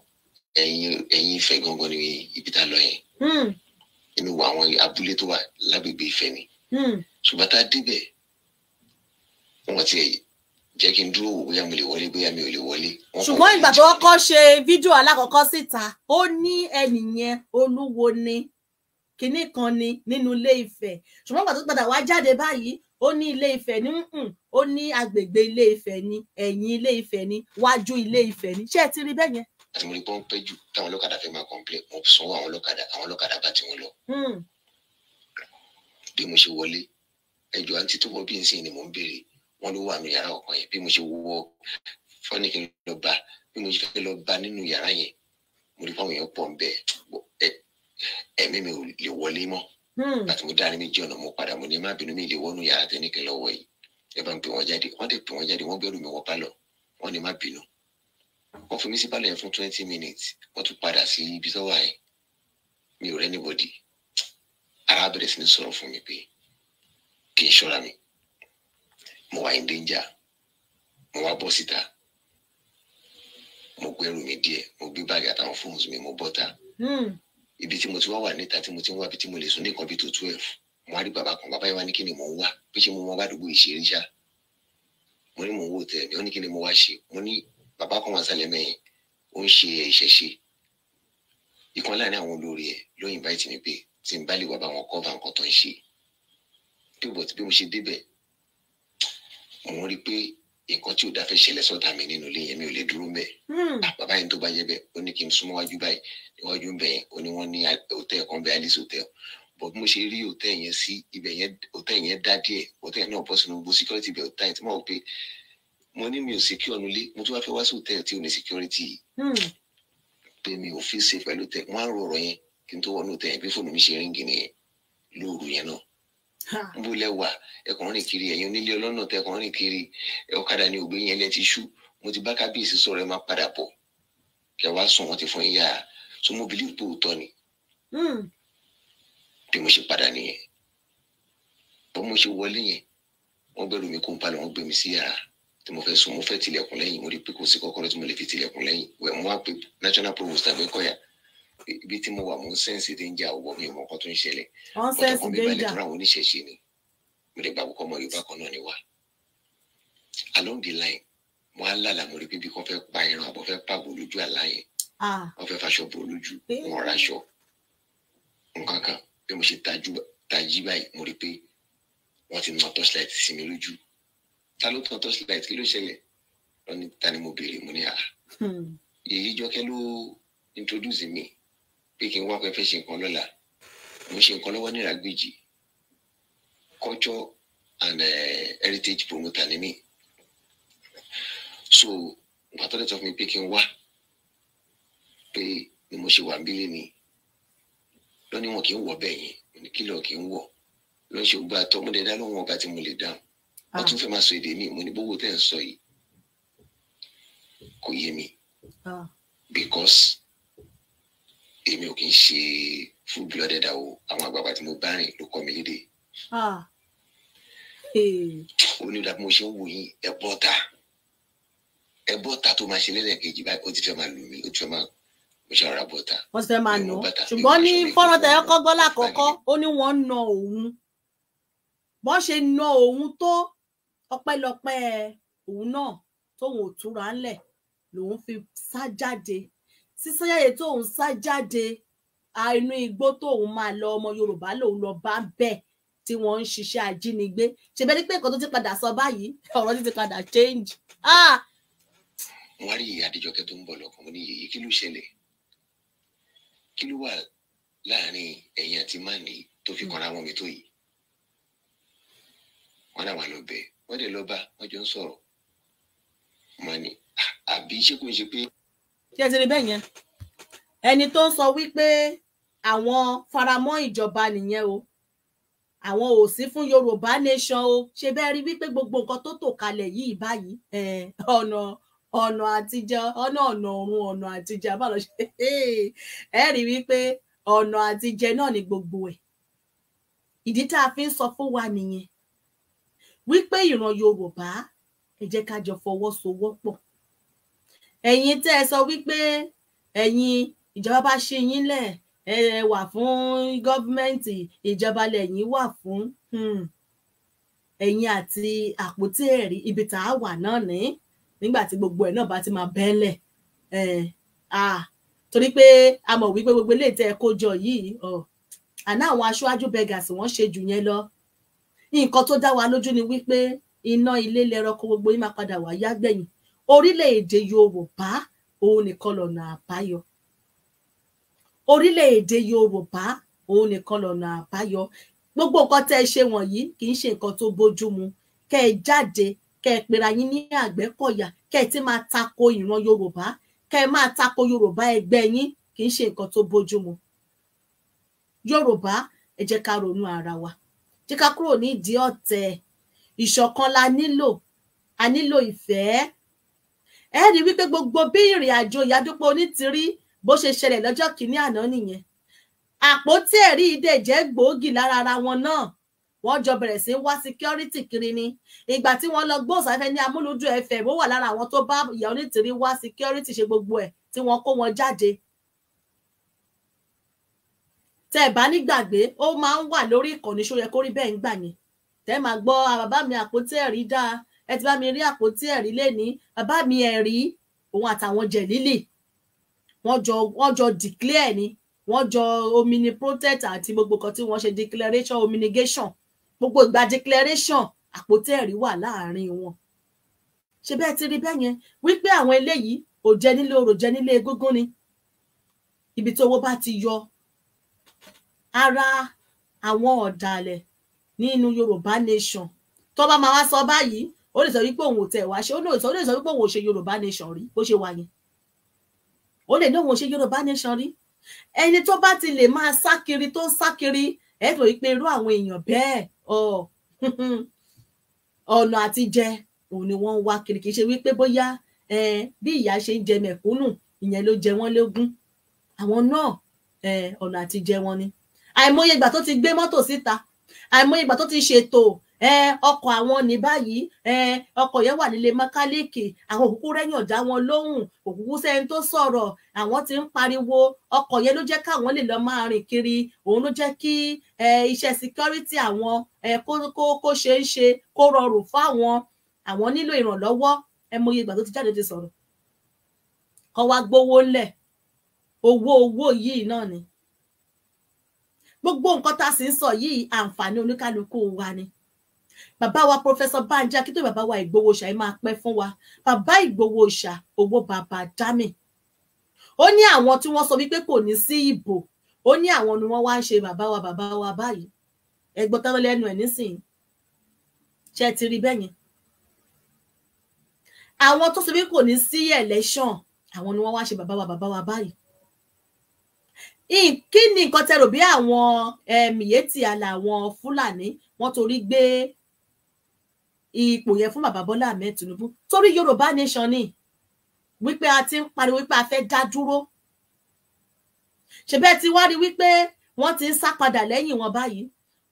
ẹ̀yin ẹ̀yin Ifẹ̀ gangan ni ibi tá a lọ yẹn hmm. inú wa àwọn abúlé tó wà lágbègbè Ifẹ̀ ni hmm. ṣùgbọ́n tá a débẹ̀ wọ́n ti jẹ́ kí n dúró wò bóyá mo lè wọlé bóyá mi ò lè wọlé. ṣùgbọ́n ìgbà tó kọ́kọ́ ṣe fídíò alákọ̀ọ́kọ́ síta ó ní ẹnìyẹn olúwo ni kinní kan ni nínú ilé Ifẹ̀ ṣùgbọ́n ìgbà tó padà wá jáde báyìí ó ní ilé Ifẹ̀ ní ó ní agbègbè ilé Ifẹ̀ ni ẹ̀yìn ilé Ifẹ̀ ni wájú ilé Ifẹ̀ ni ṣé ẹ ti rí bẹ́ẹ̀ yẹn àti mo rí pé wọ́n pẹ́ jù táwọn ọlọ́kadà fẹ́ máa kọ̀ǹplẹ̀ mo sanwó àwọn ọlọ́kadà àwọn ọlọ́kadà bá tiwọn lọ. Hmm. bí mo ṣe wọlé ẹjọ àǹtí tó wọ bí n sìn ni mò ń béèrè wọn ló wà ní yàrá ọkàn yẹn bí mo ṣe wọ fọ́nì kí n lọ bá bí mo ṣe fẹ́ lọ bá nínú yàrá yẹn mo rí pé àwọn èèyàn pọ̀ ń bẹ ẹ̀mí mi ò lè wọlé mọ́ hmm. bàtí mo dá ní méjì ọ̀nà mo padà mo ní má bínú mi lè wọnú yàrá tẹ́nìkan lọ́wọ́ yìí ẹ bá ń pè wọ́n jáde wọ́n dẹ̀ pè wọ́n jáde wọ́n gbẹ́rù mi wọ́n bá lọ wọ́n ní má bínú wọ́n fi mí sí balẹ̀ fún twenty minutes wọ́n tún padà sí ibi tó wà yẹn mi ò rẹ́ni bọ́dì ara bẹ̀rẹ̀ sí ní sọ̀rọ̀ fún mi pé kí n ṣọ́ra mi mo wà in danger mo wá bọ́ síta mo gbẹ́rù mi díẹ̀ mo gbé báàgì àtàwọn fóònù mi mo bọ́ta hmm. ibi tí mo ti wá wà níta tí mo ti ń wá ibi tí mo lè sùn ní nǹkan bíi tó twelve mo wá rí bàbá kan bàbá yìí wá ní kí ni mò ń wá bí ṣe mo mọ bá dùgbò ìṣeré ṣá mo ní mò ń wò tẹ̀ mí ó ní kí ni mo wá ṣe mo ní bàbá kan wà sálẹ̀ mẹ́yìn ó ń ṣe ìṣẹ̀ṣe ìkan láàrin àwọn olórí ẹ̀ ló invite mi pé tí n bá lè wá bá wọn cover nǹkan tó ń ṣe bí bọ̀ bí mo ṣe débẹ̀ mo rí pé nǹkan tí ò dá fẹ́ ṣẹlẹ̀ sọ́tà mi nínú ilé yẹn mi ò lè dúró mbẹ̀ hmm. ah, bàbá yẹn tó bá yẹ bẹ́ẹ̀ ó ní kí n súnmọ́ wájú báyìí níwájú ń yẹn ó ní wọ́n ní hòtẹ́ẹ̀ kan bẹ Alice hotel bọ̀ bí mo ṣe rí hòtẹ́ẹ̀ yẹn sí ibẹ̀ yẹn hòtẹ́ẹ̀ yẹn dá díẹ̀ hòtẹ́ẹ̀ náà bọ́ sínú gbogbo security bẹ̀ hòtẹ́ẹ̀ tí mo rò pé mo ní mi ò secure ọ̀nù lé mo tún wá fẹ́ wá sí hòtẹ́ẹ̀lì tí ò ní security yìí hmm. pé mi ò fi ṣe pẹ̀lú tẹ wọ́n á rò ọ̀rọ̀ yẹn kí n tó wọnú tẹ yẹn bí fóònù mi ṣe ríngì nìyẹn lóru yẹn náà n bó lẹ́wà ẹkùnrin rìn kiri ẹ̀yin onílé ọlọ́nà tẹ ẹkùnrin rìn kiri ọ̀kadà ni ògbé yẹn lẹ ti ṣú mo ti bá kábíyèsí sọ̀rọ̀ ẹ má padà bọ̀ kẹ wá sùn wọ́n ti fún yín so mo bìlí pé òótọ́ ni hmm. bí mo ṣe padà nìyẹn bó mo ṣe wọlé yẹn wọ́n bẹ̀rù mi kó n palẹ̀ wọ́n gbé mi sí yàrá tí mo fẹ́ sùn mo fẹ́ tilẹ̀kùn lẹ́yìn mo rí pé kò sí kọ́kọ́rọ́ tí mo lè fi tilẹ̀kùn lẹ́yìn wẹ̀ mo wá pé national provost tàbí kọ́yà ibi tí mo wà mo ń sẹ́ǹsì dénjà ọ̀wọ́ mi mọ̀ nǹkan tó ń ṣẹlẹ̀ ọ̀tọ̀kùn mi balẹ̀ tó ráwọn oníṣẹ̀ṣe ni mo lè gbàgbọ́ kọ́mọ yorùbá kan náà ni wá. along the line mo á lálà mo rí pé bí fẹ́ pa ẹran àbọ̀ fẹ́ pààbò lójú àlá yẹn wọ́n fẹ́ faṣọ bò lójú wọn raṣọ nǹkan kan bí mo ṣe tají báyìí mo rí pé wọ́n ti nà torchlight sí mi lójú ta ló tàn torchlight kí ló ṣẹlẹ̀ wọ́n ní ta ni mo béèrè ah. mo hmm. ní à. èyí jọkẹ́ ló introduce mi pé kí n wá pé fẹ́ ṣe nǹkan lọ́la mo ṣe nǹkan lọ́wọ́ ní Ìràgbìjì culture and uh, heritage promoter ni mí so pàtó lè sọ fún mi pé kí n wá pé ni mo ṣe wà nílé ni lọ́ní wọn kì í wọ̀ bẹ́ẹ̀ yẹn oníkìlọ̀ kì í wọ̀ lọ́ṣọ̀gbà tọ́mọdé dá lóhùn ọba tí mo lè dáhùn wọ́n tún ah. fẹ́ máa sọ èdè mi mo ní gbogbo tẹ́ ń sọ yìí kò yé mi ah. because èmi ò kì í ṣe full blooded àwo àwọn àgbààgbà tí mo bá rìn ló kọ́ mi lédè. Ah. ó ní ìdààmú ṣe ń wò yín ẹ bọ́ ta ẹ bọ́ ta tó máa ṣe lẹ́lẹ́kejì báyìí ó ti fẹ́ máa lù mí ó ti fẹ́ máa mo ṣe ara bọ́ ta. wọ́n ti fẹ́ máa nà ṣùgbọ́n ní fọ́nrán tẹ̀yọ́ kọ́gbọ́n lákọ̀ọ́kọ́ ó ní wọ́n ń na òun bọ́n ṣe na òun tó ọpẹ́lọpẹ́ òun náà tóun ò túra ńlẹ̀ lòun fi sá jáde sísájáde tóun sá jáde inú igbó tóun máa lọ ọmọ Yorùbá lòun lọ bá bẹ́ẹ̀ tí wọ́n ń ṣiṣẹ́ ajínigbé ṣèbẹ́ ní pé nǹkan tó ti padà sọ báyìí ọ̀rọ̀ ti ti padà change. Ah! wọ́n rí Adéjọkẹ́ tó ń bọ̀ lọ́kàn mo ní yèyí kí ló ṣẹlẹ̀ kí ló wà láàrin ẹ̀yìn àti mánì tó fi kanra wọn mi tó yìí wọ́n náà wà lọ bẹ́ẹ̀ wọ́n dẹ̀ lọ bá wọ́n jọ ń sọ̀rọ̀ wọ́n ní àbí ṣé kò ń ṣe pé. ṣé ẹ ti rí bẹ́ẹ̀ yẹn ẹni tó ń sọ wípé àwọn faramọ́ ìjọba nìyẹn o àwọn ò sí fún yorùbá nation o ṣe bẹ́ẹ̀ rí wípé gbogbo nǹkan tó tò kalẹ̀ yìí báyìí ọ̀nà ọ̀nà àtijọ́ ọ̀nà ọ̀nà ọ̀run ọ̀nà àtijọ́ àbálọ̀ ṣe <laughs> ẹ rí wípé ọ̀nà àtijọ́ náà ni gbogbo ẹ̀ ìdí tá a fi ń sọ fún wa nìyẹn wípé ìran yorùbá ẹ jẹ́ ká jọ fọwọ́sowọ́pọ̀ ẹ̀yin tẹ́ ẹ sọ wípé ẹ̀yin ìjọba bá ṣe yín lẹ̀ ẹ wà fún gọ́fìmẹ̀ntì ìjọba lẹ́yìn wà fún hmm, ẹ̀yin àti àpótí ẹ̀rí ibi tá a wà náà ní nígbà tí gbogbo ẹ̀ náà bá ti máa bẹ́ẹ̀lẹ̀ ẹ̀ à torí pé a mọ̀ wípé gbogbo eléyìí tẹ́ ẹ kó jọ yìí àná àwọn aṣáájú beggars wọ́n ṣe jù yẹn lọ nǹkan tó dá wa lójú ni wípé iná ilé lẹrọkọ gbogbo yìí máa padà wá yágbẹ̀yìn orílẹ̀-èdè Yorùbá òun nìkan lọ̀nà àbáyọ orílẹ̀-èdè Yorùbá òun nìkan lọ̀nà àbáyọ gbogbo nǹkan tẹ́ ẹ ṣe wọ̀nyí kì í ṣe nǹkan tó bójú mu kẹ́ ẹ jáde kẹ́ ẹ pera yín ní Àgbẹ̀kọ̀yà kẹ́ ẹ ti máa tako ìran Yorùbá kẹ́ ẹ máa tako Yorùbá ẹgbẹ́ yín kì í ṣe nǹkan tó bójú mu Yorùbá ẹ jẹ́ ká ronú ara wa jẹ́ ká kúrò nídìí ọ̀tẹ̀ ìṣọ̀kan la nílò a nílò ìfẹ́ ẹ rí wípé gbogbo bí ìrìn àjò ìyádúpọ̀ onítìrí bó ṣe ṣẹlẹ̀ lọ́jọ́ kìíní àná nìyẹn àpótí ẹ̀rí ìdè jẹ́ gbòógì lára ara wọn náà wọ́n jọ bẹ̀rẹ̀ sí wá síkírọ́rìtì kiri ni ìgbà tí wọ́n lọ gbóhùn sáfẹ́ ní amúlùdùn ẹ̀fẹ̀ ó wà lára àwọn tó bá ìyá onítìrí wá síkírọ́rìtì ṣe gbogbo ẹ̀ tí wọ́n kó wọn jáde tẹ́ ẹ̀ bá nígbàgbé ó máa ń wà lórí ìkànnì ṣó yẹ kó rí bẹ́ẹ̀ ń gbà yẹn tẹ́ ẹ máa gbọ́ bàbá mi àpótí ẹ̀rí dáa ẹ ti bá mi rí àpótí ẹ̀rí lẹ́ni bàbá mi ẹ̀rí òun àtàwọn jẹ̀lílì wọ́n jọ wọ́n jọ declare ni wọ́n jọ omini protect àti gbogbo kan tí wọ́n ṣe declaration ominigation gbogbo ìgbà declaration àpótí ẹ̀rí wà láàárín wọn ṣe bẹ́ẹ̀ ti rí bẹ́ẹ̀ yẹn wípé àwọn eléyìí òjẹ́ nílé orò jẹ́ nílé egúngún ni ibi tí owó bá ti yọ ara àwọn ọ̀dàlẹ̀ nínú yorùbá nation tó bá máa wá sọ báyìí ó lè sọ wípé òun ò tẹ̀ wá ṣe ó lè sọ wípé òun ò ṣe yorùbá nation rí bó ṣe wà yẹn ó lè ní òun ò ṣe yorùbá nation rí ẹni tó bá ti lè máa sá kiri tó ń sá kiri ẹ tó yí pé irú àwọn èèyàn bẹ́ẹ̀ ọ <laughs> ọ̀nà àtijẹ òun ni wọ́n ń wá kiri kì í ṣe wípé bóyá bí ìyá ṣe ń jẹ mẹ̀kúnnù ìyẹn ló jẹ wọ́n lógún àwọn náà ọ̀nà àtijẹ wọn ni àìmọye ìgbà tó ti gbé mọ́tò síta àìmọye ìgbà tó ti ṣètò ọkọ̀ àwọn ní báyìí ọkọ̀ yẹn wà nílé mẹkáníìkì àwọn òkúkú rẹ́yìn ọ̀dá wọn lóhùn òkúkú sẹ́yìn tó sọ̀rọ̀ àwọn ti ń pariwo ọkọ̀ yẹn ló jẹ́ káwọn lè lọ máa rìn kiri òun ló jẹ́ kí iṣẹ́ security àwọn kó ṣe é ṣe kó rọrùn fáwọn àwọn nílò ìrànlọ́wọ́ ẹmọye ìgbà tó ti jáde ti sọ̀rọ̀ kọ́ wa gbowó ńlẹ̀ owó owó yìí náà ni gbogbo nǹkan tá a sì ń sọ yìí àǹfààní oníkálukú wa ni bàbá wa pọfẹsọ Bánjí Akíntóyè bàbá wa Ìgbòho Òòṣà yìí máa pẹ́ fún wa bàbá Ìgbòho Òòṣà owó bàbá dámì ó ní àwọn tí wọ́n sọ wípé kò ní sí ìbò ó ní àwọn ni wọ́n wá ń ṣe bàbá wa bàbá wa báyìí ẹgbọ́n tán lẹ́nu ẹ̀ nísìnyí ṣe ti rí bẹ́yẹn àwọn tó sọ wípé kò ní sí election àwọn ni wọ́n wá ń ṣe bàbá wa bàbá wa báyìí kí ni nǹkan tẹ́ rò bí àwọn Miyetti Allah àwọn Fúlàní wọ́n torí gbé ipò yẹn fún bàbá Bọ́lá Ahmed Tinubu torí Yorùbá nation ni wípé a ti ń pariwo wípé a fẹ́ dá dúró ṣebẹ́ ti wá rí wípé wọ́n ti ń sá padà lẹ́yìn wọn báyìí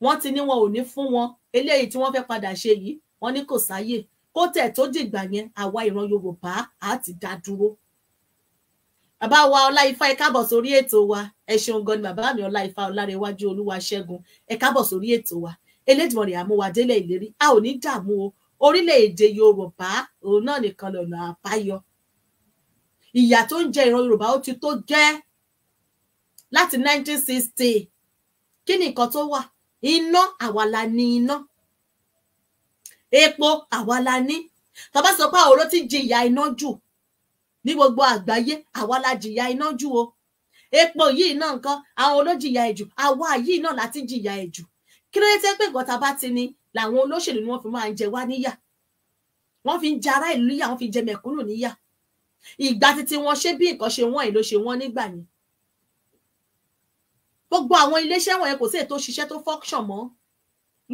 wọ́n ti ní wọn ò ní fún wọn eléyìí tí wọ́n fẹ́ padà ṣe yìí wọ́n ní kò sáyè kó tẹ̀ tó dìgbà yẹn àwa ìran Yorùbá á ti dá dúró bàbá wa ọláìfá ẹ káàbọ̀ sórí ètò wa ẹ ṣeun gan ni bàbá mi ọláìfá ọlárẹwájú olúwa ṣẹ́gun ẹ káàbọ̀ sórí ètò wa elédìmọ̀rẹ̀ àmúwadélé ìlérí a ò ní dààmú o orílẹ̀-èdè yorùbá òun náà nìkan lọ́nà àbáyọ ìyà tó ń jẹ ìran yorùbá ó ti tó gẹ́ láti 1960 kí ni nǹkan tó wà iná àwa la ní iná epo àwa la ní tàbá sọ pé àwòrán ti jìyà iná jù ní gbogbo àgbáyé àwa la jìyà iná jù o epo yìí náà nǹkan àwọn olójìyà ẹ̀jù àwa yìí náà láti jìyà ẹ̀jù kí ló tẹ́ pé nǹkan tá a bá ti ní làwọn olóṣèlú ni wọ́n fi máa ń jẹ wá níyà wọ́n fi ń jẹ ará ìlú níyà wọ́n fi ń jẹ mẹ̀kúnnù níyà ìgbà títí wọn ṣé bí nǹkan ṣe wọ́n èlò ṣe wọ́n nígbà yẹn gbogbo àwọn iléeṣẹ́ wọ̀nyẹn kò sí ètò ṣiṣẹ́ tó function mọ́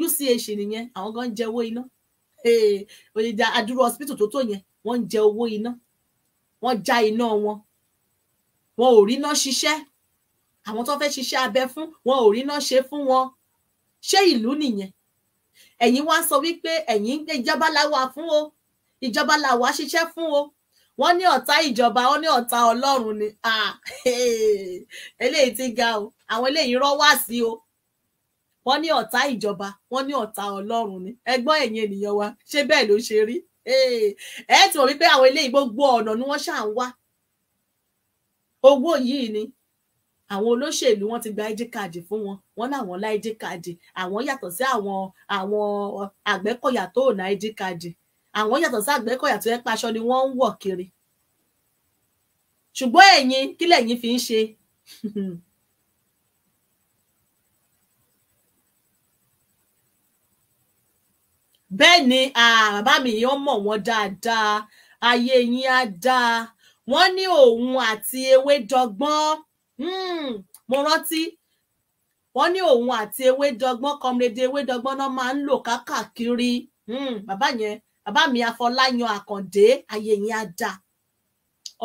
UCH nìyẹn àwọn gan jẹ owó iná òyìnbó adúrú hospital tó tó yẹn wọ́n ń jẹ owó iná wọ́n já iná wọn wọn ò ríná ṣiṣẹ́ àwọn tó fẹ́ ṣiṣẹ́ abẹ fún wọn ò ríná ṣe fún wọn ṣé ìlú nìyẹn ẹ̀yin wá sọ wípé ẹ̀yin ń gbé ìjọba làwa fún o ìjọba làwa ṣiṣẹ́ fún o wọ́n ní ọ̀tá ìjọba wọ́n ní ọ̀tá Ọlọ́run ni <laughs> eléyìí ti ga o àwọn eléyìí rọ́ wá sí o wọ́n ní ọ̀tá ìjọba wọ́n ní ọ̀tá Ọlọ́run ni ẹgbọ́n ẹ̀yin ènìyàn wa ṣé bẹ́ẹ̀ ló ṣe rí ẹ ti mọ̀ wípé àwọn eléyìí gbogbo ọ̀nà ni wọ́n ṣà ń wá owó yìí ni àwọn olóṣèlú wọn ti gba id card fún wọn wọn láwọn lá id card àwọn yàtọ̀ sí àwọn àwọn àgbẹ̀kọ̀yà tó ò ná id card àwọn yàtọ̀ sí àgbẹ̀kọ̀yà tó yẹ paṣọ ni wọ́n ń wọ̀ kiri ṣùgbọ́n ẹ̀yin kí lẹ̀yin fi ń ṣe <laughs> bẹ́ẹ̀ ni bàbá mi yìí ó mọ̀ wọ́n dáadáa ayé yín á dáa wọ́n ní òun àti ewé dọ́gbọ́n hmm, mo rántí wọ́n ní òun àti ewé dọ́gbọ́n kọmrede ewé dọ́gbọ́n náà máa ń lò kákàkiri hmm, bàbá yẹn bàbá mi afọláyan àkàndé ayé yín á dáa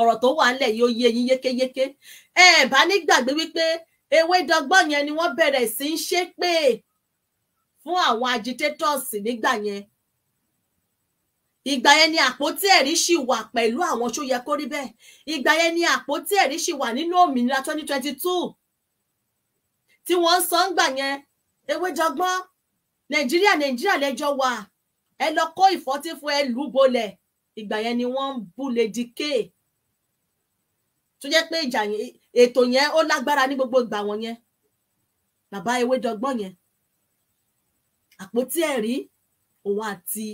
ọ̀rọ̀ tó wà nílẹ̀ yóò yé yín yékéyéké ẹ bá nígbàgbé wípé ewé dọ́gbọ́n yẹn ni wọ́n bẹ̀rẹ̀ sí í ṣépè fún àwọn agitators nígbà yẹn ìgbà yẹn ni àpótí ẹ̀rí ṣì wà pẹ̀lú àwọn tó yẹ kó rí bẹ́ẹ̀ ìgbà yẹn ni àpótí ẹ̀rí ṣì wà nínú òmìnira 2022 tí wọ́n sọ ń gbà yẹn ewéjọgbọ́n nàìjíríà nàìjíríà lẹ́jọ́ wà ẹ lọ kó ìfọ́tí fún ẹ lù bolẹ̀ ìgbà yẹn ni wọ́n ń bú Lady K tó jẹ́ pé ìjà ètò yẹn ó lágbára ní gbogbo ìgbà wọn yẹn bàbá ewédọgbọ́n yẹn àpótí ẹ̀rí òun àti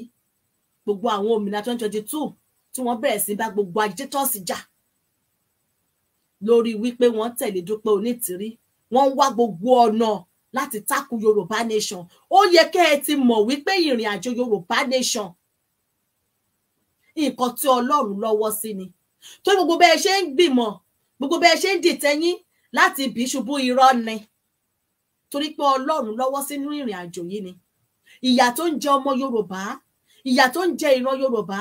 gbogbo àwọn òmìnira twenty twenty two tí wọ́n bẹ̀rẹ̀ sí bá gbogbo agitators jà lórí wípé wọ́n tẹ̀lé Dúpẹ́ Onítìrí wọ́n ń wá gbogbo ọ̀nà láti takú Yorùbá nation ó yẹ kẹ́ ẹ ti mọ̀ wípé ìrìn àjò Yorùbá nation nǹkan tí Ọlọ́run lọ́wọ́ sí ni tó gbogbo bẹ́ẹ̀ ṣe ń gbìmọ̀ gbogbo bẹ́ẹ̀ ṣe ń dìtẹ́yìn láti bí ṣubú irọ́ ni torí pé Ọlọ́run lọ́wọ́ sínú ìrìn àjò yìí ni ìyà tó ń jẹ ọmọ yorùbá ìyà tó ń jẹ ìran yorùbá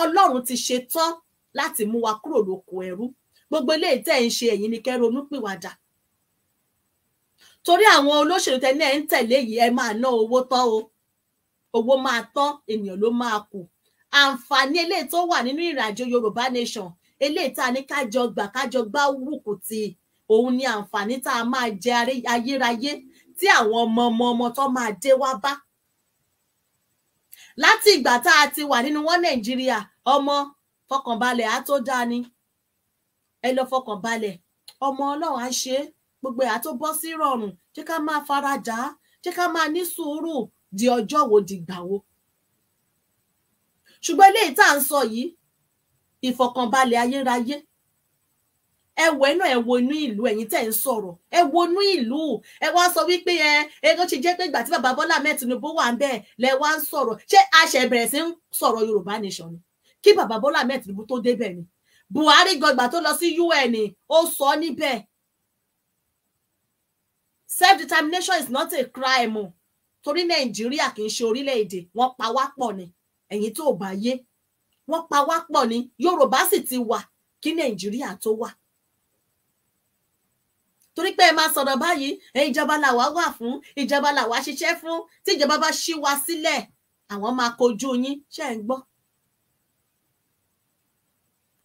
ọlọ́run ti ṣe tán láti mú wa kúrò lóko ẹrú gbogbo eléyìí tẹ́ ẹ̀ ń ṣe ẹ̀yin ni kẹ́ ronú pìwàdà torí àwọn olóṣèlú tẹ́ni ń tẹ̀lé yìí ẹ máa ná owó tán o owó máa tán ènìyàn ló máa kù àǹfààní eléyìí tó wà nínú ìrìnàjò yorùbá nation eléyìí tá a ní kájọ gbà kájọ gbá wùkù ti òun ni àǹfààní tá a máa jẹ ayérayé tí àwọn ọmọ ọmọ ọmọ tó máa dé wá bá láti ìgbà tá a ti wà nínú wọn nàìjíríà ọmọ fọkànbalẹ̀ á tó dáa ni ẹ lọ fọkànbalẹ̀ ọmọ Ọlọ́run á ṣe gbogbo ẹ̀ á tó bọ́ sí rọrùn jẹ́ ká máa farajá jẹ́ ká máa ní sùúrù di ọjọ́ wo dìgbà wo ṣùgbọ́n eléyìí tá à ń sọ yìí ìfọkànbalẹ̀ ayérayé ẹ wọ iná ẹ wo inú ìlú ẹ̀yin tẹ́ ń sọ̀rọ̀ ẹ wo inú ìlú ẹ wá sọ wípé ẹ ẹgbẹ́ ṣe jẹ́ pé ìgbà tí bàbá Bọ́lá Ahmed Tinubu wà ń bẹ̀ lẹ wá ń sọ̀rọ̀ ṣé aṣẹ̀bẹ̀rẹ̀ sí ń sọ̀rọ̀ Yorùbá nation ni kí bàbá Bọ́lá Ahmed Tinubu tó débẹ̀ ni Buhari gọgbà tó lọ sí UN ó sọ níbẹ̀ self determination is not a crime o torí Nàìjíríà kì í ṣe orílẹ̀-èdè wọ́n pa wá pọ̀ ni ẹ̀yin tó bá yé wọ́n pa wá pọ̀ ni Yorùbá sì ti wà kí Nàìjíríà tó wà torí pé ẹ máa sọ̀rọ̀ báyìí ẹ ìjọba làwa wà fún ìjọba làwa ṣiṣẹ́ fún tí ìjọba bá ṣí wa sílẹ̀ àwọn máa kojú yín ṣe ń gbọ́.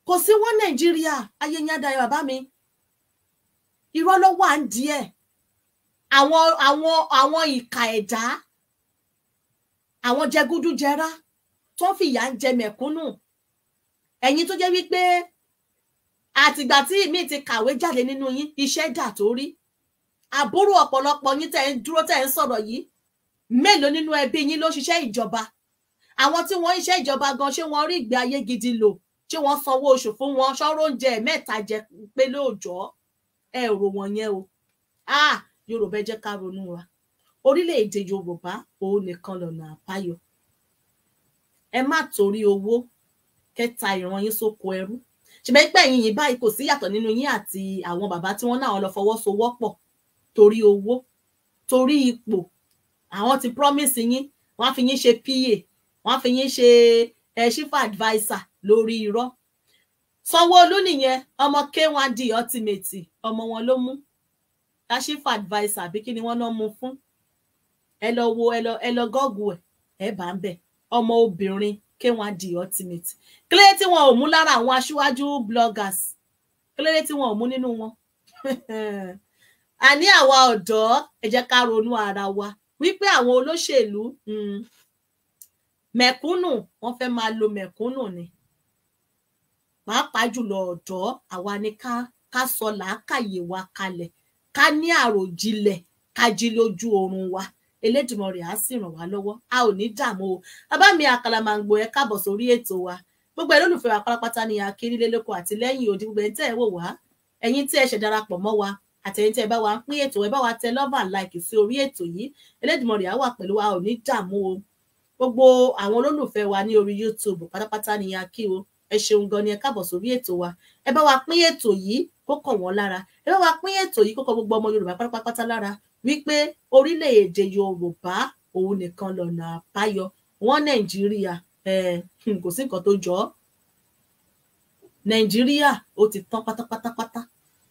kò sí wọn nàìjíríà ayé yín adayọ bàbá mi irọ́ ló wà ń díẹ̀ àwọn àwọn àwọn ìka ẹ̀dá àwọn jẹgúdújẹrá tó fìyà ń jẹ mẹ̀kúnnù ẹ̀yin tó jẹ́ wípé àtìgbà tí mi ti kàwé jáde nínú yín iṣẹ́ dà tó rí àbúrò ọ̀pọ̀lọpọ̀ yín tẹ̀ ń dúró tẹ̀ ń sọ̀rọ̀ yìí mélòó nínú ẹbí yín ló ṣiṣẹ́ ìjọba àwọn tí wọ́n ń ìjọba gan ṣé wọ́n rí ìgbé ayé gidi lò ṣé wọ́n sanwó oṣù fún wọn ṣọ́rọ́ oúnjẹ mẹ́ta jẹ pé lóòjọ́ ẹ rò wọ́n yẹn o ah yorùbá ẹ jẹ́ ká ronú wa orílẹ̀-èdè yorùbá òun nìkan lọ́nà àbáyọ ẹ má torí owó kẹta ìran yín sóko ẹrú ṣùgbọ́n pé ẹ̀yin yìí báyìí kò sí yàtọ̀ nínú yín àti àwọn bàbá tí wọ́n náà lọ fọwọ́sowọ́pọ̀ torí owó torí ipò àwọn ti promise yín wọ́n á fi yín ṣe pa wọ́n á fi yín ṣe ẹ ṣífà adviser lórí irọ́ sanwóolu nìyẹn ọmọ k1d ultimate ọmọ wọn ló mú ṣífà adviser àbí kí ni wọ́n náà mú fún ẹ lọ wo ẹ lọ ẹ lọ gọgùn ẹ ẹ bá ń bẹ ọmọ obìnrin k di ultimate kílẹ̀ tí wọn ò mú lára àwọn aṣíwájú bloggers kílẹ̀ tí wọn ò mú nínú wọn àní <laughs> àwa ọ̀dọ́ ẹ jẹ́ ká ronú ara wa wípé àwọn olóṣèlú hmm, mẹ̀kúnnù wọ́n fẹ́ máa lo mẹ̀kúnnù ni pàápàá jùlọ ọ̀dọ́ àwa ni ká ká sọ làákàyè wa kalẹ̀ ká ní àròjinlẹ̀ ká jí lójú oorun wa. Elédùmarè á sì ràn wá lọ́wọ́ a ò ní dààmú o bàbá mi àkàlàmàgbò ẹ káàbọ̀ sórí ètò wa gbogbo ẹ lólùfẹ́ wa pátápátá ni akérèlé lóko àti lẹ́yìn odi gbogbo ẹ̀ ń tẹ́ ẹ wò wá ẹ̀yin tí ẹ ṣẹ̀ darapọ̀ mọ́ wa àtẹ̀yìn tí ẹ bá wa ń pín ètò ẹ bá wa tẹ lọ́bà láìkì sí orí ètò yìí Elédùmarè á wà pẹ̀lú wa ò ní dààmú o gbogbo àwọn olólùfẹ́ wa ní orí YouTube pátápátá ni a kí o ẹ ṣeun gan ni ẹ káàbọ̀ sórí ètò wa ẹ bá wa pín ètò yìí kó kàn wọ́n lára ẹ bá wa pín ètò yìí kó kàn gbogbo ọmọ Yorùbá pátápátá lára wípé orílẹ̀-èdè yorùbá òun nìkan lọ̀nà àbáyọ wọn nàìjíríà um kò sí nǹkan tó jọ ọ́ nàìjíríà ó ti tán pátápátápátá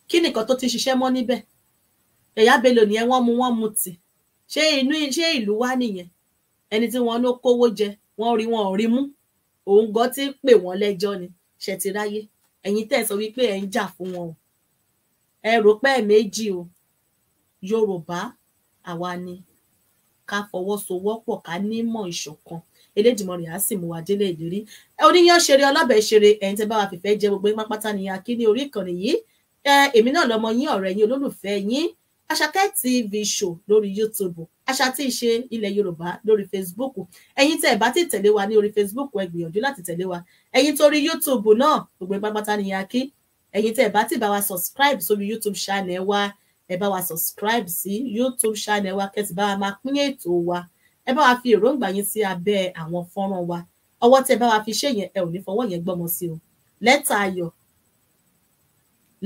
kí nìkan tó ti ṣiṣẹ́ mọ́ níbẹ̀ ẹ̀yà nìyẹn wọ́n mu wọ́n mu tì ṣé inú ṣé ìlú wá nìyẹn ẹni tí wọn ló wọn rí mú òun ti ń pè ni ṣe sọ wípé ń jà fún wọn o ẹ o yorùbá àwa ni ká fọwọ́sowọ́pọ̀ ká nímọ̀ ìṣọ̀kan elédìmọ̀rì á sì mú wa délé ìlérí oníyàn ṣeré ọlọ́bẹ̀ ṣeré ẹ̀yin tẹ́ bá wa fìfẹ́ jẹ́ gbogbo pápátá ni a kí ní orí ìkànnì yìí èmi náà lọmọ yín ọ̀rẹ́ yín olólùfẹ́ yín Àṣàkẹ́ TV show lórí YouTube àṣà tí í ṣe ilẹ̀ Yorùbá lórí Facebook ẹ̀yin tẹ́ ẹ̀ bá ti tẹ̀lé wa ní orí Facebook ẹ gbìyànjú láti tẹ̀lé wa ẹ̀yin torí YouTube náà gbogbo pápátá ni a kí ẹ̀yin tẹ́ ẹ̀ bá ti bá wa subscribe sórí YouTube channel wa ẹ bá wa subscribe sí youtube channel wa kẹ́sì bá wa máa pín ètò wa ẹ bá wa fi èròǹgbà yín sí abẹ́ àwọn fọ́nrán wa ọwọ́ tẹ bá wa fi ṣe yẹn ẹ ò ní fọwọ́ yẹn gbọ́mọ sí o lẹ́tà ayọ̀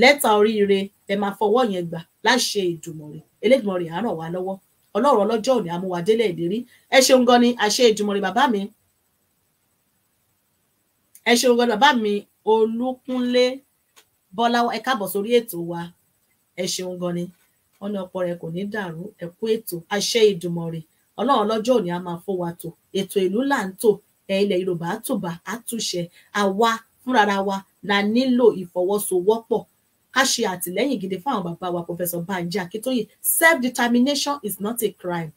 lẹ́tà oríire ẹ máa fọwọ́ yẹn gbà láṣẹ ìdùmọ̀rẹ́ Elédùmarè á wa wá lọ́wọ́ ọlọ́run òní amúwadélé ìlérí ẹ ṣeun gan ni àṣẹ ìdùmọ̀rẹ́ bàbá mi ẹ ṣeun gan ni bàbá mi Olúkúnlé Bọ́láwá ẹ káàbọ̀ sórí ètò wa ẹ ṣeun gan wọn ní ọ̀pọ̀ rẹ kò ní dàrú ẹ ètò àṣẹ ìdùmọ̀rè ọlọ́run lọ́jọ́ òní a máa fó wa tò ètò ìlú là ń tò ẹ ilẹ̀ yorùbá tòbá àtúnṣe àwa fúnra wa la nílò ìfọwọ́sowọ́pọ̀ ká ṣe àtìlẹ́yìn gidi fáwọn bàbá wa professor banji akitoye self determination is not a crime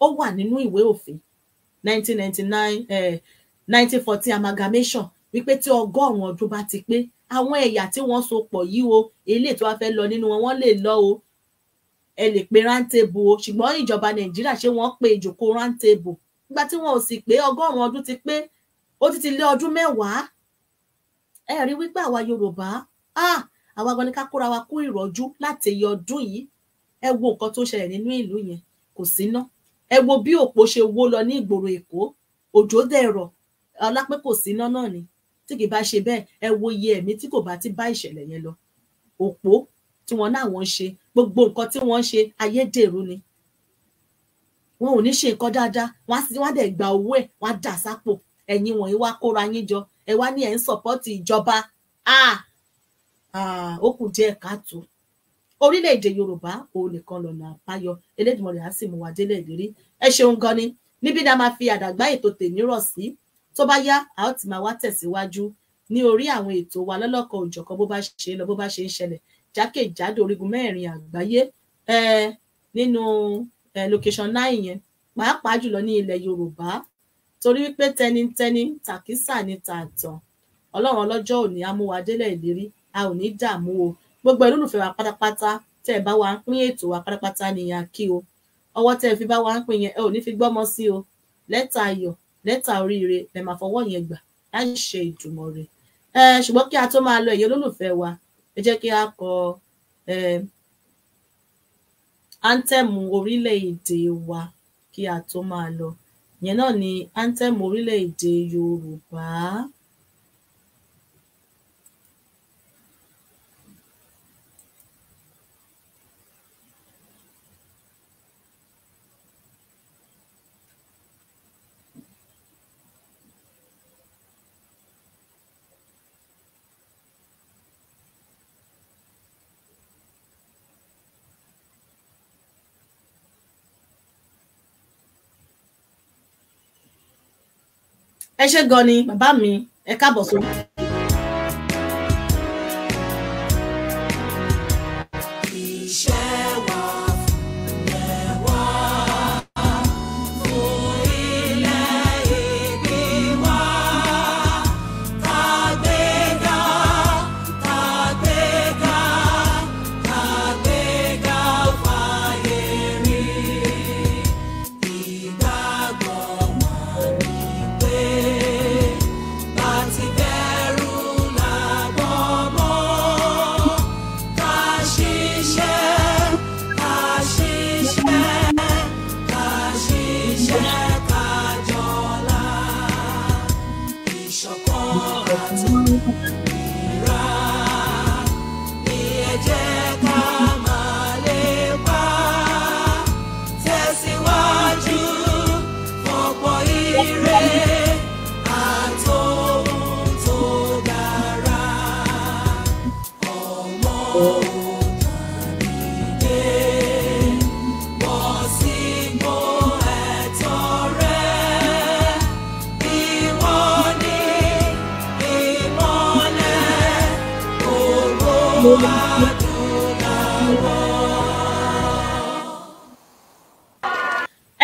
ó wà nínú ìwé òfin 1999 eh, 1940 amalgamation wípé tí ọgọ́rùn-ún ọdún bá ti pé àwọn ẹ̀yà tí wọ́n so pọ̀ yìí o eléyìí tó wá fẹ́ lọ nínú wọn wọ́n lè lọ o ẹ lè pe rántébù o ṣùgbọ́n ìjọba nàìjíríà ṣé wọ́n pe ìjòkó rántébù nígbà tí wọn ò sì pé ọgọ́rùn-ún ọdún ti pé ó ti ti lé ọdún mẹ́wàá ẹ rí wípé àwa yorùbá àwa gan ni ká kóra wa kú ìrọ́jú láti iye ọdún yìí ẹ wo nǹkan tó ṣẹlẹ̀ nínú ìlú yẹn kò síná ẹ wo bí òpó ṣe wó lọ ní ìgboro èkó òjò dẹ̀ rọ̀ ọlápẹ́ kò síná náà ni tí kì bá ṣe bẹ́ẹ̀ ẹ wo iye ẹ̀mí tí kò bá ti bá ìṣẹ̀lẹ̀ yẹn lọ òpó tí wọn náà wọn ṣe gbogbo nǹkan tí wọn ṣe ayédèrú ni wọn ò ní ṣe nǹkan dáadáa wọn á sì wọn á dẹ̀ gba owó ẹ̀ wọn á dà sápò ẹ̀yin wọ̀nyí wá kóra yín jọ ẹ wá ní ẹ̀ ń sọ̀pọ́tì ìjọba ó kù díẹ̀ káàtó orílẹ̀-èdè yorùbá òun nìkan lọ́nà àbáyọ elédìmọ̀lẹ̀ á sì mú wa délé ìlérí ẹ ṣeun gan ni níbi náà máa fi àdàgbà ètò tèmi rọ̀ sí tó bá yá a ó ti máa wá tẹ̀síwájú ní orí àwọn ètò wa lọ́lọ́kan òjọ̀kan bó bá ṣe lọ bó bá ṣe ń ṣẹlẹ̀ jákèjádò orígun mẹ́rin àgbáyé nínú location nine yẹn pàápàá jùlọ ní ilẹ̀ Yorùbá torí wípé tẹnitẹni tàkísà ni tààtàn Ọlọ́run ọlọ́jọ́ òní amúwadélẹ̀ ìlérí a ò ní dààmú o gbogbo ìlúlùfẹ́ wa pátápátá tẹ́ ẹ̀ bá wa ń pín ètò wa pátápátá nìyà kí o ọwọ́ tẹ́ ẹ fi bá wa ń pín yẹn ẹ ò ní fi gbọ́mọ sí o lẹ́tà ayọ̀ lẹ́tà oríire lẹ máa fọwọ́ yẹn gbà láì ṣe ìtumọ̀ rẹ̀ ṣùgbọ́n kí a tó máa lọ ẹ̀yẹ olólùfẹ́ wa ẹ jẹ́ kí a kọ áńtẹ́mù orílẹ̀-èdè wa kí a tó máa lọ ìyẹn náà ni áńtẹ́mù orílẹ̀-èdè Yorùbá. ẹ ṣé gan ni bàbá mi ẹ káàbọ̀ sórí.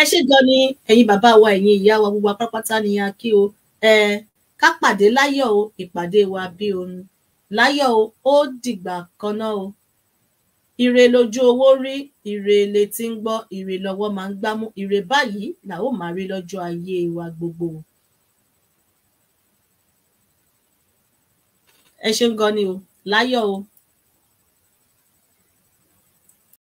ẹ ṣe gan ni ẹ̀yin bàbá wa ẹ̀yin ìyá wa gbogbo apápátá ni a kí o ẹ ká pàdé láyọ̀ o ìpàdé wa bí orin láyọ̀ o ó dìgbà kan náà o ire lójú owó rí ire létí ń gbọ́ ire lọ́wọ́ máa ń gbámú ire báyìí là máa rí lọ́jọ́ ayé wa gbogbo. ẹ ṣeun gan ni o láyọ̀ o